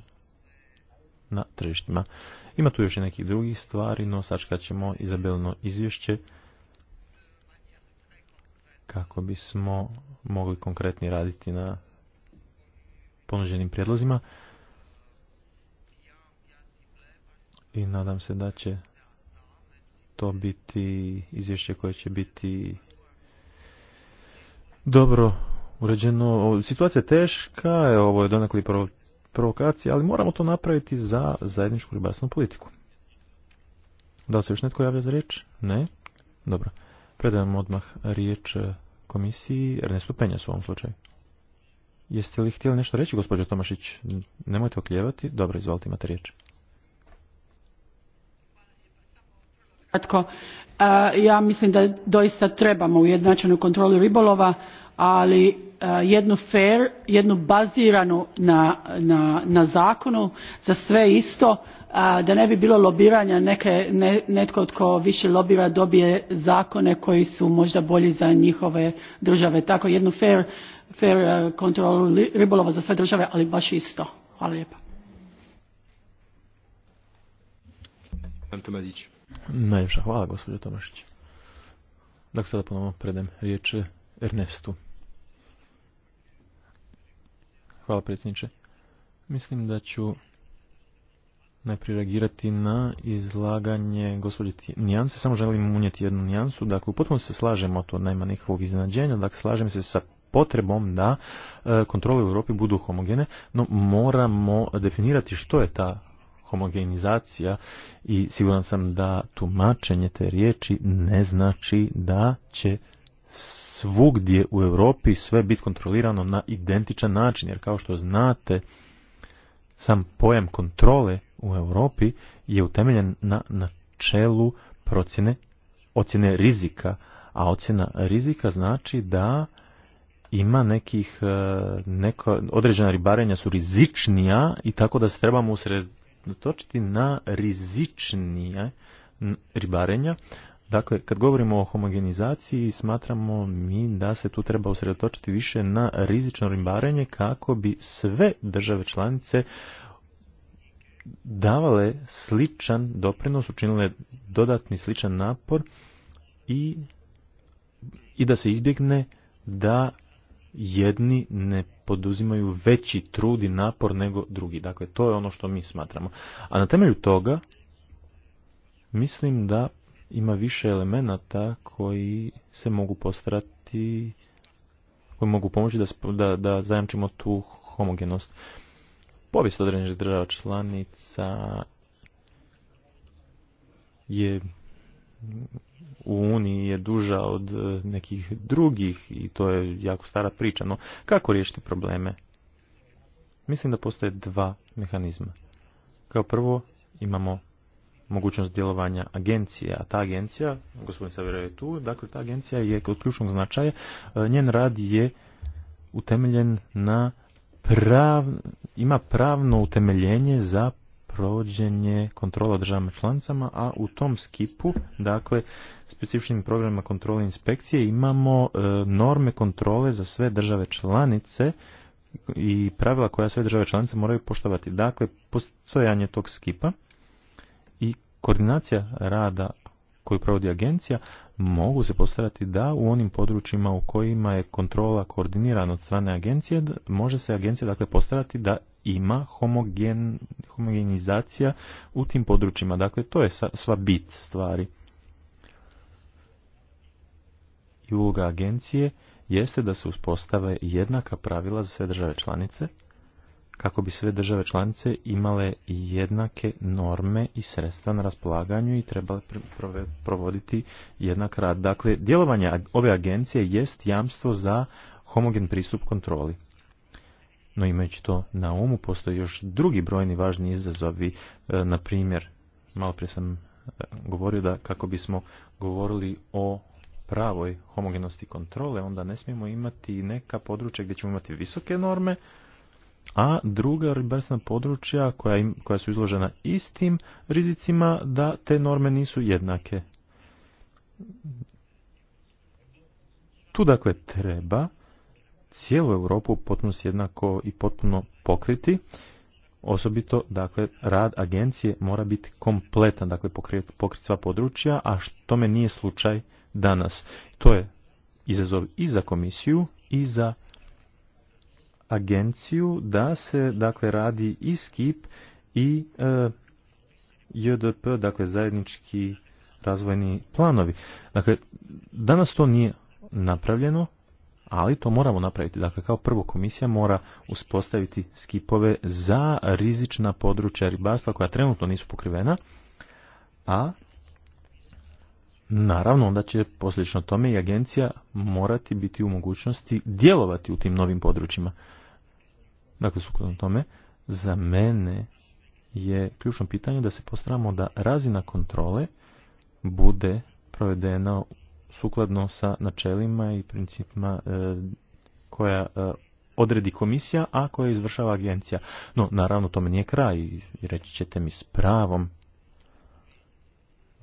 na tržištima. Ima tu još i nekih drugih stvari, no sačkat ćemo izabelno izvješće kako bismo mogli konkretni raditi na ponuđenim prijedlozima. I nadam se da će to biti izvješće koje će biti dobro uređeno. Situacija je teška, ovo je donekli provokacija, ali moramo to napraviti za zajedničku ribarstvenu politiku. Da li se još netko javlja za riječ? Ne? Dobro. Predajem odmah riječ e, komisiji Ernestu Penja u ovom slučaju. Jeste li htjeli nešto reći, gospođo Tomašić? Nemojte okljevati. Dobro, izvolite, imate riječ. kratko e, ja mislim da doista trebamo ujednačenu kontrolu ribolova ali e, jednu fer jednu baziranu na zakonu za sve isto e, da ne bi bilo lobiranja netko tko više lobira dobije zakone koji su možda bolji za njihove države. tako jednu fer kontrolu ribolova za sve države ali baš isto. hvala lijepa. Najljepša hvala, gospođo Tomašić. Dakle, sada ponovno predem riječ Ernestu. Hvala, predsjedniče. Mislim da ću najprije reagirati na izlaganje gospođe Nijanse. Samo želim unijeti jednu nijansu. Dakle, potpuno se slažemo, to nema nikakvog iznenađenja. Dakle, slažem se sa potrebom da e, kontrole u Europi budu homogene, no moramo definirati što je ta homogenizacija i siguran sam da tumačenje te riječi ne znači da će svugdje u Europi sve biti kontrolirano na identičan način, jer kao što znate, sam pojam kontrole u Europi je utemeljen na načelu procjene, ocjene rizika, a ocjena rizika znači da ima nekih, e, neko, određena ribarenja su rizičnija i tako da se trebamo usred, usredotočiti na rizičnije ribarenja. Dakle, kad govorimo o homogenizaciji, smatramo mi da se tu treba usredotočiti više na rizično ribarenje kako bi sve države članice davale sličan doprinos, učinile dodatni sličan napor i, i da se izbjegne da jedni ne poduzimaju veći trud i napor nego drugi. Dakle, to je ono što mi smatramo. A na temelju toga mislim da ima više elemenata koji se mogu postrati koji mogu pomoći da, da, da zajamčimo tu homogenost. Povijest određenih država članica je u Uniji je duža od e, nekih drugih i to je jako stara priča. No, kako riješiti probleme? Mislim da postoje dva mehanizma. Kao prvo imamo mogućnost djelovanja agencije, a ta agencija, gospodin Savira je tu, dakle ta agencija je od ključnog značaja, e, njen rad je utemeljen na prav, ima pravno utemeljenje za provođenje kontrola državama članicama, a u tom skipu, dakle, specifičnim programima kontrole inspekcije imamo e, norme kontrole za sve države članice i pravila koja sve države članice moraju poštovati. Dakle, postojanje tog skipa i koordinacija rada koju provodi agencija mogu se postaviti da u onim područjima u kojima je kontrola koordinirana od strane agencije, može se agencija dakle postaviti da ima homogen, homogenizacija u tim područjima. Dakle, to je sva bit stvari. I uloga agencije jeste da se uspostave jednaka pravila za sve države članice, kako bi sve države članice imale jednake norme i sredstva na raspolaganju i trebale provoditi jednak rad. Dakle, djelovanje ove agencije jest jamstvo za homogen pristup kontroli. No imajući to na umu, postoje još drugi brojni važni izazovi, e, na primjer, malo prije sam e, govorio da kako bismo govorili o pravoj homogenosti kontrole, onda ne smijemo imati neka područja gdje ćemo imati visoke norme, a druga ribarstvena područja koja, koja su izložena istim rizicima da te norme nisu jednake. Tu dakle treba cijelu Europu potpuno jednako i potpuno pokriti. Osobito, dakle, rad agencije mora biti kompletan, dakle, pokriti pokrit sva područja, a što tome nije slučaj danas. To je izazov i za komisiju i za agenciju da se, dakle, radi i skip i e, JDP, dakle, zajednički razvojni planovi. Dakle, danas to nije napravljeno, ali to moramo napraviti. Dakle, kao prvo komisija mora uspostaviti skipove za rizična područja ribarstva koja trenutno nisu pokrivena, a naravno onda će posljedično tome i agencija morati biti u mogućnosti djelovati u tim novim područjima. Dakle, sukladno tome, za mene je ključno pitanje da se postaramo da razina kontrole bude provedena sukladno sa načelima i principima e, koja e, odredi komisija, a koja izvršava agencija. No, naravno, tome nije kraj i reći ćete mi s pravom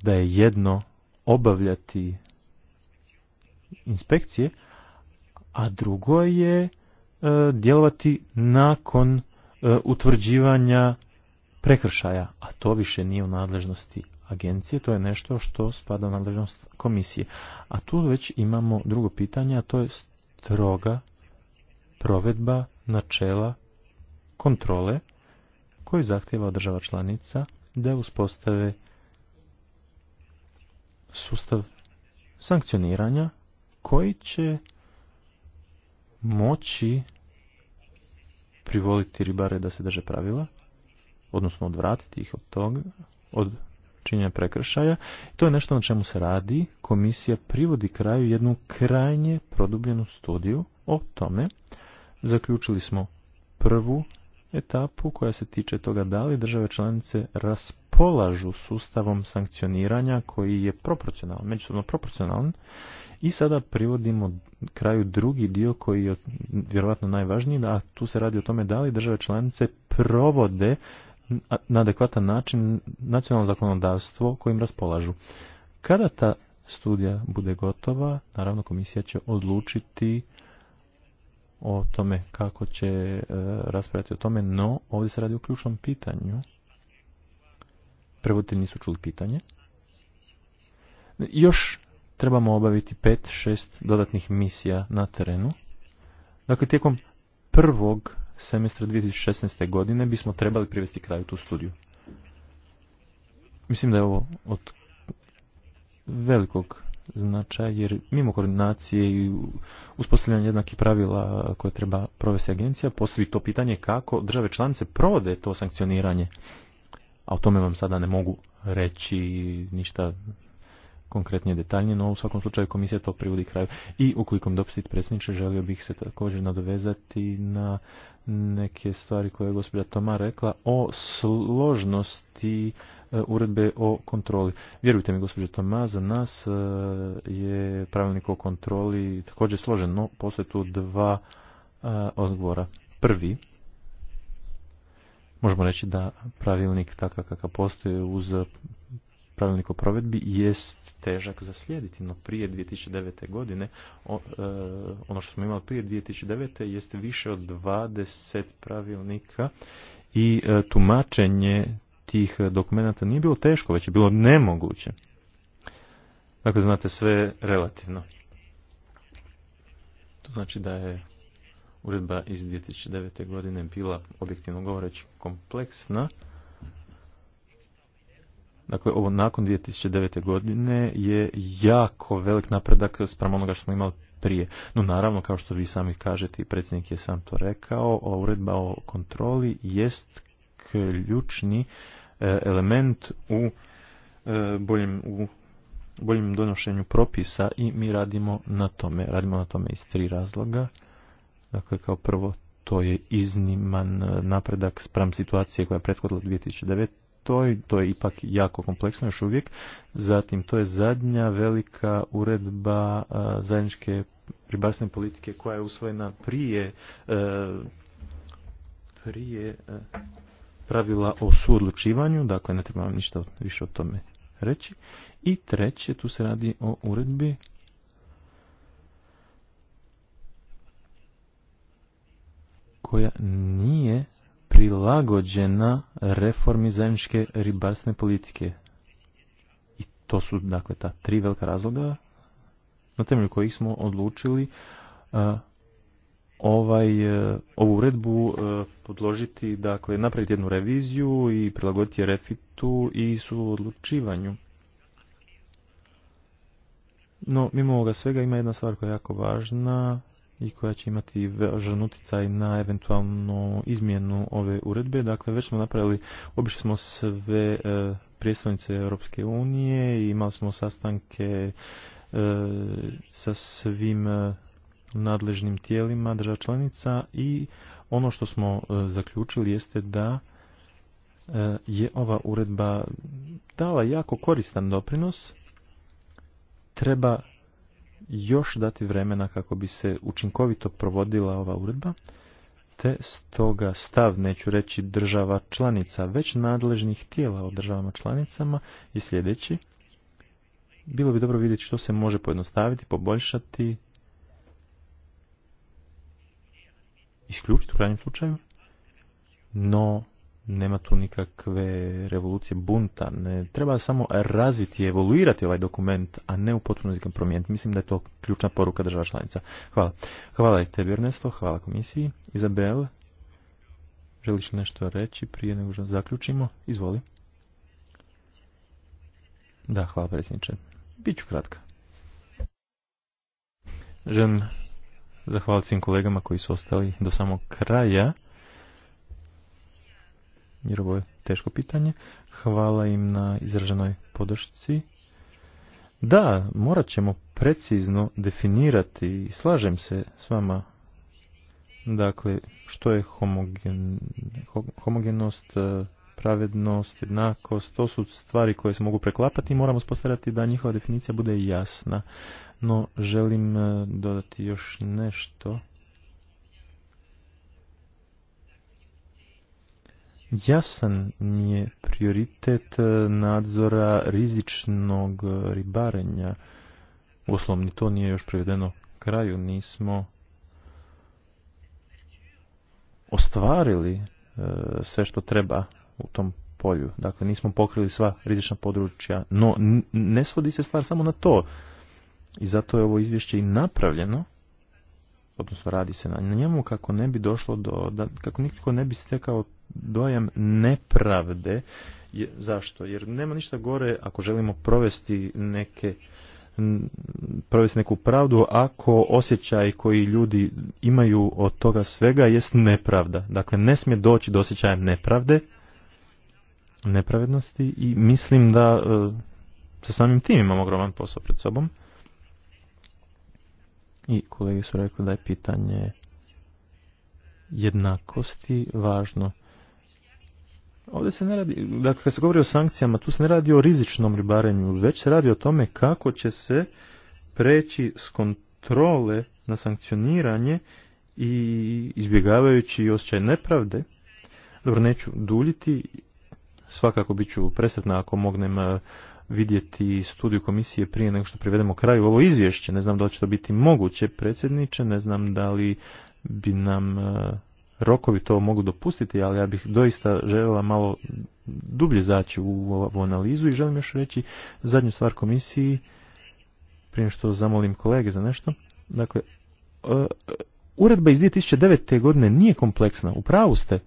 da je jedno obavljati inspekcije, a drugo je e, djelovati nakon utvrđivanja prekršaja, a to više nije u nadležnosti agencije, to je nešto što spada u nadležnost komisije. A tu već imamo drugo pitanje, a to je stroga provedba načela kontrole koji zahtjeva država članica da uspostave sustav sankcioniranja koji će moći privoliti ribare da se drže pravila, odnosno odvratiti ih od toga, od prekršaja. To je nešto na čemu se radi. Komisija privodi kraju jednu krajnje produbljenu studiju o tome. Zaključili smo prvu etapu koja se tiče toga da li države članice raspolažu sustavom sankcioniranja koji je proporcionalan, međusobno proporcionalan i sada privodimo kraju drugi dio koji je vjerojatno najvažniji, a tu se radi o tome da li države članice provode na adekvatan način nacionalno zakonodavstvo kojim raspolažu. Kada ta studija bude gotova, naravno komisija će odlučiti o tome kako će e, o tome, no ovdje se radi o ključnom pitanju. Prevoditelji nisu čuli pitanje. Još trebamo obaviti pet, šest dodatnih misija na terenu. Dakle, tijekom prvog semestra 2016. godine bismo trebali privesti kraju tu studiju. Mislim da je ovo od velikog značaja jer mimo koordinacije i uspostavljanja jednakih pravila koje treba provesti agencija postoji to pitanje kako države članice provode to sankcioniranje. A o tome vam sada ne mogu reći ništa konkretnije detaljnije, no u svakom slučaju komisija to privodi kraju. I ukoliko mi dopustite predsjedniče, želio bih se također nadovezati na neke stvari koje je gospođa Toma rekla o složnosti e, uredbe o kontroli. Vjerujte mi, gospođo Toma, za nas e, je pravilnik o kontroli također složen, no postoje tu dva e, odgovora. Prvi, možemo reći da pravilnik takav kakav postoje uz pravilnik o provedbi jest težak za slijediti, no prije 2009. godine, e, ono što smo imali prije 2009. jeste više od 20 pravilnika i e, tumačenje tih dokumenata nije bilo teško, već je bilo nemoguće. Dakle, znate, sve relativno. To znači da je uredba iz 2009. godine bila, objektivno govoreći, kompleksna, Dakle, ovo nakon 2009. godine je jako velik napredak spram onoga što smo imali prije. No naravno, kao što vi sami kažete i predsjednik je sam to rekao, ova uredba o kontroli jest ključni e, element u e, boljem, u boljem donošenju propisa i mi radimo na tome. Radimo na tome iz tri razloga. Dakle, kao prvo, to je izniman e, napredak spram situacije koja je prethodila 2009 toj, to je ipak jako kompleksno još uvijek. Zatim, to je zadnja velika uredba zajedničke ribarstvene politike koja je usvojena prije e, prije e, pravila o suodlučivanju, dakle ne trebamo ništa više o tome reći. I treće, tu se radi o uredbi koja nije prilagođena reformi zajedničke ribarstvene politike. I to su dakle ta tri velika razloga na temelju kojih smo odlučili ovaj, e, ovu uredbu uh, podložiti, dakle napraviti jednu reviziju i prilagoditi refitu i su odlučivanju. No, mimo ovoga svega ima jedna stvar koja je jako važna, i koja će imati važan utjecaj na eventualnu izmjenu ove uredbe. Dakle, već smo napravili, obišli smo sve e, prijestolnice Europske unije i imali smo sastanke e, sa svim e, nadležnim tijelima država članica i ono što smo e, zaključili jeste da je ova uredba dala jako koristan doprinos. Treba još dati vremena kako bi se učinkovito provodila ova uredba, te stoga stav neću reći država članica, već nadležnih tijela o državama članicama i sljedeći. Bilo bi dobro vidjeti što se može pojednostaviti, poboljšati, isključiti u krajnjem slučaju, no nema tu nikakve revolucije bunta, ne treba samo razviti i evoluirati ovaj dokument, a ne u potpunosti ga promijeniti. Mislim da je to ključna poruka država članica. Hvala. Hvala i tebi Ernesto, hvala komisiji. Izabel, želiš nešto reći prije nego što zaključimo? Izvoli. Da, hvala predsjedniče. Biću kratka. Želim zahvaliti svim kolegama koji su ostali do samog kraja jer ovo je teško pitanje. Hvala im na izraženoj podršci. Da, morat ćemo precizno definirati i slažem se s vama dakle što je homogen, homogenost, e, pravednost, jednakost, to su stvari koje se mogu preklapati i moramo spostavljati da njihova definicija bude jasna. No, želim e, dodati još nešto. jasan je prioritet e, nadzora rizičnog e, ribarenja. Uslovni to nije još privedeno kraju, nismo ostvarili e, sve što treba u tom polju. Dakle, nismo pokrili sva rizična područja, no ne svodi se stvar samo na to. I zato je ovo izvješće i napravljeno, odnosno radi se na njemu, kako ne bi došlo do, da, kako nitko ne bi stekao dojam nepravde. Je, zašto? Jer nema ništa gore ako želimo provesti neke provesti neku pravdu ako osjećaj koji ljudi imaju od toga svega jest nepravda. Dakle, ne smije doći do osjećaja nepravde, nepravednosti i mislim da e, sa samim tim imamo ogroman posao pred sobom. I kolege su rekli da je pitanje jednakosti važno. Ovdje se ne radi, dakle kad se govori o sankcijama, tu se ne radi o rizičnom ribarenju, već se radi o tome kako će se preći s kontrole na sankcioniranje i izbjegavajući osjećaj nepravde. Dobro, neću duljiti, svakako bit ću presretna ako mognem eh, vidjeti studiju komisije prije nego što privedemo kraju ovo izvješće. Ne znam da li će to biti moguće, predsjedniče, ne znam da li bi nam eh, rokovi to mogu dopustiti, ali ja bih doista željela malo dublje zaći u ovu analizu i želim još reći zadnju stvar komisiji, prije što zamolim kolege za nešto. Dakle, e, uredba iz 2009. godine nije kompleksna, u pravu ste.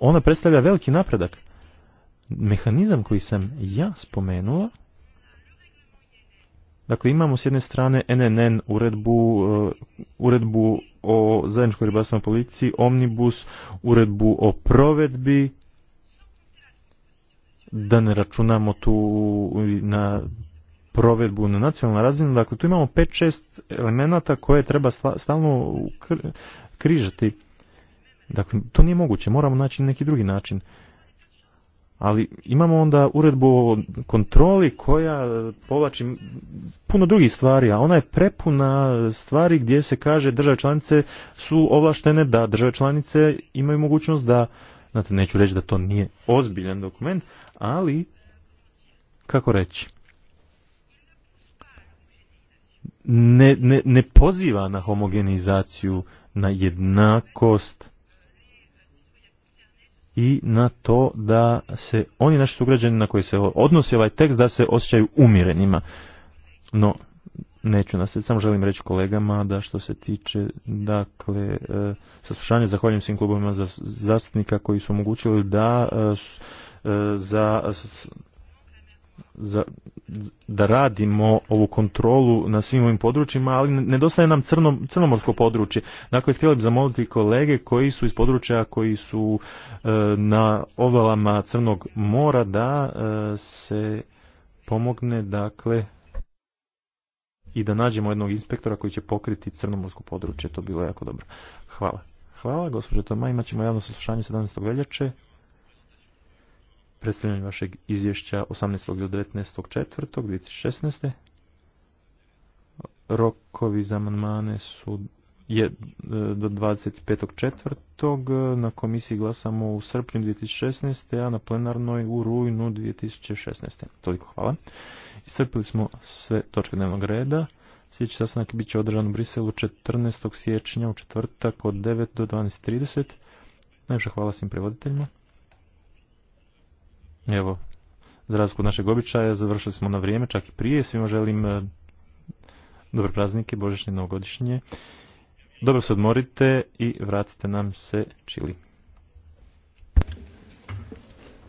Ona predstavlja veliki napredak. Mehanizam koji sam ja spomenula, Dakle, imamo s jedne strane NNN uredbu, e, uredbu o zajedničkoj ribarstvenoj politici, omnibus, uredbu o provedbi, da ne računamo tu na provedbu na nacionalnoj razini, dakle tu imamo 5-6 elemenata koje treba stalno križati. Dakle, to nije moguće, moramo naći neki drugi način ali imamo onda uredbu o kontroli koja povlači puno drugih stvari, a ona je prepuna stvari gdje se kaže države članice su ovlaštene da države članice imaju mogućnost da, znate, neću reći da to nije ozbiljan dokument, ali, kako reći, ne, ne, ne poziva na homogenizaciju, na jednakost, i na to da se oni naši sugrađani na koji se odnosi ovaj tekst da se osjećaju umirenima. No, neću nas samo želim reći kolegama da što se tiče dakle e, saslušanja, zahvaljujem svim klubovima za zastupnika koji su omogućili da e, e, za da radimo ovu kontrolu na svim ovim područjima, ali nedostaje nam crno, crnomorsko područje. Dakle, htjeli bih zamoliti kolege koji su iz područja koji su e, na obalama Crnog mora da e, se pomogne, dakle, i da nađemo jednog inspektora koji će pokriti crnomorsko područje. To bilo jako dobro. Hvala. Hvala, gospođo Toma. Imaćemo javno saslušanje 17. veljače. Predstavljanje vašeg izvješća 18. do 19. četvrtog 2016. Rokovi za amandmane su je e, do četvrtog. Na komisiji glasamo u srpnju 2016. a na plenarnoj u rujnu 2016. Toliko hvala. Iscrpili smo sve točke dnevnog reda. Sljedeći sastanak bit će održan u Briselu 14. siječnja u četvrtak od 9 do 12.30. Najviše hvala svim prevoditeljima. Evo, za razliku našeg običaja, završili smo na vrijeme, čak i prije. Svima želim e, dobre praznike, božićne, novogodišnje. Dobro se odmorite i vratite nam se čili.